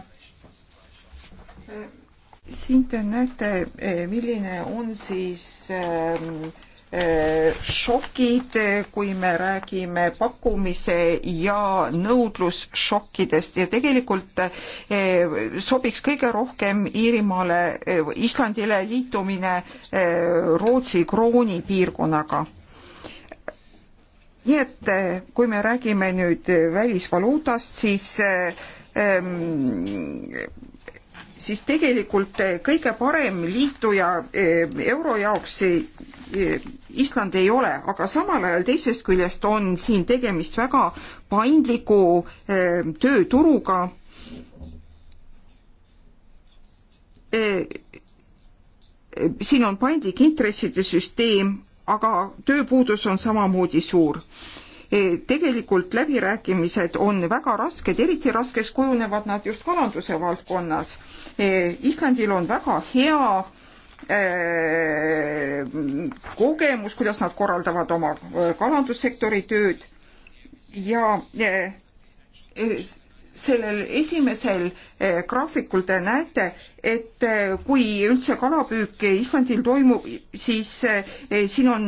Speaker 2: siin te näete, eh, milline on siis ähm, eh, šokid, kui me räägime pakkumise ja nõudlusšokkidest ja tegelikult eh, sobiks kõige rohkem Iirimaale, Islandile liitumine Rootsi krooni piirkonnaga nii et eh, kui me räägime nüüd eh, välisvaluutast, siis eh, ehm, siis tegelikult kõige parem liituja euro jaoks Island ei ole, aga samal ajal teisest küljest on siin tegemist väga paindliku tööturuga. siin on paindlik intresside süsteem aga tööpuudus on samamoodi suur e, tegelikult läbirääkimised on väga rasked, eriti raskeks kujunevad nad just kalanduse valdkonnas. E, Islandil on väga hea e, kogemus, kuidas nad korraldavad oma kalandussektori tööd ja sellel esimesel eh, graafikul te näete, et eh, kui üldse kalapüük Islandil toimub, siis eh, siin on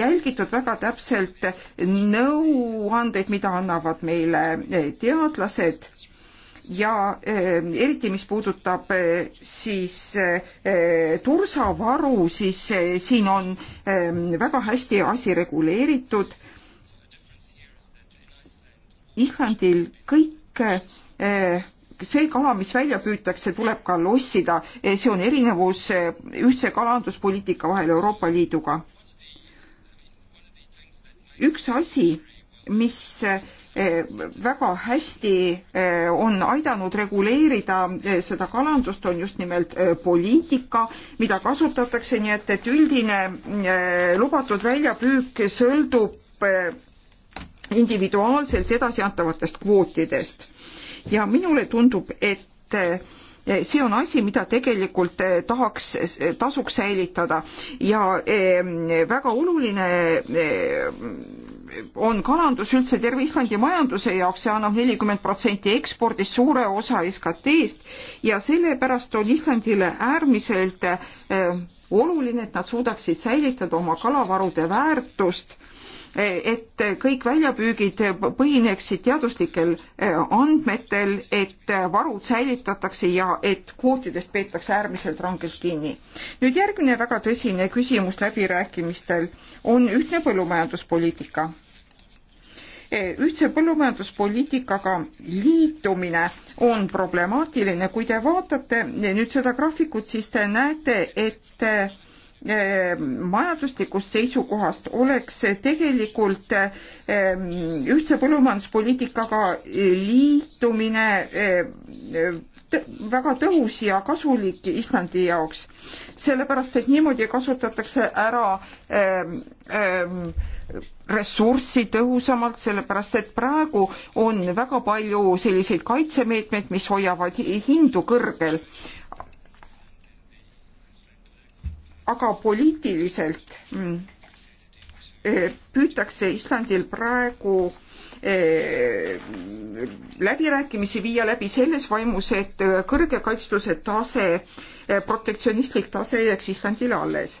Speaker 2: jälgitud väga täpselt nõuandeid, mida annavad meile teadlased ja eriti, mis puudutab siis tursavaru, siis siin on väga hästi asi reguleeritud. Islandil kõik kõik eh, see kala, mis välja püütakse, tuleb ka lossida. Eh, see on erinevus eh, ühtse kalanduspoliitika vahel Euroopa Liiduga. üks asi, mis väga hästi on aidanud reguleerida seda kalandust, on just nimelt poliitika, mida kasutatakse, nii et, et üldine lubatud väljapüük sõltub individuaalselt edasiantavatest kvootidest. ja minule tundub, et eh, see on asi, mida tegelikult eh, tahaks, eh, tasuks säilitada ja väga oluline on kalandus üldse terve Islandi majanduse jaoks, see annab nelikümmend protsenti ekspordist, suure osa SKT-st ja sellepärast on Islandile äärmiselt oluline, et nad suudaksid säilitada oma kalavarude väärtust et kõik väljapüügid põhineksid teaduslikel eh, andmetel, et varud säilitatakse ja et kvootidest peetakse äärmiselt rangelt kinni. nüüd järgmine väga tõsine küsimus läbirääkimistel on ühtne põllumajanduspoliitika eh, ühtse põllumajanduspoliitikaga liitumine on problemaatiline. kui te vaatate nüüd seda graafikut, siis te näete, et eh, majanduslikust seisukohast oleks tegelikult ehm, ühtse põllumajanduspoliitikaga liitumine ehm, väga tõhus ja kasulik Islandi jaoks, sellepärast et niimoodi kasutatakse ära ähm, ähm, ressurssi tõhusamalt, sellepärast et praegu on väga palju selliseid kaitsemeetmeid, mis hoiavad hindu kõrgel aga poliitiliselt mm, eh, püütakse Islandil praegu eh, läbirääkimisi viia läbi selles vaimus, et eh, kõrge kaitstuse tase, protektsionistlik tase jääks Islandile alles.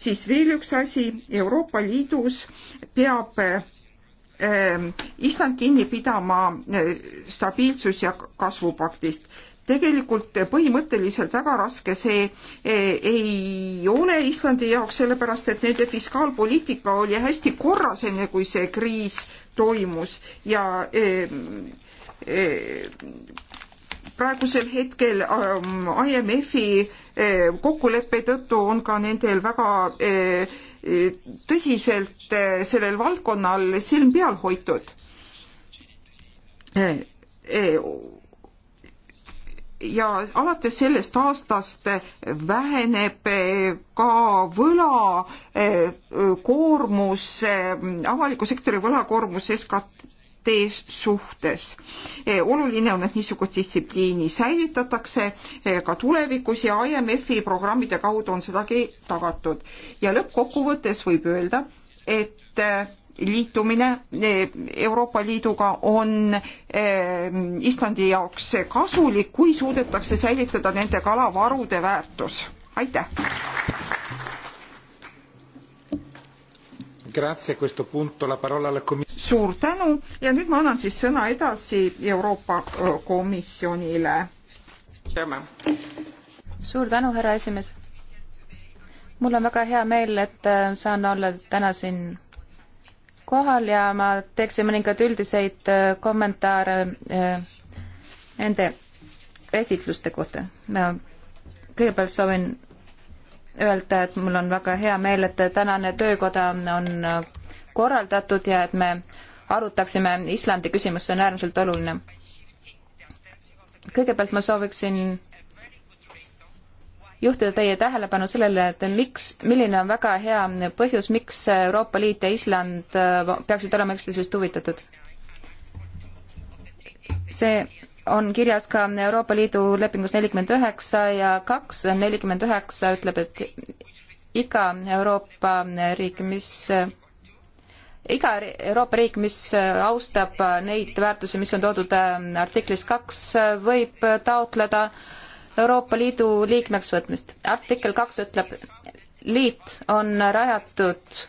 Speaker 2: siis veel üks asi, Euroopa Liidus peab Island kinni pidama stabiilsus- ja kasvupaktist tegelikult põhimõtteliselt väga raske see e, ei ole Islandi jaoks, sellepärast et nende fiskaalpoliitika oli hästi korras, enne kui see kriis toimus ja e, e, praegusel hetkel ähm, IMF-i kokkuleppe tõttu on ka nendel väga tõsiselt sellel valdkonnal silm peal hoitud ja alates sellest aastast väheneb eh, ka võla eh, koormus, eh, avaliku sektori võlakoormus SKT suhtes. oluline on, et niisugust distsipliini säilitatakse ka tulevikus ja IMF-i programmide kaudu on sedagi tagatud. ja lõppkokkuvõttes võib öelda, et liitumine e, Euroopa Liiduga on e, Islandi jaoks kasulik, kui suudetakse säilitada nende kalavarude
Speaker 1: väärtus. aitäh. suur
Speaker 2: tänu ja nüüd ma annan siis sõna edasi Euroopa Komisjonile.
Speaker 3: suur tänu, härra esimees. mul on väga hea meel, et äh, saan olla täna siin kohal ja ma teeksin mõningaid üldiseid äh, kommentaare äh, nende esitluste kohta. ma kõigepealt soovin öelda, et mul on väga hea meel, et tänane töökoda on äh, korraldatud ja et me arutaksime Islandi küsimust, see on äärmiselt oluline. kõigepealt ma sooviksin juhtida teie tähelepanu sellele, et miks, milline on väga hea põhjus, miks Euroopa Liit ja Island äh, peaksid olema üksteisest huvitatud. see on kirjas ka Euroopa Liidu lepingus nelikümmend üheksa ja kaks nelikümmend üheksa ütleb, et iga Euroopa riik, mis iga Euroopa riik, mis austab neid väärtusi, mis on toodud äh, artiklis kaks, võib taotleda äh, Euroopa Liidu liikmeks võtmist. artikkel kaks ütleb, liit on rajatud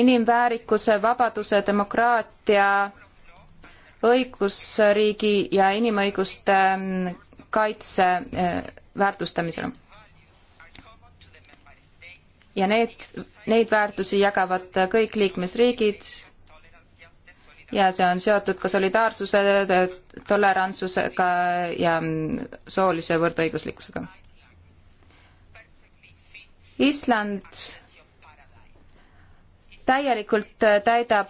Speaker 3: inimväärikuse, vabaduse, demokraatia, õigusriigi ja inimõiguste mm, kaitse e, väärtustamisele. ja need, neid väärtusi jagavad kõik liikmesriigid ja see on seotud ka solidaarsuse, tolerantsusega ja soolise võrdõiguslikkusega. Island täielikult täidab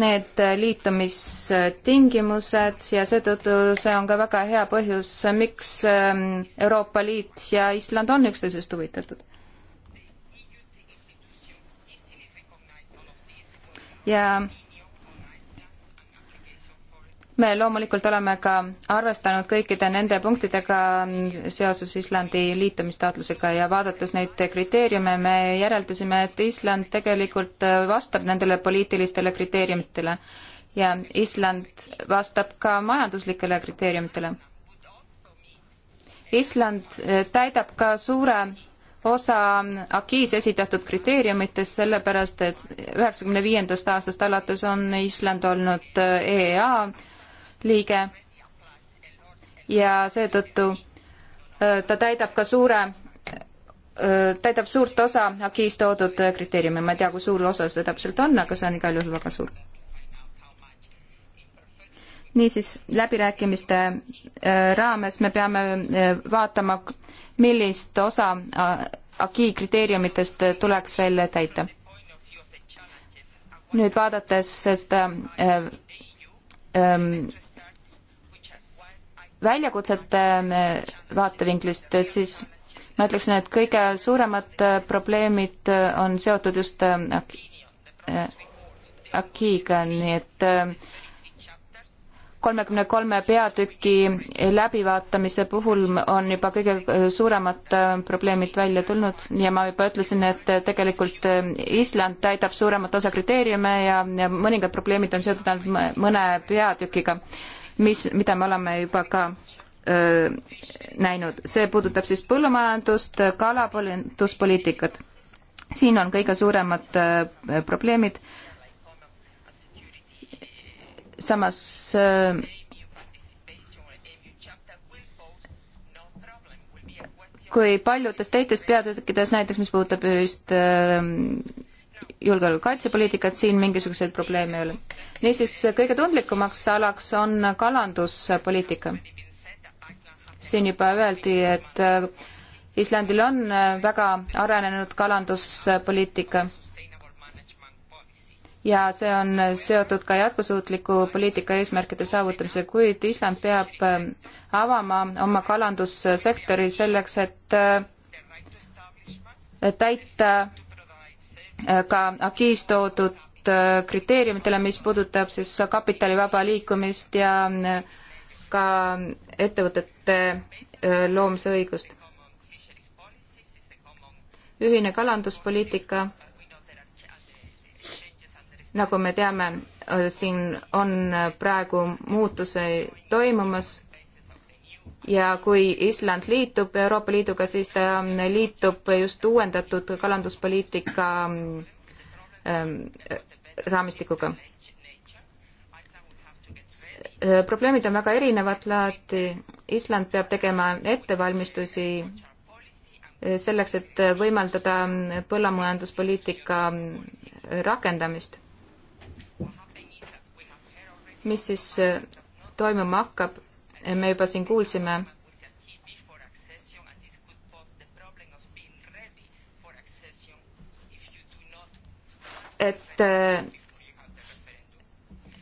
Speaker 3: need liitumistingimused ja seetõttu see on ka väga hea põhjus, miks ähm, Euroopa Liit ja Island on üksteisest huvitatud. ja me loomulikult oleme ka arvestanud kõikide nende punktidega seoses Islandi liitumistaotlusega ja vaadates neid kriteeriume, me järeldasime, et Island tegelikult vastab nendele poliitilistele kriteeriumitele ja Island vastab ka majanduslikele kriteeriumitele. Island eh, täidab ka suure osa AKIS esitatud kriteeriumitest, sellepärast et üheksakümne viiendast aastast alates on Island olnud EEA eh, liige ja seetõttu äh, ta täidab ka suure, äh, täidab suurt osa AKI-s toodud äh, kriteeriume, ma ei tea, kui suur osa see täpselt on, aga see on igal juhul väga suur. niisiis, läbirääkimiste raames me peame vaatama, millist osa AKI kriteeriumitest tuleks veel täita. nüüd vaadates seda ähm, ähm, väljakutsete äh, vaatevinklist, siis ma ütleksin, et kõige suuremad äh, probleemid äh, on seotud just AKI-ga, nii et kolmekümne kolme peatüki läbivaatamise puhul on juba kõige suuremad probleemid välja tulnud ja ma juba ütlesin, et tegelikult Island täidab suuremat osa kriteeriume ja, ja mõningad probleemid on seotud ainult mõne peatükiga mis, mida me oleme juba ka öö, näinud. see puudutab siis põllumajandust, kalapõllunduspoliitikat. siin on kõige suuremad öö, probleemid. samas öö, kui paljudes teistes peatükkides, näiteks mis puudutab just julgeolekukaitsepoliitikat, siin mingisuguseid probleeme ei ole. niisiis, kõige tundlikumaks alaks on kalanduspoliitika. siin juba öeldi, et äh, Islandil on äh, väga arenenud kalanduspoliitika ja see on seotud ka jätkusuutliku poliitika eesmärkide saavutamisega, kuid Island peab äh, avama oma kalandussektori selleks, et täita Äh, ka AKI-s toodud äh, kriteeriumitele, mis puudutab siis kapitali vaba liikumist ja äh, ka ettevõtete loomise õigust. ühine kalanduspoliitika, nagu me teame, siin on praegu muutuse toimumas ja kui Island liitub Euroopa Liiduga, siis ta ähm, liitub just uuendatud kalanduspoliitika ähm, ähm, raamistikuga. Äh, probleemid on väga erinevat laadi, Island peab tegema ettevalmistusi äh, selleks, et võimaldada põllumajanduspoliitika rakendamist. mis siis äh, toimuma hakkab? me juba siin kuulsime, et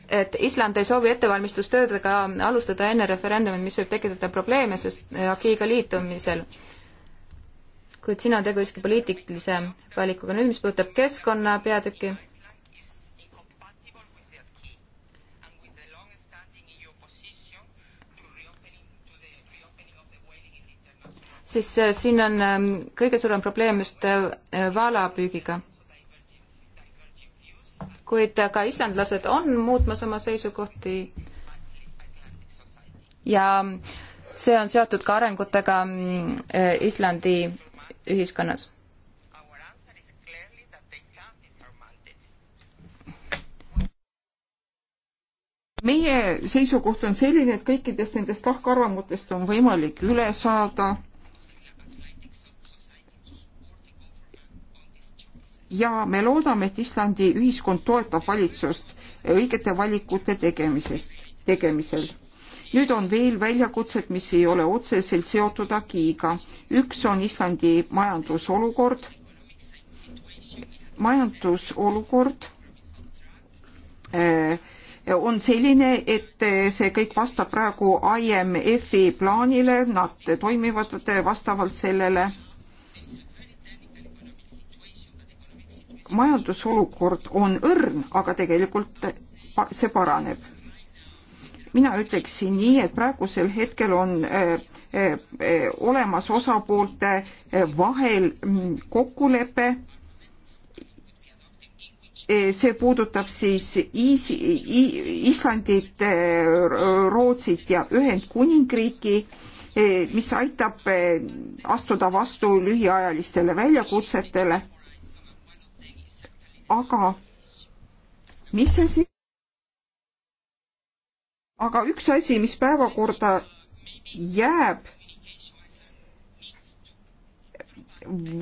Speaker 3: et Island ei soovi ettevalmistustöödega alustada enne referendumit, mis võib tekitada probleeme, sest AKI-ga liitumisel. kuid siin on tegu siiski poliitilise valikuga. nüüd, mis puudutab keskkonna peatükki siis äh, siin on ähm, kõige suurem probleem just äh, äh, vaalapüügiga. kuid ka islandlased on muutmas oma seisukohti ja mm, see on seotud ka arengutega mm, Islandi ühiskonnas.
Speaker 2: meie seisukoht on selline, et kõikidest nendest lahkarvamutest on võimalik üle saada ja me loodame, et Islandi ühiskond toetab valitsust õigete valikute tegemisest, tegemisel. nüüd on veel väljakutsed, mis ei ole otseselt seotud agiiga. üks on Islandi majandusolukord, majandusolukord äh, on selline, et see kõik vastab praegu IMF-i plaanile, nad toimivad vastavalt sellele majandusolukord on õrn, aga tegelikult see paraneb. mina ütleksin nii, et praegusel hetkel on äh, äh, äh, olemas osapoolte vahel mm, kokkulepe, see puudutab siis Iis-, Islandit, Rootsit ja Ühendkuningriiki, mis aitab astuda vastu lühiajalistele väljakutsetele aga mis asi? aga üks asi, mis päevakorda jääb,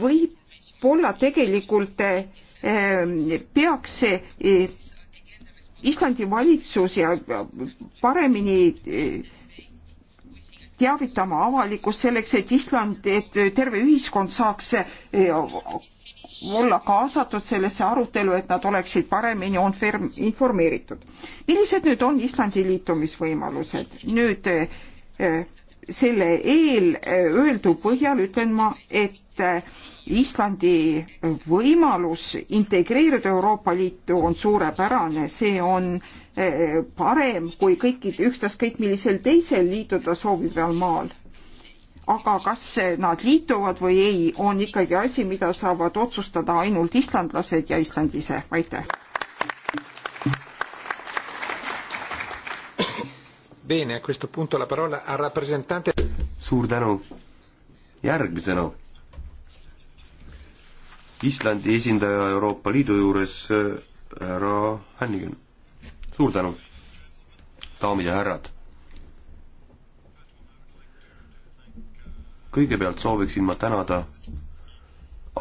Speaker 2: võib-olla tegelikult ehm, peaks eh, Islandi valitsus ja paremini eh, teavitama avalikkust selleks, et Island, et terve ühiskond saaks eh, olla kaasatud sellesse arutelu, et nad oleksid paremini informeeritud. millised nüüd on Islandi liitumisvõimalused? nüüd eh, selle eelöeldu eh, põhjal ütlen ma, et eh, Islandi võimalus integreeruda Euroopa Liitu on suurepärane, see on parem kui kõikide, ükstaskõik millisel teisel liituda soovival maal aga kas nad liituvad või ei, on ikkagi asi, mida saavad otsustada ainult islandlased ja Island
Speaker 1: ise,
Speaker 5: aitäh. Bene,
Speaker 1: a questo punto la parola al rappresentante.
Speaker 5: suur tänu. järgmisena Islandi esindaja Euroopa Liidu juures äh, härra Hännigen. suur tänu, daamid ja härrad kõigepealt sooviksin ma tänada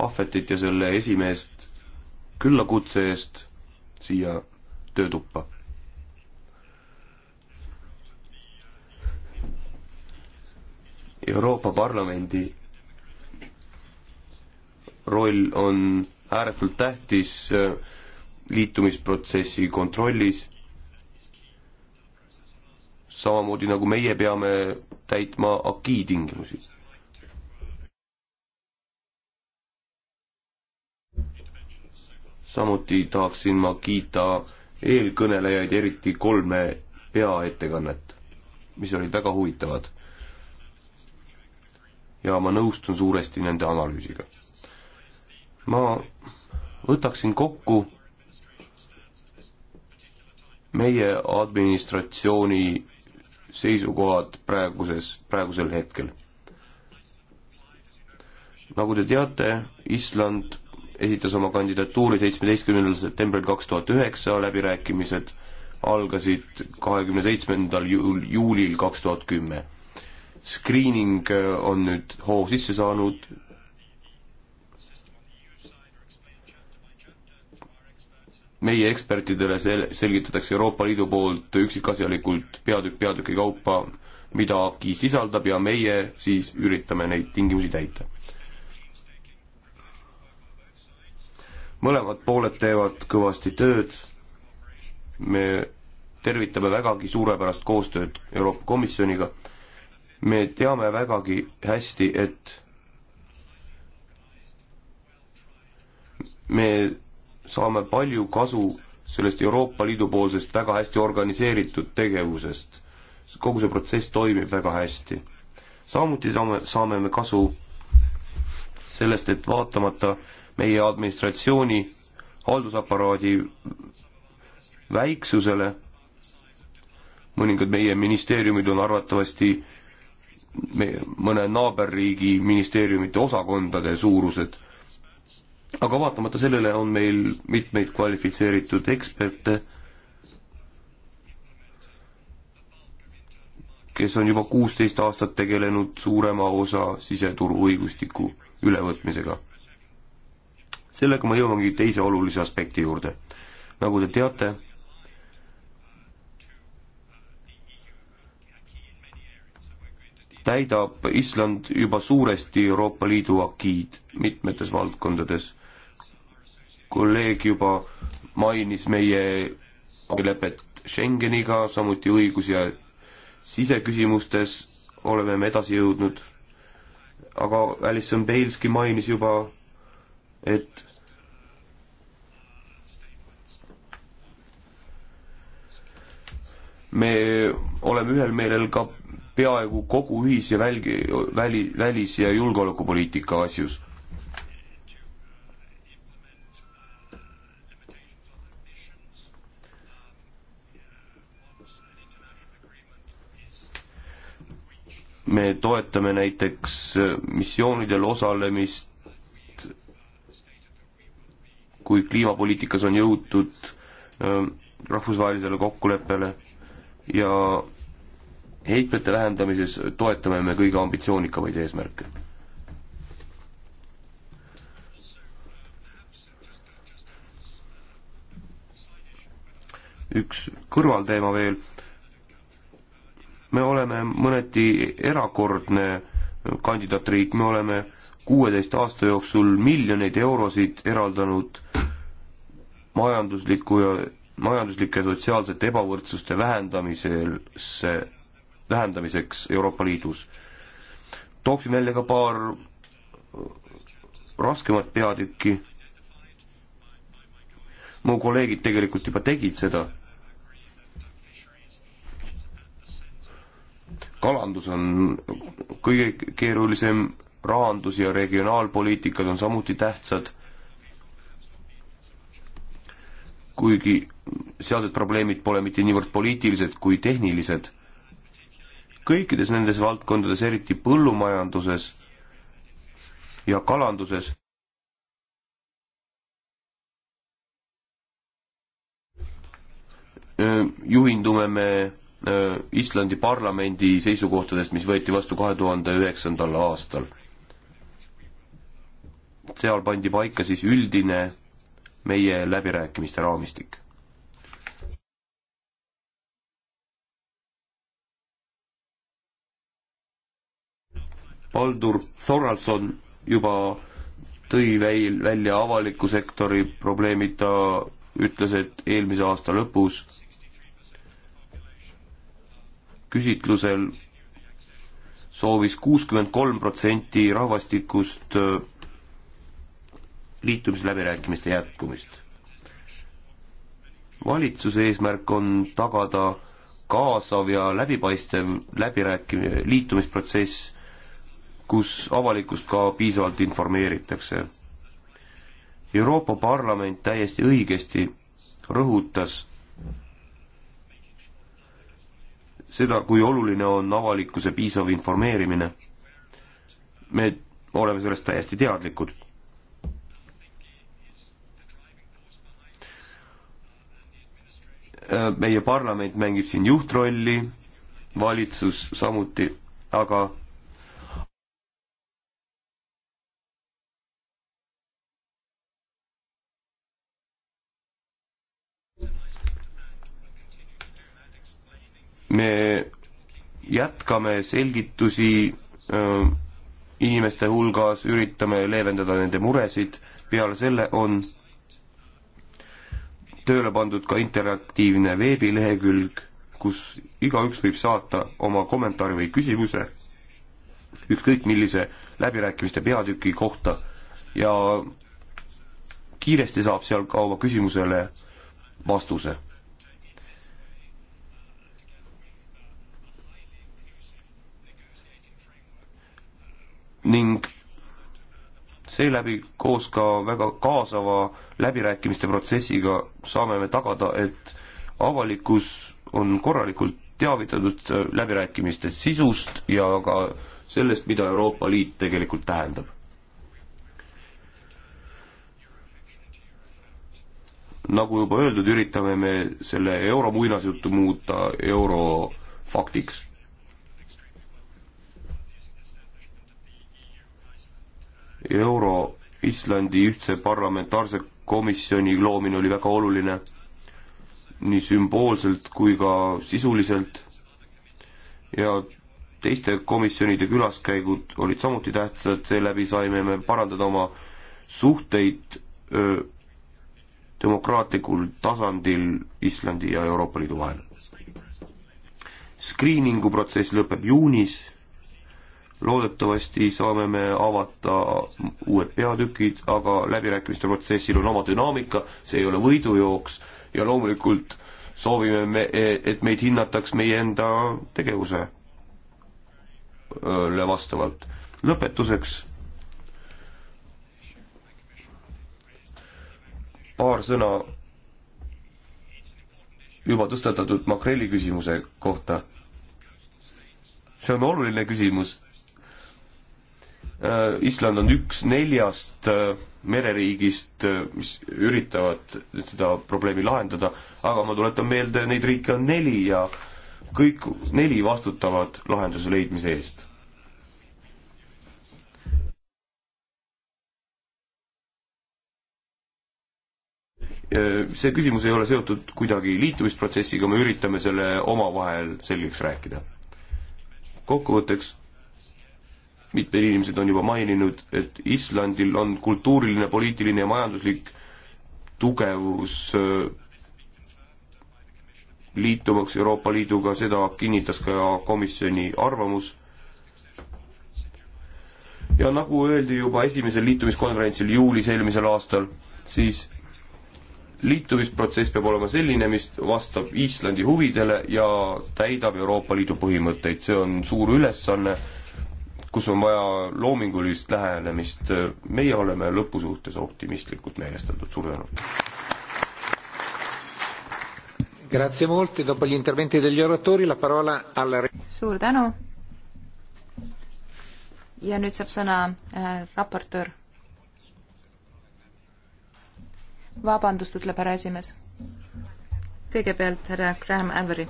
Speaker 5: Ahvetit ja selle esimeest küllakutse eest siia töötuppa. Euroopa Parlamendi roll on ääretult tähtis äh, liitumisprotsessi kontrollis, samamoodi nagu meie peame täitma akiitingimusi samuti tahaksin ma kiita eelkõnelejaid, eriti kolme peaettekannet, mis olid väga huvitavad. ja ma nõustun suuresti nende analüüsiga. ma võtaksin kokku meie administratsiooni seisukohad praeguses, praegusel hetkel. nagu te teate, Island esitas oma kandidatuuri seitsmeteistkümnendal septembril kaks tuhat üheksa, läbirääkimised algasid kahekümne seitsmendal juul, juulil kaks tuhat kümme. Screening äh, on nüüd hoo sisse saanud, meie ekspertidele sel-, selgitatakse Euroopa Liidu poolt üksikasjalikult peatükk peatüki kaupa, mida AKI sisaldab ja meie siis üritame neid tingimusi täita mõlemad pooled teevad kõvasti tööd, me tervitame vägagi suurepärast koostööd Euroopa Komisjoniga, me teame vägagi hästi, et me saame palju kasu sellest Euroopa Liidu poolsest väga hästi organiseeritud tegevusest. kogu see protsess toimib väga hästi. samuti saame, saame me kasu sellest, et vaatamata meie administratsiooni haldusaparaadi väiksusele, mõningad meie ministeeriumid on arvatavasti meie, mõne naaberriigi ministeeriumite osakondade suurused, aga vaatamata sellele on meil mitmeid kvalifitseeritud eksperte, kes on juba kuusteist aastat tegelenud suurema osa siseturu õigustiku ülevõtmisega sellega ma jõuangi teise olulise aspekti juurde. nagu te teate, täidab Island juba suuresti Euroopa Liidu akiid mitmetes valdkondades. kolleeg juba mainis meie lepet Schengeniga, samuti õigus- ja siseküsimustes oleme me edasi jõudnud, aga Alison Baleski mainis juba et me oleme ühel meelel ka peaaegu kogu ühis- ja välgi, väli, välis- ja julgeolekupoliitika asjus. me toetame näiteks missioonidel osalemist, kui kliimapoliitikas on jõutud ähm, rahvusvahelisele kokkuleppele ja heitmete vähendamises toetame me kõige ambitsioonikamaid eesmärke. üks kõrvalteema veel, me oleme mõneti erakordne kandidaatriik, me oleme kuueteist aasta jooksul miljoneid eurosid eraldanud majandusliku ja majanduslike sotsiaalsete ebavõrdsuste vähendamisesse, vähendamiseks Euroopa Liidus. tooksin välja ka paar äh, raskemat peatükki. mu kolleegid tegelikult juba tegid seda. kalandus on kõige keerulisem rahandus- ja regionaalpoliitikad on samuti tähtsad, kuigi sealsed probleemid pole mitte niivõrd poliitilised kui tehnilised. kõikides nendes valdkondades, eriti põllumajanduses ja kalanduses, juhindume me Islandi parlamendi seisukohtadest, mis võeti vastu kahe tuhande üheksandal aastal seal pandi paika siis üldine meie läbirääkimiste raamistik. Baldur Thoralson juba tõi väil, välja avaliku sektori probleemid, ta ütles, et eelmise aasta lõpus küsitlusel soovis kuuskümmend kolm protsenti rahvastikust liitumisläbirääkimiste jätkumist. valitsuse eesmärk on tagada kaasav ja läbipaistev läbirääkimine, liitumisprotsess, kus avalikkust ka piisavalt informeeritakse. Euroopa Parlament täiesti õigesti rõhutas seda, kui oluline on avalikkuse piisav informeerimine. me oleme sellest täiesti teadlikud Äh, meie parlament mängib siin juhtrolli, valitsus samuti, aga me jätkame selgitusi öö, äh, inimeste hulgas, üritame leevendada nende muresid, peale selle on tööle pandud ka interaktiivne veebilehekülg, kus igaüks võib saata oma kommentaari või küsimuse ükskõik millise läbirääkimiste peatüki kohta ja kiiresti saab seal ka oma küsimusele vastuse. ning seeläbi koos ka väga kaasava läbirääkimiste protsessiga saame me tagada, et avalikkus on korralikult teavitatud äh, läbirääkimiste sisust ja ka sellest, mida Euroopa Liit tegelikult tähendab. nagu juba öeldud, üritame me selle euro muinasjutu muuta eurofaktiks euro Islandi ühtse parlamentaarse komisjoni loomine oli väga oluline nii sümboolselt kui ka sisuliselt ja teiste komisjonide külaskäigud olid samuti tähtsad, seeläbi saime me parandada oma suhteid öö, demokraatlikul tasandil Islandi ja Euroopa Liidu vahel. skriiningu protsess lõpeb juunis loodetavasti saame me avata uued peatükid, aga läbirääkimiste protsessil on oma dünaamika, see ei ole võidujooks ja loomulikult soovime me, et meid hinnataks meie enda tegevusele vastavalt. lõpetuseks paar sõna juba tõstatatud makrelli küsimuse kohta. see on oluline küsimus Äh, Island on üks neljast äh, mereriigist, äh, mis üritavad seda probleemi lahendada, aga ma tuletan meelde, neid riike on neli ja kõik neli vastutavad lahenduse leidmise eest. see küsimus ei ole seotud kuidagi liitumisprotsessiga, me üritame selle omavahel selgeks rääkida. kokkuvõtteks mitmed inimesed on juba maininud, et Islandil on kultuuriline, poliitiline ja majanduslik tugevus äh, liitumaks Euroopa Liiduga, seda kinnitas ka komisjoni arvamus. ja nagu öeldi juba esimesel liitumiskonverentsil juulis eelmisel aastal, siis liitumisprotsess peab olema selline, mis vastab Islandi huvidele ja täidab Euroopa Liidu põhimõtteid, see on suur ülesanne kus on vaja loomingulist lähenemist. meie oleme lõpu suhtes optimistlikult meelestatud, suur tänu.
Speaker 1: Grazie molte, dopo gli interventi degli oratori la parola alla
Speaker 3: suur tänu. ja nüüd saab sõna äh, raportöör. vabandust, ütleb härra esimees. kõigepealt härra Graham Avery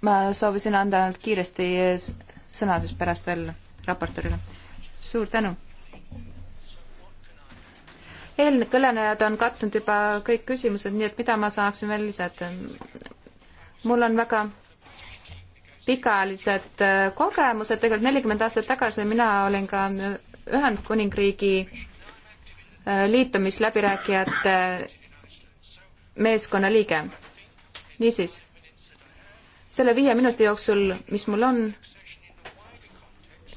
Speaker 3: ma soovisin anda ainult kiiresti sõna siis pärast veel raportöörile. suur tänu! eelkõnelejad on katnud juba kõik küsimused, nii et mida ma saaksin veel lisada? mul on väga pikaajalised äh, kogemused, tegelikult nelikümmend aastat tagasi mina olin ka Ühendkuningriigi äh, liitumisläbirääkijate äh, meeskonna liige. niisiis selle viie minuti jooksul, mis mul on,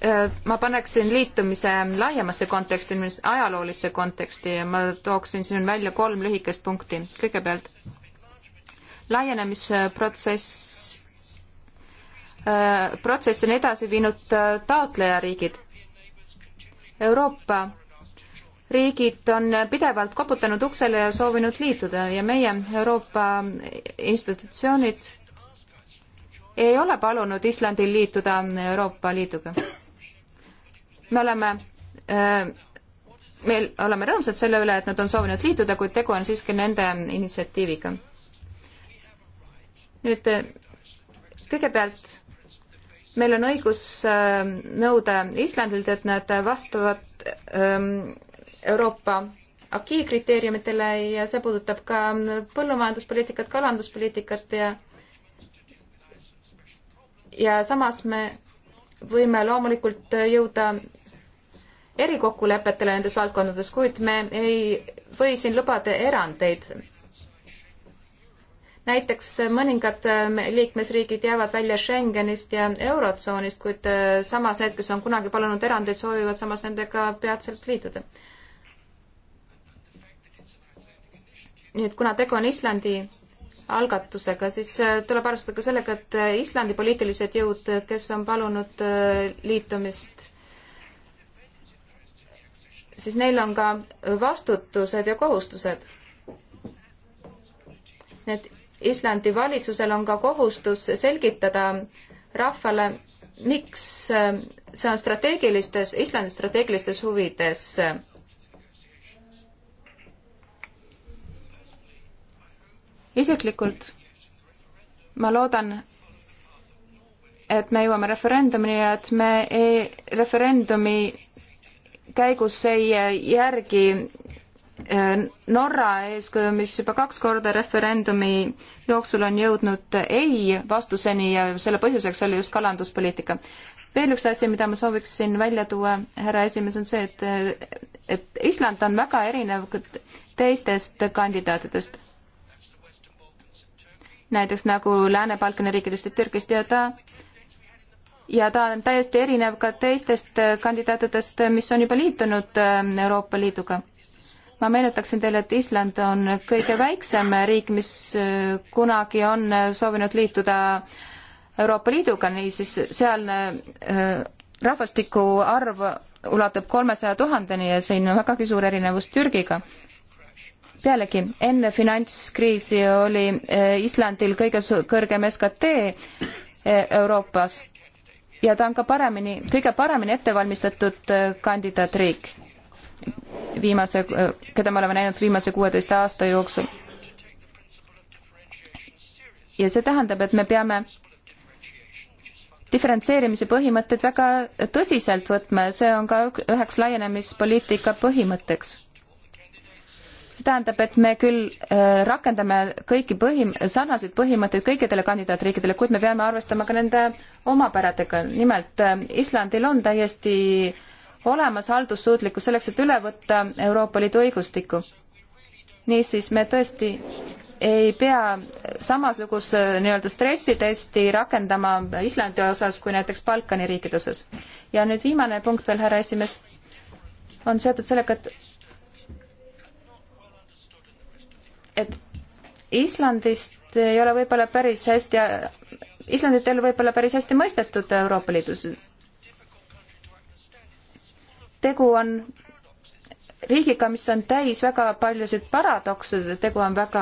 Speaker 3: äh, ma paneksin liitumise laiemasse konteksti, ajaloolisse konteksti ja ma tooksin siin välja kolm lühikest punkti. kõigepealt, laienemisprotsess, äh, protsess on edasi viinud äh, taotlejariigid. Euroopa riigid on pidevalt koputanud uksele ja soovinud liituda ja meie Euroopa institutsioonid ei ole palunud Islandil liituda Euroopa Liiduga. me oleme äh, me oleme rõõmsad selle üle, et nad on soovinud liituda, kuid tegu on siiski nende initsiatiiviga. nüüd kõigepealt meil on õigus äh, nõuda Islandilt, et nad vastavad ähm, Euroopa akii kriteeriumitele ja see puudutab ka põllumajanduspoliitikat, kalanduspoliitikat ja ja samas me võime loomulikult jõuda erikokkulepetele nendes valdkondades, kuid me ei või siin lubada erandeid. näiteks mõningad äh, liikmesriigid jäävad välja Schengenist ja Eurotsoonist, kuid äh, samas need, kes on kunagi palunud erandeid, soovivad samas nendega peatselt liituda. nii et kuna tegu on Islandi algatusega, siis äh, tuleb arvestada ka sellega, et äh, Islandi poliitilised jõud, kes on palunud äh, liitumist, siis neil on ka vastutused ja kohustused. nii et Islandi valitsusel on ka kohustus selgitada rahvale, miks see on strateegilistes, Islandi strateegilistes huvides isiklikult ma loodan, et me jõuame referendumini ja et me ei, referendumi käigus ei järgi äh, Norra eeskuju, mis juba kaks korda referendumi jooksul on jõudnud ei vastuseni ja selle põhjuseks oli just kalanduspoliitika. veel üks asi, mida ma sooviksin välja tuua, härra esimees, on see, et, äh, et Island on väga erinev teistest kandidaatidest näiteks nagu Lääne-Balkani riikidest ja Türgist ja ta ja ta on täiesti erinev ka teistest äh, kandidaatidest, äh, mis on juba liitunud äh, Euroopa Liiduga. ma meenutaksin teile, et Island on kõige väiksem riik, mis kunagi on soovinud liituda Euroopa Liiduga, niisiis sealne rahvastiku arv ulatub kolmesaja tuhandeni ja siin on vägagi suur erinevus Türgiga pealegi, enne finantskriisi oli eh, Islandil kõige kõrgem SKT eh, Euroopas ja ta on ka paremini, kõige paremini ettevalmistatud eh, kandidaatriik viimase, keda me oleme näinud viimase kuueteist aasta jooksul. ja see tähendab, et me peame diferentseerimise põhimõtteid väga tõsiselt võtma ja see on ka üheks laienemispoliitika põhimõtteks see tähendab, et me küll äh, rakendame kõiki põhim-, sarnaseid põhimõtteid kõikidele kandidaatriikidele, kuid me peame arvestama ka nende omapäradega. nimelt äh, Islandil on täiesti olemas haldussuutlikkus selleks, et üle võtta Euroopa Liidu õigustikku. niisiis, me tõesti ei pea samasugust äh, nii-öelda stressitesti rakendama Islandi osas kui näiteks Balkani riikide osas. ja nüüd viimane punkt veel, härra esimees, on seotud sellega, et et Islandist ei ole võib-olla päris hästi, Islandit ei ole võib-olla päris hästi mõistetud Euroopa Liidus. tegu on riigiga, mis on täis väga paljusid paradokse, tegu on väga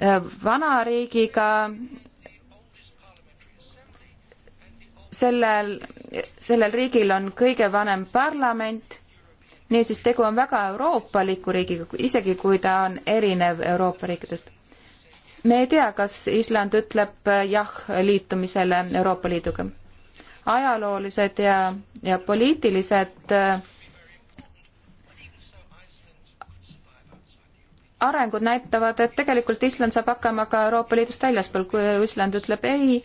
Speaker 3: äh, vana riigiga, sellel, sellel riigil on kõige vanem parlament niisiis, tegu on väga euroopaliku riigiga, isegi kui ta on erinev Euroopa riikidest. me ei tea, kas Island ütleb äh, jah liitumisele Euroopa Liiduga. ajaloolised ja, ja poliitilised äh, arengud näitavad, et tegelikult Island saab hakkama ka Euroopa Liidust väljaspool, kui Island ütleb ei,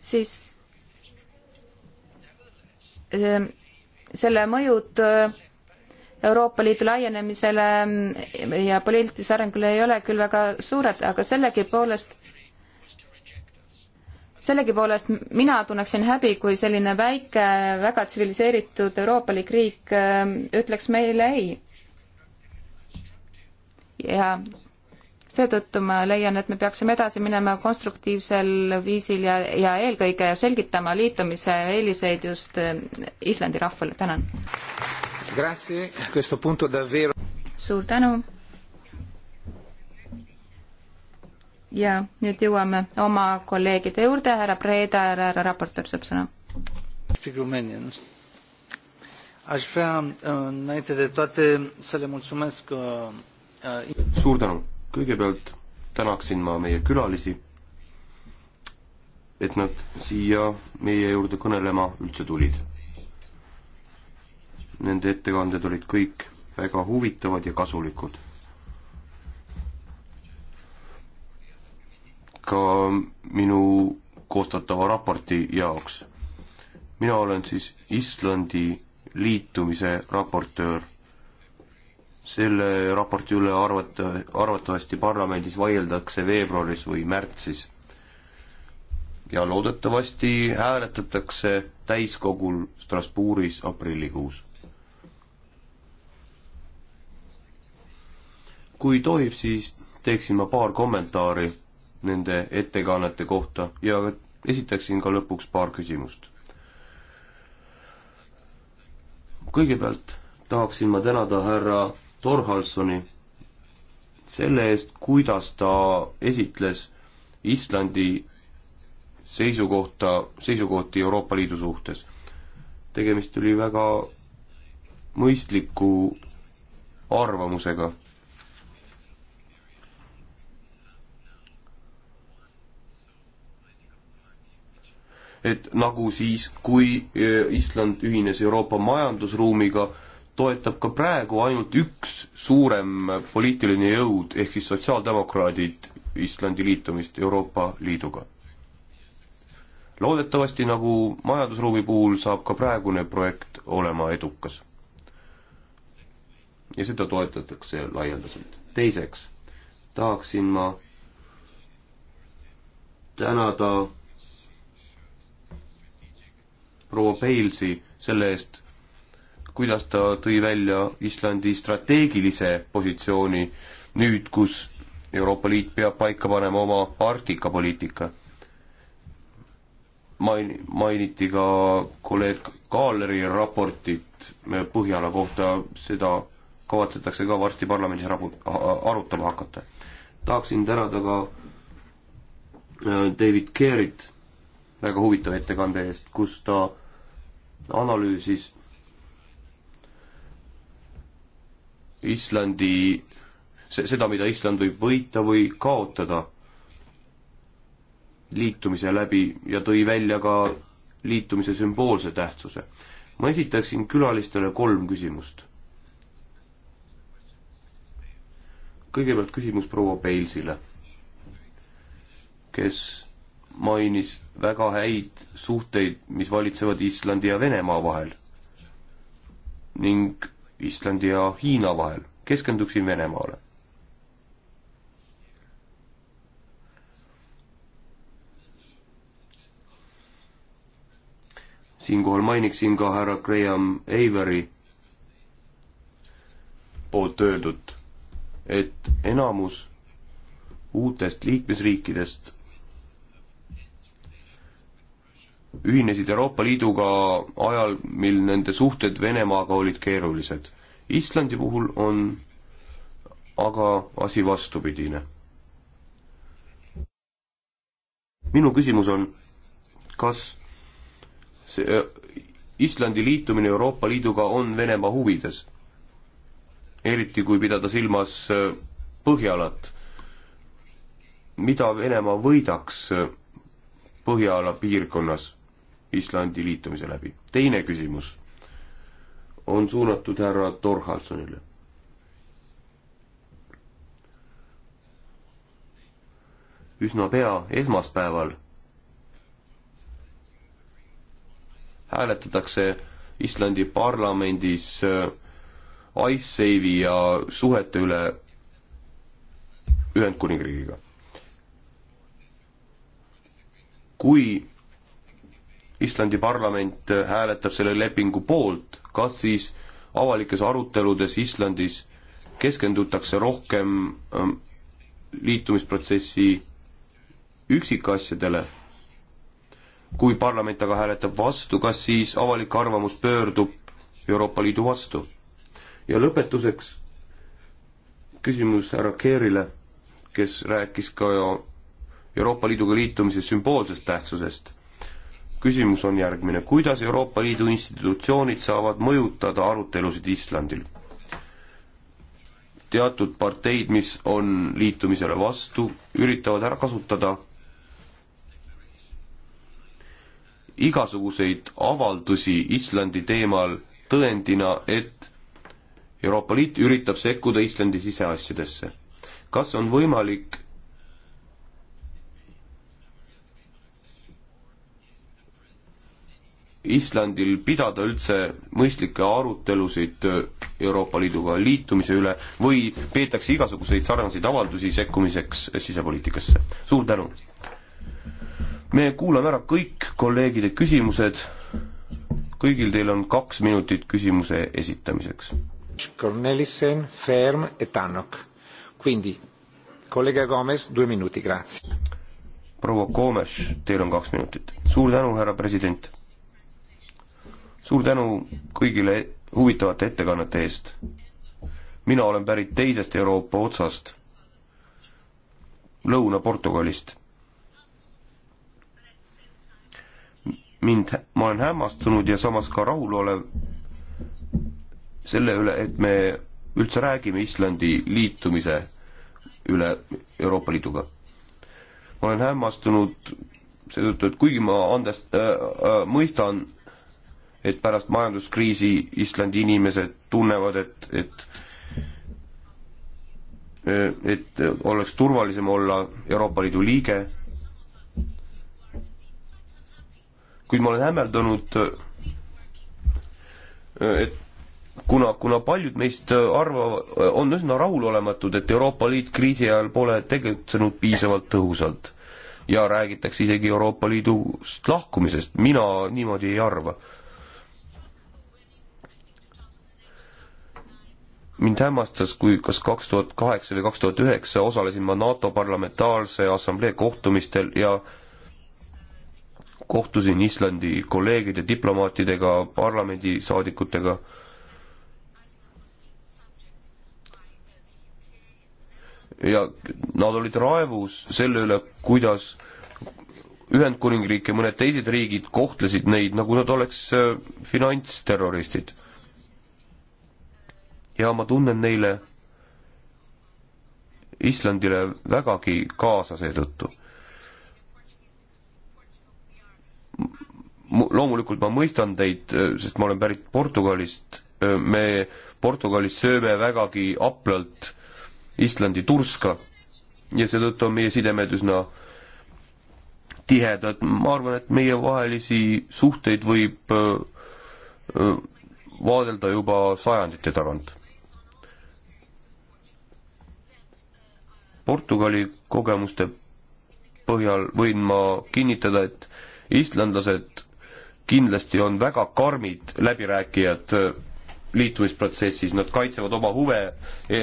Speaker 3: siis ähm, selle mõjud äh, Euroopa Liidu laienemisele mm, ja poliitilise arengule ei ole küll väga suured, aga sellegipoolest, sellegipoolest mina tunneksin häbi, kui selline väike, väga tsiviliseeritud euroopalik riik äh, ütleks meile ei. ja seetõttu ma leian, et me peaksime edasi minema konstruktiivsel viisil ja, ja eelkõige selgitama liitumise eeliseid just eh, Islandi rahvale, tänan. suur tänu. ja nüüd jõuame oma kolleegide juurde, härra Preeda ja härra raportöör saab sõna.
Speaker 4: Aș vrea, eh, înainte de toate, să le mulțumesc. Eh,
Speaker 5: suur tänu kõigepealt tänaksin ma meie külalisi, et nad siia meie juurde kõnelema üldse tulid. Nende ettekanded olid kõik väga huvitavad ja kasulikud. ka minu koostatava raporti jaoks. mina olen siis Islandi liitumise raportöör selle raporti üle arvata, arvatavasti parlamendis vaieldakse veebruaris või märtsis. ja loodetavasti hääletatakse täiskogul Strasbourgis aprillikuus. kui tohib, siis teeksin ma paar kommentaari nende ettekannete kohta ja esitaksin ka lõpuks paar küsimust. kõigepealt tahaksin ma tänada härra Torhalsoni selle eest, kuidas ta esitles Islandi seisukohta, seisukohti Euroopa Liidu suhtes. tegemist oli väga mõistliku arvamusega. et nagu siis, kui Island ühines Euroopa majandusruumiga, toetab ka praegu ainult üks suurem poliitiline jõud, ehk siis sotsiaaldemokraadid Islandi liitumist Euroopa Liiduga. loodetavasti, nagu majandusruumi puhul, saab ka praegune projekt olema edukas. ja seda toetatakse laialdaselt. teiseks tahaksin ma tänada proua Peilsi selle eest, kuidas ta tõi välja Islandi strateegilise positsiooni nüüd, kus Euroopa Liit peab paika panema oma Arktika poliitika. Main-, mainiti ka kolleeg Kaaleri raportit Põhjala kohta, seda kavatsetakse ka varsti parlamendis rabu-, arutama hakata. tahaksin tänada ka äh, David Kerit väga huvitava ettekande eest, kus ta analüüsis Islandi, seda, mida Island võib võita või kaotada liitumise läbi ja tõi välja ka liitumise sümboolse tähtsuse. ma esitaksin külalistele kolm küsimust. kõigepealt küsimus proua Peilsile, kes mainis väga häid suhteid, mis valitsevad Islandi ja Venemaa vahel ning Islandi ja Hiina vahel, keskenduksin Venemaale. siinkohal mainiksin ka härra Graham Averi poolt öeldut, et enamus uutest liikmesriikidest ühinesid Euroopa Liiduga ajal, mil nende suhted Venemaaga olid keerulised. Islandi puhul on aga asi vastupidine. minu küsimus on, kas see äh, Islandi liitumine Euroopa Liiduga on Venemaa huvides? eriti kui pidada silmas äh, Põhjalat. mida Venemaa võidaks äh, Põhjala piirkonnas? Islandi liitumise läbi. teine küsimus on suunatud härra Torhalsonile. üsna pea esmaspäeval hääletatakse Islandi parlamendis äh, Icesave'i ja suhete üle Ühendkuningriigiga. kui Islandi parlament hääletab selle lepingu poolt, kas siis avalikes aruteludes Islandis keskendutakse rohkem ähm, liitumisprotsessi üksikasjadele, kui parlament aga hääletab vastu, kas siis avalik arvamus pöördub Euroopa Liidu vastu? ja lõpetuseks küsimus härra Keerile, kes rääkis ka Euroopa Liiduga liitumise sümboolsest tähtsusest küsimus on järgmine, kuidas Euroopa Liidu institutsioonid saavad mõjutada arutelusid Islandil? teatud parteid, mis on liitumisele vastu, üritavad ära kasutada igasuguseid avaldusi Islandi teemal tõendina, et Euroopa Liit üritab sekkuda Islandi siseasjadesse. kas on võimalik Islandil pidada üldse mõistlikke arutelusid Euroopa Liiduga liitumise üle või peetakse igasuguseid sarnaseid avaldusi sekkumiseks sisepoliitikasse? suur tänu! me kuulame ära kõik kolleegide küsimused, kõigil teil on kaks minutit küsimuse esitamiseks. Cornelissen, Ferm ja Tannok. Quindi, kolleeg Gomes, due minuti, grazie. proua Gomes, teil on kaks minutit. suur tänu, härra president suur tänu kõigile huvitavate ettekannete eest. mina olen pärit teisest Euroopa otsast, Lõuna-Portugalist. mind, ma olen hämmastunud ja samas ka rahulolev selle üle, et me üldse räägime Islandi liitumise üle Euroopa Liiduga. ma olen hämmastunud seetõttu, et kuigi ma andest äh,, äh, mõistan et pärast majanduskriisi Islandi inimesed tunnevad, et, et et oleks turvalisem olla Euroopa Liidu liige. kuid ma olen hämmeldunud, et kuna, kuna paljud meist arvavad, on üsna rahulolematud, et Euroopa Liit kriisi ajal pole tegutsenud piisavalt tõhusalt ja räägitakse isegi Euroopa Liidust lahkumisest, mina niimoodi ei arva mind hämmastas, kui kas kaks tuhat kaheksa või kaks tuhat üheksa osalesin ma NATO Parlamentaarse Assamblee kohtumistel ja kohtusin Islandi kolleegide, diplomaatidega, parlamendisaadikutega. ja nad olid raevus selle üle, kuidas Ühendkuningriik ja mõned teised riigid kohtlesid neid, nagu nad oleks äh, finantsterroristid ja ma tunnen neile Islandile vägagi kaasa seetõttu. loomulikult ma mõistan teid, sest ma olen pärit Portugalist, me Portugalis sööme vägagi aplalt Islandi turska ja seetõttu on meie sidemed üsna tihedad, ma arvan, et meievahelisi suhteid võib äh, äh, vaadelda juba sajandite tagant Portugali kogemuste põhjal võin ma kinnitada, et islandlased kindlasti on väga karmid läbirääkijad äh, liitumisprotsessis, nad kaitsevad oma huve, e,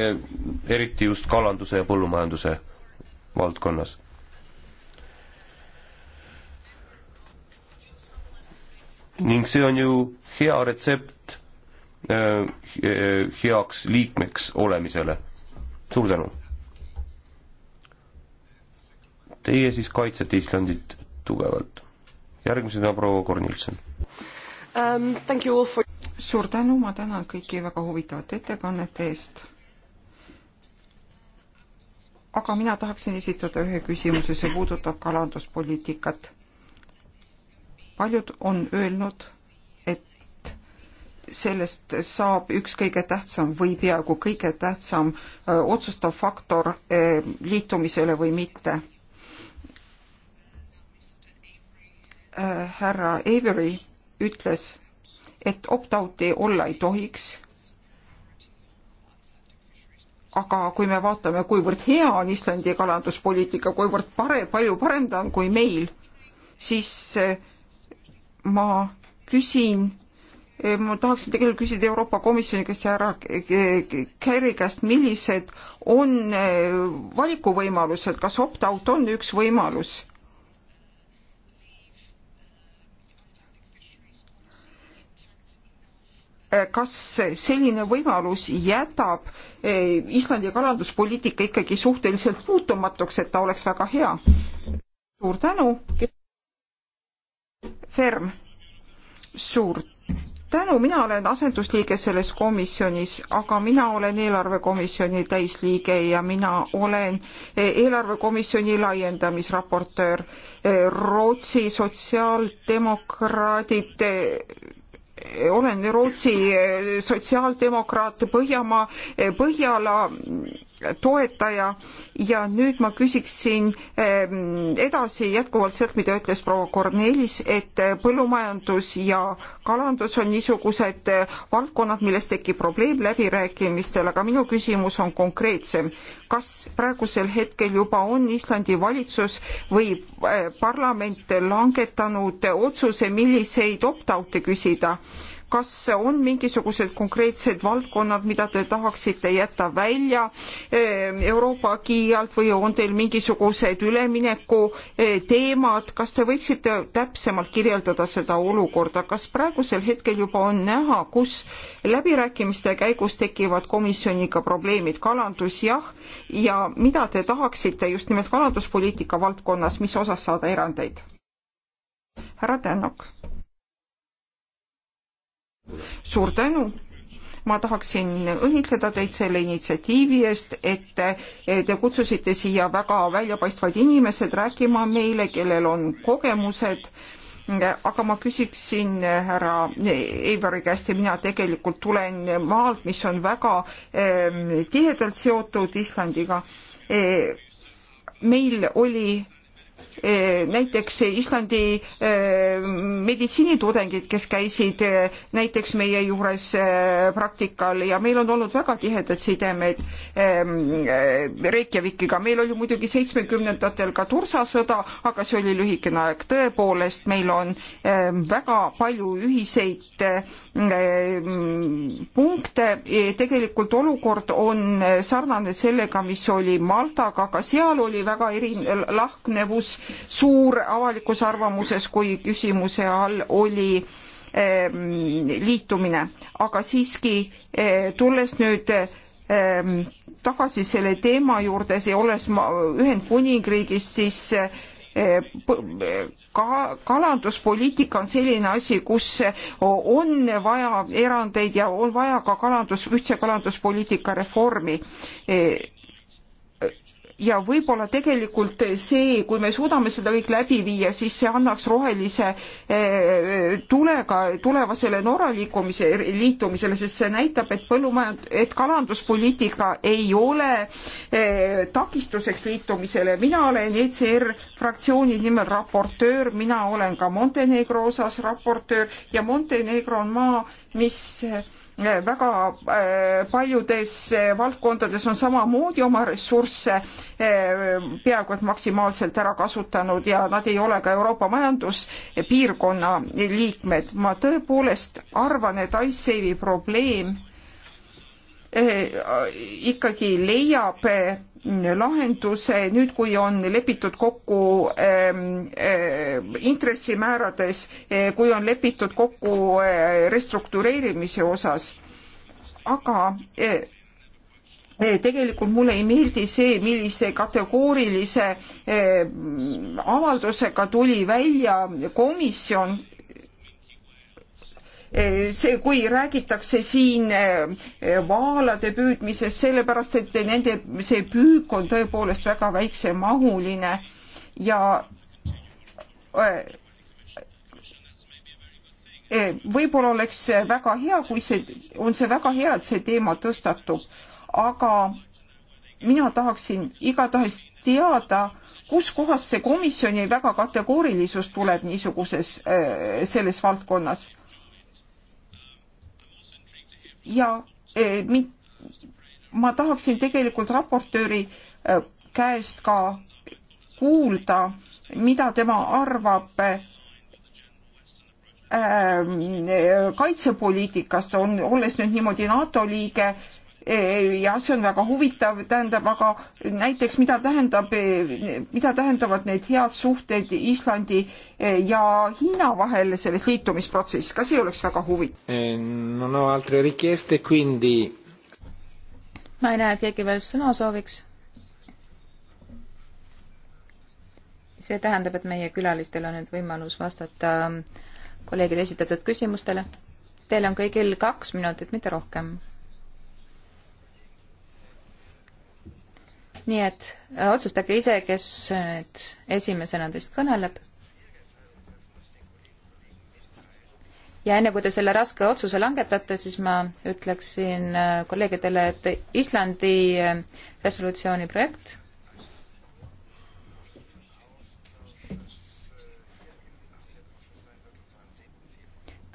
Speaker 5: eriti just kalanduse ja põllumajanduse valdkonnas. ning see on ju hea retsept äh, heaks liikmeks olemisele. suur tänu! Teie siis kaitsete Islandit tugevalt. järgmisena proua Kornilson
Speaker 2: um,. For... suur tänu, ma tänan kõiki väga huvitavate ettekannete eest. aga mina tahaksin esitada ühe küsimuse, see puudutab kalanduspoliitikat. paljud on öelnud, et sellest saab üks kõige tähtsam või peaaegu kõige tähtsam öö, äh, otsustav faktor öö, äh, liitumisele või mitte Äh, härra Avery ütles, et opt-out'i olla ei tohiks. aga kui me vaatame, kuivõrd hea on Islandi kalanduspoliitika, kuivõrd pare-, palju parem ta on kui meil, siis äh, ma küsin äh, ma tahaksin tegelikult küsida Euroopa Komisjoni käest ja härra Kerri käest, millised on valikuvõimalused, kas opt-out on üks võimalus? Eh, kas selline võimalus jätab eh, Islandi kalanduspoliitika ikkagi suhteliselt puutumatuks, et ta oleks väga hea? suur tänu. Ferm, suur tänu, mina olen asendusliige selles komisjonis, aga mina olen eelarvekomisjoni täisliige ja mina olen eh, eelarvekomisjoni laiendamisraportöör. Rootsi sotsiaaldemokraadid olen Rootsi eh, sotsiaaldemokraat Põhjamaa, eh, Põhjala toetaja ja nüüd ma küsiksin ehm, edasi jätkuvalt sealt, mida ütles proua Kornelis, et eh, põllumajandus ja kalandus on niisugused eh, valdkonnad, milles tekib probleem läbirääkimistel, aga minu küsimus on konkreetsem. kas praegusel hetkel juba on Islandi valitsus või eh, parlament langetanud otsuse, milliseid opt-out'e küsida? kas on mingisugused konkreetsed valdkonnad, mida te tahaksite jätta välja eh, Euroopa agi alt või on teil mingisugused ülemineku eh, teemad, kas te võiksite täpsemalt kirjeldada seda olukorda, kas praegusel hetkel juba on näha, kus läbirääkimiste käigus tekivad komisjoniga probleemid, kalandus jah, ja mida te tahaksite just nimelt kalanduspoliitika valdkonnas, mis osas saada erandeid? härra Tänak suur tänu ma tahaksin õnnitleda teid selle initsiatiivi eest, et te kutsusite siia väga väljapaistvad inimesed rääkima meile, kellel on kogemused. aga ma küsiksin härra Eivari käest ja mina tegelikult tulen maalt, mis on väga ehm, tihedalt seotud Islandiga. Ehm, meil oli näiteks Islandi meditsiinitudengid, kes käisid näiteks meie juures praktikal ja meil on olnud väga tihedad sidemed ähm, Reykjavikiga. meil oli muidugi seitsmekümnendatel ka tursasõda, aga see oli lühikene aeg. tõepoolest, meil on ähm, väga palju ühiseid mm, punkte. tegelikult olukord on sarnane sellega, mis oli Maltaga, aga seal oli väga eri lahknevus suur avalikus arvamuses, kui küsimuse all oli ehm, liitumine, aga siiski eh, tulles nüüd ehm, tagasi selle teema juurde, see olles ma Ühendkuningriigis, siis eh, ka kalanduspoliitika on selline asi, kus on vaja erandeid ja on vaja ka kalandus, ühtse kalanduspoliitika reformi. Eh, ja võib-olla tegelikult see, kui me suudame seda kõik läbi viia, siis see annaks rohelise eh, tulega tulevasele Norra liikumise, liitumisele, sest see näitab, et põllumajand-, et kalanduspoliitika ei ole eh, takistuseks liitumisele. mina olen ECR fraktsiooni nimel raportöör, mina olen ka Montenegro osas raportöör ja Montenegro on maa, mis väga äh, paljudes äh, valdkondades on samamoodi oma ressursse äh, peaaegu et maksimaalselt ära kasutanud ja nad ei ole ka Euroopa Majanduspiirkonna liikmed. ma tõepoolest arvan, et Icesave'i probleem ikkagi leiab lahenduse nüüd, kui on lepitud kokku ähm, äh, intressimäärades äh,, kui on lepitud kokku äh, restruktureerimise osas. aga äh, tegelikult mulle ei meeldi see, millise kategoorilise avaldusega tuli välja komisjon see, kui räägitakse siin eh, vaalade püüdmisest, sellepärast et nende, see püük on tõepoolest väga väiksemahuline ja eh, eh, võib-olla oleks väga hea, kui see, on see väga hea, et see teema tõstatub, aga mina tahaksin igatahes teada, kuskohast see komisjoni väga kategoorilisus tuleb niisuguses, selles valdkonnas ja eh, ma tahaksin tegelikult raportööri eh, käest ka kuulda, mida tema arvab eh, kaitsepoliitikast, on, olles nüüd niimoodi NATO liige, jah, see on väga huvitav, tähendab, aga näiteks mida tähendab, mida tähendavad need head suhted Islandi eh, ja Hiina vahel selles liitumisprotsessis, ka see oleks väga huvitav
Speaker 1: eh,? no no altre richieste quindi.
Speaker 3: ma ei näe, et keegi veel sõna sooviks. see tähendab, et meie külalistel on nüüd võimalus vastata ähm, kolleegide esitatud küsimustele. Teil on kõigil kaks minutit, mitte rohkem nii et äh, otsustage ise, kes äh, nüüd esimesena teist kõneleb. ja enne, kui te selle raske otsuse langetate, siis ma ütleksin äh, kolleegidele, et Islandi resolutsiooni projekt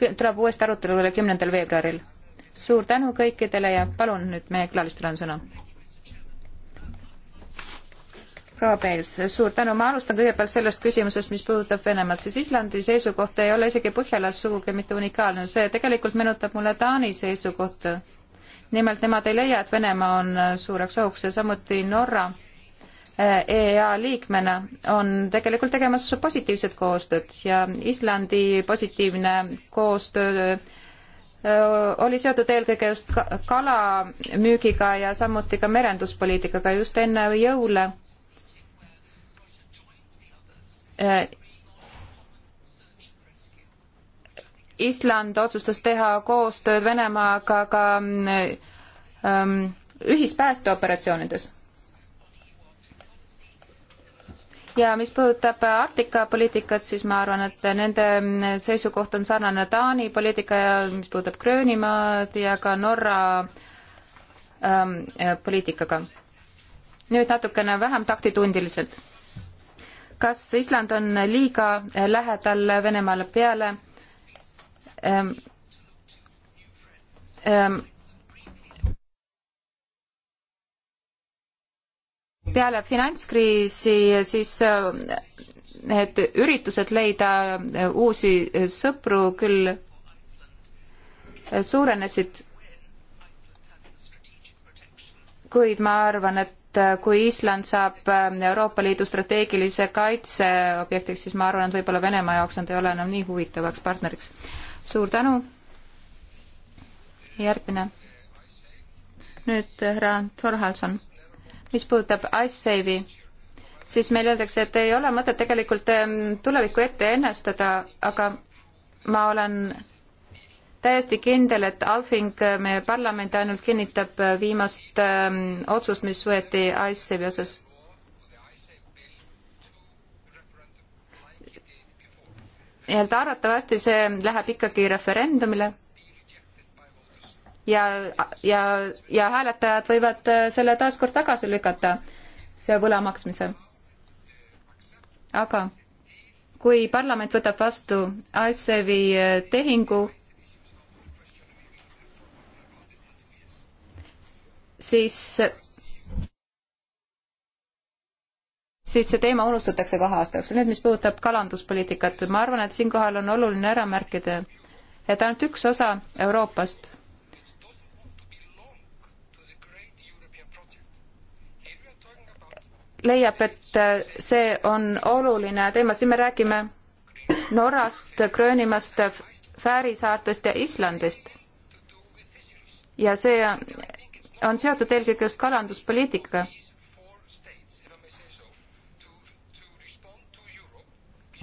Speaker 3: tuleb uuesti arutelule kümnendal veebruaril. suur tänu kõikidele ja palun nüüd meie külalistele on sõna proua Peils, suur tänu, ma alustan kõigepealt sellest küsimusest, mis puudutab Venemaad, siis Islandi seisukoht ei ole isegi Põhjalas sugugi mitte unikaalne, see tegelikult meenutab mulle Taani seisukohta. nimelt nemad ei leia, et Venemaa on suureks ohuks ja samuti Norra EEA eh, liikmena on tegelikult tegemas positiivset koostööd ja Islandi positiivne koostöö eh, oli seotud eelkõige just kalamüügiga ja samuti ka merenduspoliitikaga just enne jõule Äh, Island otsustas teha koostööd Venemaaga ka ähm, ühispäästeoperatsioonides. ja mis puudutab Arktika poliitikat, siis ma arvan, et nende seisukoht on sarnane Taani poliitika ja mis puudutab Gröönimaad ja ka Norra ähm, poliitikaga. nüüd natukene vähem taktitundiliselt kas Island on liiga lähedal Venemaale peale ähm, ähm, peale finantskriisi siis need eh, üritused leida eh, uusi eh, sõpru küll suurenesid, kuid ma arvan, et et äh, kui Island saab ähm, Euroopa Liidu strateegilise kaitse objektiks, siis ma arvan, et võib-olla Venemaa jaoks nad ei ole enam nii huvitavaks partneriks. suur tänu. järgmine. nüüd äh, härra Thorhalson. mis puudutab Icesave'i, siis meile öeldakse, et ei ole mõtet tegelikult ähm, tulevikku ette ennustada, aga ma olen täiesti kindel, et Alfing, meie parlament ainult kinnitab äh, viimast ähm, otsust, mis võeti ICEB-i osas. nii et arvatavasti see läheb ikkagi referendumile ja, ja, ja hääletajad võivad äh, selle taaskord tagasi lükata, see võla maksmise. aga kui parlament võtab vastu ICEB-i äh, tehingu, siis siis see teema unustatakse kahe aasta jooksul. nüüd, mis puudutab kalanduspoliitikat, ma arvan, et siinkohal on oluline ära märkida, et ainult üks osa Euroopast leiab, et see on oluline teema, siin me räägime Norrast, Gröönimaast, Fääri saartest ja Islandist. ja see on seotud eelkõige just kalanduspoliitikaga.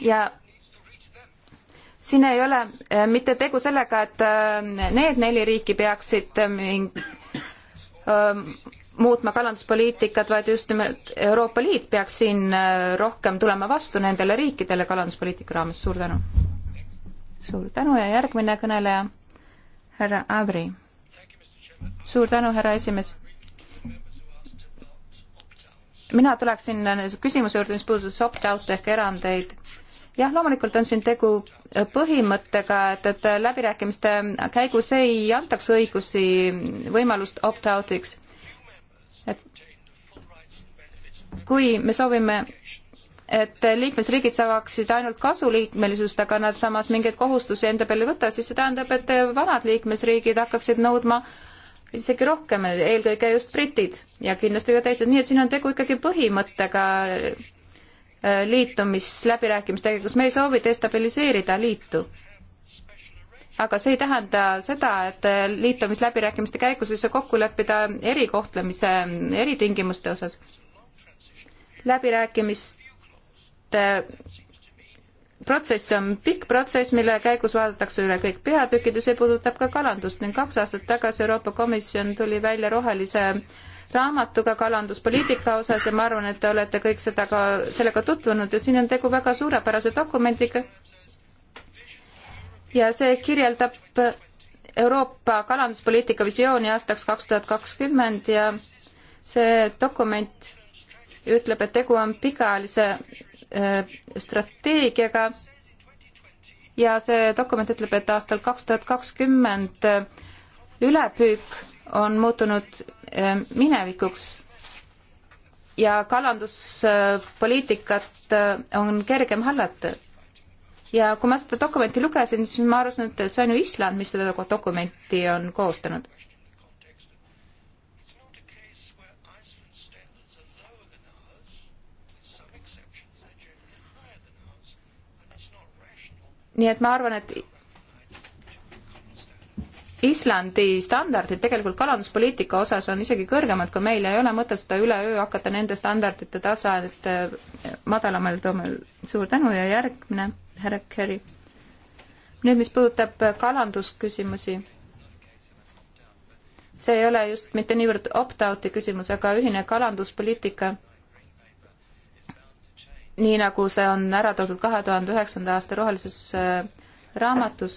Speaker 3: ja siin ei ole äh, mitte tegu sellega, et äh, need neli riiki peaksid äh, mingi muutma kalanduspoliitikat, vaid just nimelt Euroopa Liit peaks siin rohkem tulema vastu nendele riikidele kalanduspoliitika raames, suur tänu. suur tänu ja järgmine kõneleja, härra Avri suur tänu, härra esimees. mina tuleksin küsimuse juurde, mis puudutas opt-out'e ehk erandeid. jah, loomulikult on siin tegu põhimõttega, et, et läbirääkimiste käigus ei antaks õigusi, võimalust opt-out'iks. et kui me soovime et liikmesriigid saaksid ainult kasu liikmelisust, aga nad samas mingeid kohustusi enda peale ei võta, siis see tähendab, et vanad liikmesriigid hakkaksid nõudma isegi rohkem, eelkõige just britid ja kindlasti ka teised, nii et siin on tegu ikkagi põhimõttega äh, liitumisläbirääkimistega, kus me ei soovi destabiliseerida liitu. aga see ei tähenda seda, et äh, liitumisläbirääkimiste käigus ei saa kokku leppida erikohtlemise eritingimuste osas. läbirääkimiste protsess on pikk protsess, mille käigus vaadatakse üle kõik peatükid ja see puudutab ka kalandust ning kaks aastat tagasi Euroopa Komisjon tuli välja rohelise raamatuga kalanduspoliitika osas ja ma arvan, et te olete kõik seda ka, sellega tutvunud ja siin on tegu väga suurepärase dokumendiga. ja see kirjeldab Euroopa kalanduspoliitika visiooni aastaks kaks tuhat kakskümmend ja see dokument ütleb, et tegu on pikaajalise Äh, strateegiaga ja see dokument ütleb, et aastal kaks tuhat kakskümmend äh, ülepüük on muutunud äh, minevikuks ja kalanduspoliitikat on kergem hallata. ja kui ma seda dokumenti lugesin, siis ma arvasin, et see on ju Island, mis seda dokumenti on koostanud nii et ma arvan, et Islandi standardid tegelikult kalanduspoliitika osas on isegi kõrgemad kui meil ja ei ole mõtet seda üleöö hakata nende standardite taset äh, madalamal tooma. suur tänu ja järgmine, härra Kerry. nüüd, mis puudutab kalandusküsimusi, see ei ole just mitte niivõrd opt-out'i küsimus, aga ühine kalanduspoliitika nii nagu see on ära toodud kahe tuhande üheksanda aasta rohelises äh, raamatus,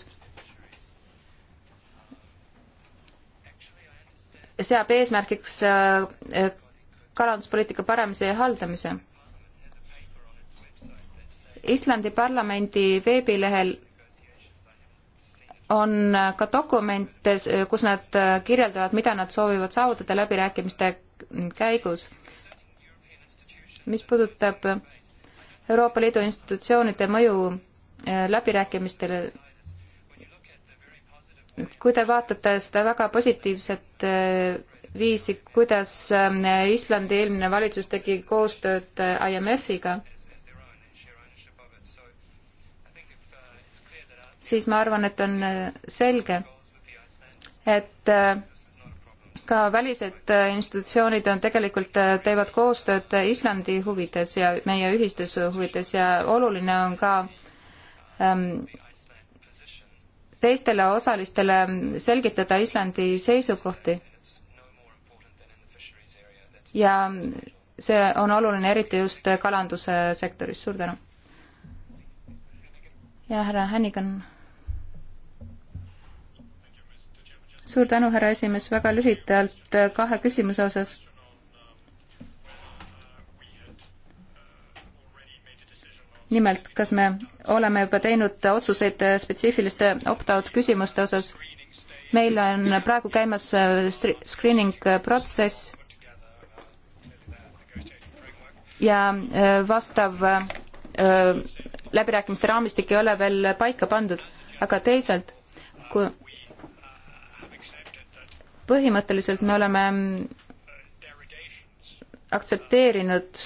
Speaker 3: seab eesmärgiks äh, äh, kalanduspoliitika paremise ja haldamise. Islandi parlamendi veebilehel on ka dokument, kus nad kirjeldavad, mida nad soovivad saavutada läbirääkimiste mm, käigus. mis puudutab Euroopa Liidu institutsioonide mõju äh, läbirääkimistele. kui te vaatate seda väga positiivset äh, viisi, kuidas äh, Islandi eelmine valitsus tegi koostööd IMF-iga, siis ma arvan, et on selge, et ka välised äh, institutsioonid on tegelikult, äh, teevad koostööd äh, Islandi huvides ja meie ühistes huvides ja oluline on ka ähm, teistele osalistele ähm, selgitada Islandi seisukohti. ja ähm, see on oluline eriti just kalanduse sektoris, suur tänu. ja härra Hännigan suur tänu, härra esimees, väga lühidalt äh, kahe küsimuse osas. nimelt, kas me oleme juba teinud otsuseid äh, spetsiifiliste opt-out küsimuste osas? meil on praegu käimas äh, screening protsess ja vastav läbirääkimiste raamistik ei ole veel paika pandud, aga teisalt, kui põhimõtteliselt me oleme aktsepteerinud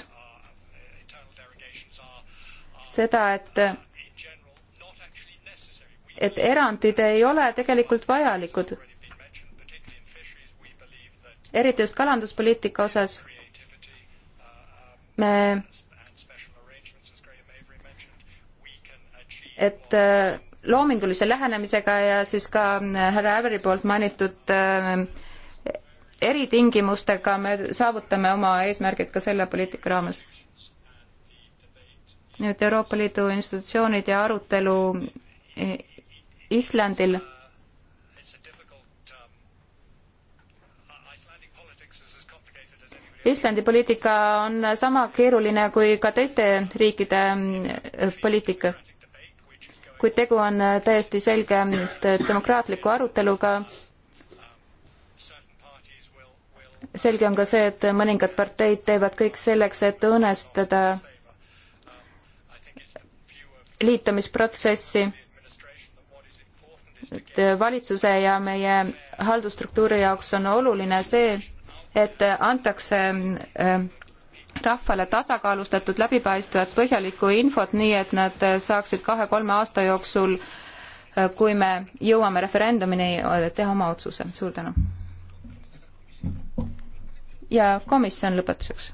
Speaker 3: seda, et,
Speaker 4: et erandid ei ole tegelikult vajalikud.
Speaker 3: eriti just kalanduspoliitika osas me, et loomingulise lähenemisega ja siis ka mm, härra Äveri poolt mainitud äh, eritingimustega me saavutame oma eesmärgid ka selle poliitika raames. nüüd Euroopa Liidu institutsioonid ja arutelu äh, Islandil Islandi poliitika on sama keeruline kui ka teiste riikide mm, poliitika kuid tegu on äh, täiesti selge äh, demokraatliku aruteluga. selge on ka see, et mõningad parteid teevad kõik selleks, et õõnestada liitumisprotsessi, et äh, valitsuse ja meie haldusstruktuuri jaoks on oluline see, et antakse äh, rahvale tasakaalustatud, läbipaistvat, põhjalikku infot, nii et nad äh, saaksid kahe-kolme aasta jooksul, äh, kui me jõuame referendumini, äh, teha oma otsuse. suur tänu. ja komisjon lõpetuseks.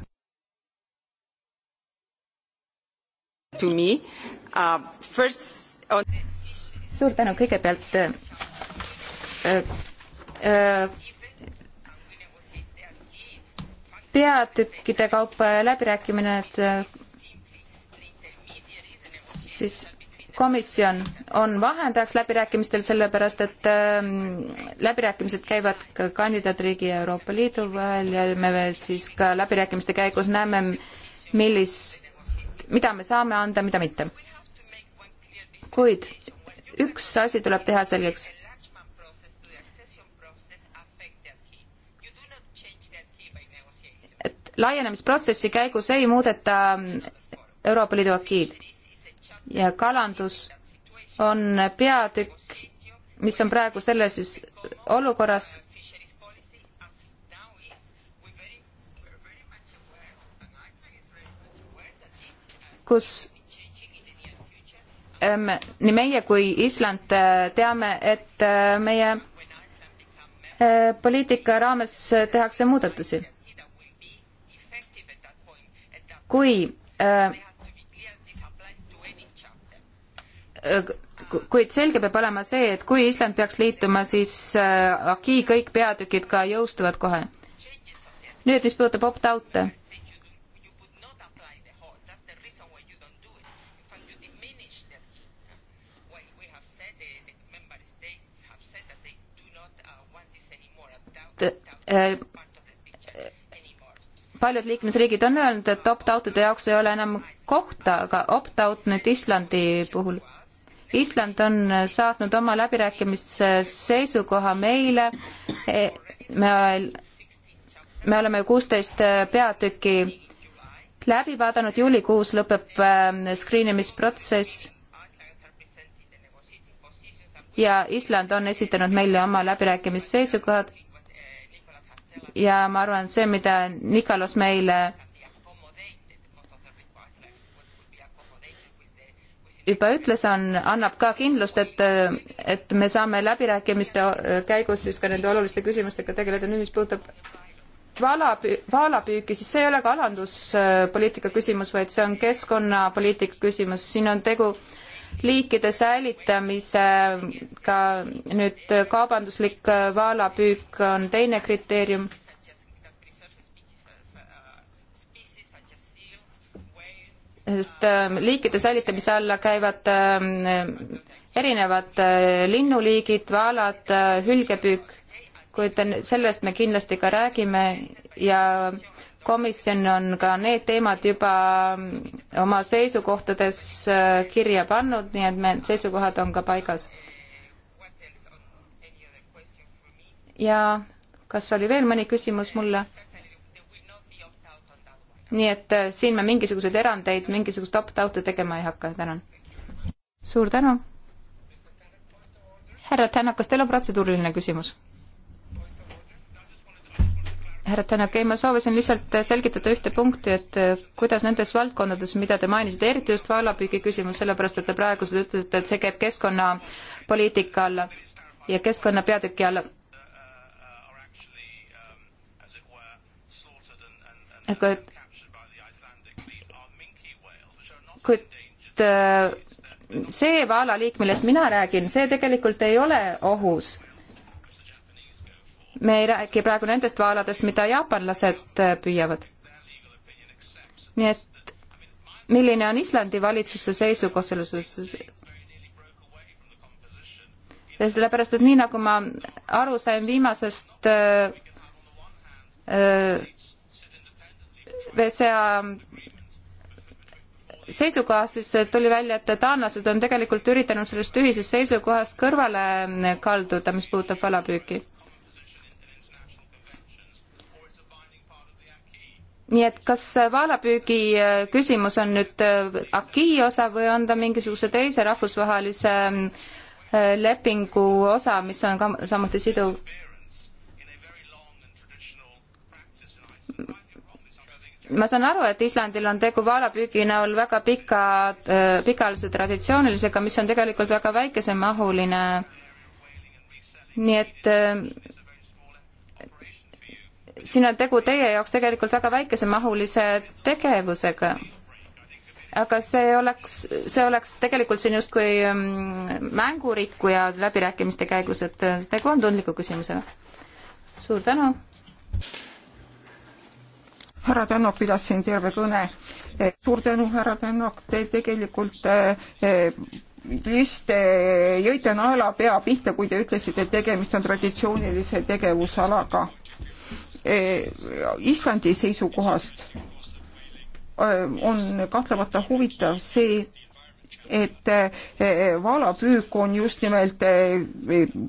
Speaker 2: To me uh,, first on
Speaker 3: suur tänu, kõigepealt uh, uh, peatükkide kaupa läbirääkimine, et siis komisjon on vahendajaks läbirääkimistel, sellepärast et ähm, läbirääkimised käivad ka kandidaatriigi ja Euroopa Liidu vahel ja me siis ka läbirääkimiste käigus näeme, millist, mida me saame anda, mida mitte. kuid üks asi tuleb teha selgeks laienemisprotsessi käigus ei muudeta Euroopa Liidu akiid. ja kalandus on peatükk, mis on praegu selles siis olukorras, kus ähm, nii meie kui Island äh, teame, et äh, meie äh, poliitika raames tehakse muudatusi kui äh, äh, kuid selge peab olema see, et kui Island peaks liituma, siis äh, AKI kõik peatükid ka jõustuvad kohe. nüüd, mis puudutab opt-out'e paljud liikmesriigid on öelnud, et opt-out'ide jaoks ei ole enam kohta, aga opt-out nüüd Islandi puhul. Island on saatnud oma läbirääkimisseisukoha meile, e, me, me oleme kuusteist peatüki läbi vaadanud, juulikuus lõpeb ähm, skriinimisprotsess ja Island on esitanud meile oma läbirääkimisseisukohad ja ma arvan, et see, mida Nikolas meile juba ütles, on, annab ka kindlust, et, et me saame läbirääkimiste käigus siis ka nende oluliste küsimustega tegeleda. nüüd, mis puudutab vala, vaalapüüki, siis see ei ole kalanduspoliitika küsimus, vaid see on keskkonnapoliitika küsimus. siin on tegu liikide säilitamisega, nüüd kaubanduslik vaalapüük on teine kriteerium sest ähm, liikide säilitamise alla käivad ähm, erinevad äh, linnuliigid, vaalad, äh, hülgepüük, kuid sellest me kindlasti ka räägime ja komisjon on ka need teemad juba ähm, oma seisukohtades äh, kirja pannud, nii et me, seisukohad on ka paigas. ja kas oli veel mõni küsimus mulle? nii et äh, siin me mingisuguseid erandeid, mingisugust opt-out'e tegema ei hakka, tänan. suur tänu. härra Tänak, kas teil on protseduuriline küsimus? härra Tänak, ei, ma soovisin lihtsalt äh, selgitada ühte punkti, et äh, kuidas nendes valdkondades, mida te mainisite, eriti just vallapüügi küsimus, sellepärast et te praegused ütlesite, et see käib keskkonnapoliitika alla ja keskkonna peatüki alla, et kui kuid äh, see vaalaliik, millest mina räägin, see tegelikult ei ole ohus. me ei räägi praegu nendest vaaladest, mida jaapanlased äh, püüavad. nii et milline on Islandi valitsuse seisukoht selles osas? sellepärast, et nii nagu ma aru sain viimasest äh, äh VCA seisukohast, siis tuli välja, et taanlased on tegelikult üritanud sellest ühisest seisukohast kõrvale kalduda, mis puudutab valapüüki. nii et kas vaalapüügi äh, küsimus on nüüd äh, AKI osa või on ta mingisuguse teise rahvusvahelise äh, lepingu osa, mis on ka samuti siduv? ma saan aru, et Islandil on tegu vaalapüügi näol väga pika, äh, pikaajalise traditsioonilisega, mis on tegelikult väga väikesemahuline. nii et äh, siin on tegu teie jaoks tegelikult väga väikesemahulise tegevusega. aga see oleks, see oleks tegelikult siin justkui ähm, mängurikkuja läbirääkimiste käigus, et äh, tegu on tundliku küsimusega. suur
Speaker 2: tänu härra Tänak pidas siin terve kõne. Eh, suur tänu, härra Tänak, te tegelikult just eh, eh, jõite naela pea pihta, kui te ütlesite, et tegemist on traditsioonilise tegevusalaga. Islandi seisukohast on kahtlemata huvitav see, et eh, eh, valapüük on just nimelt eh,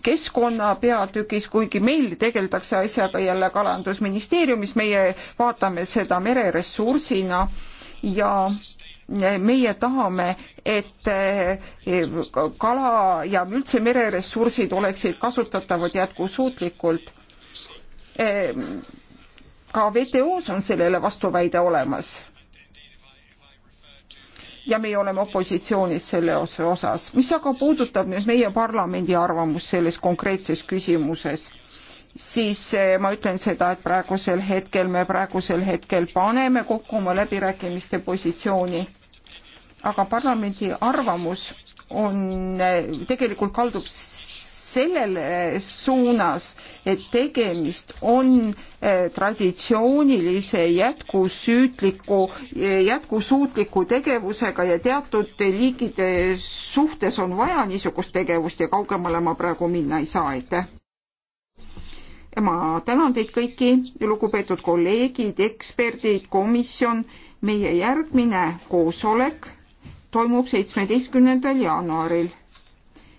Speaker 2: keskkonna peatükis, kuigi meil tegeldakse asjaga jälle kalandusministeeriumis, meie vaatame seda mereressursina ja meie tahame, et kala ja üldse mereressursid oleksid kasutatavad jätkusuutlikult. ka WTO-s on sellele vastuväide olemas ja meie oleme opositsioonis selle osas. mis aga puudutab nüüd meie parlamendi arvamust selles konkreetses küsimuses, siis eh, ma ütlen seda, et praegusel hetkel me praegusel hetkel paneme kokku oma läbirääkimiste positsiooni, aga parlamendi arvamus on, eh, tegelikult kaldub sellele eh, suunas, et tegemist on eh, traditsioonilise jätkusüütliku, eh, jätkusuutliku tegevusega ja teatud liigide suhtes on vaja niisugust tegevust ja kaugemale ma praegu minna ei saa, aitäh! ma tänan teid kõiki, lugupeetud kolleegid, eksperdid, komisjon, meie järgmine koosolek toimub seitsmeteistkümnendal jaanuaril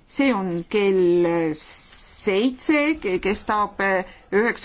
Speaker 2: see on kell seitse, kestab eh, üheksa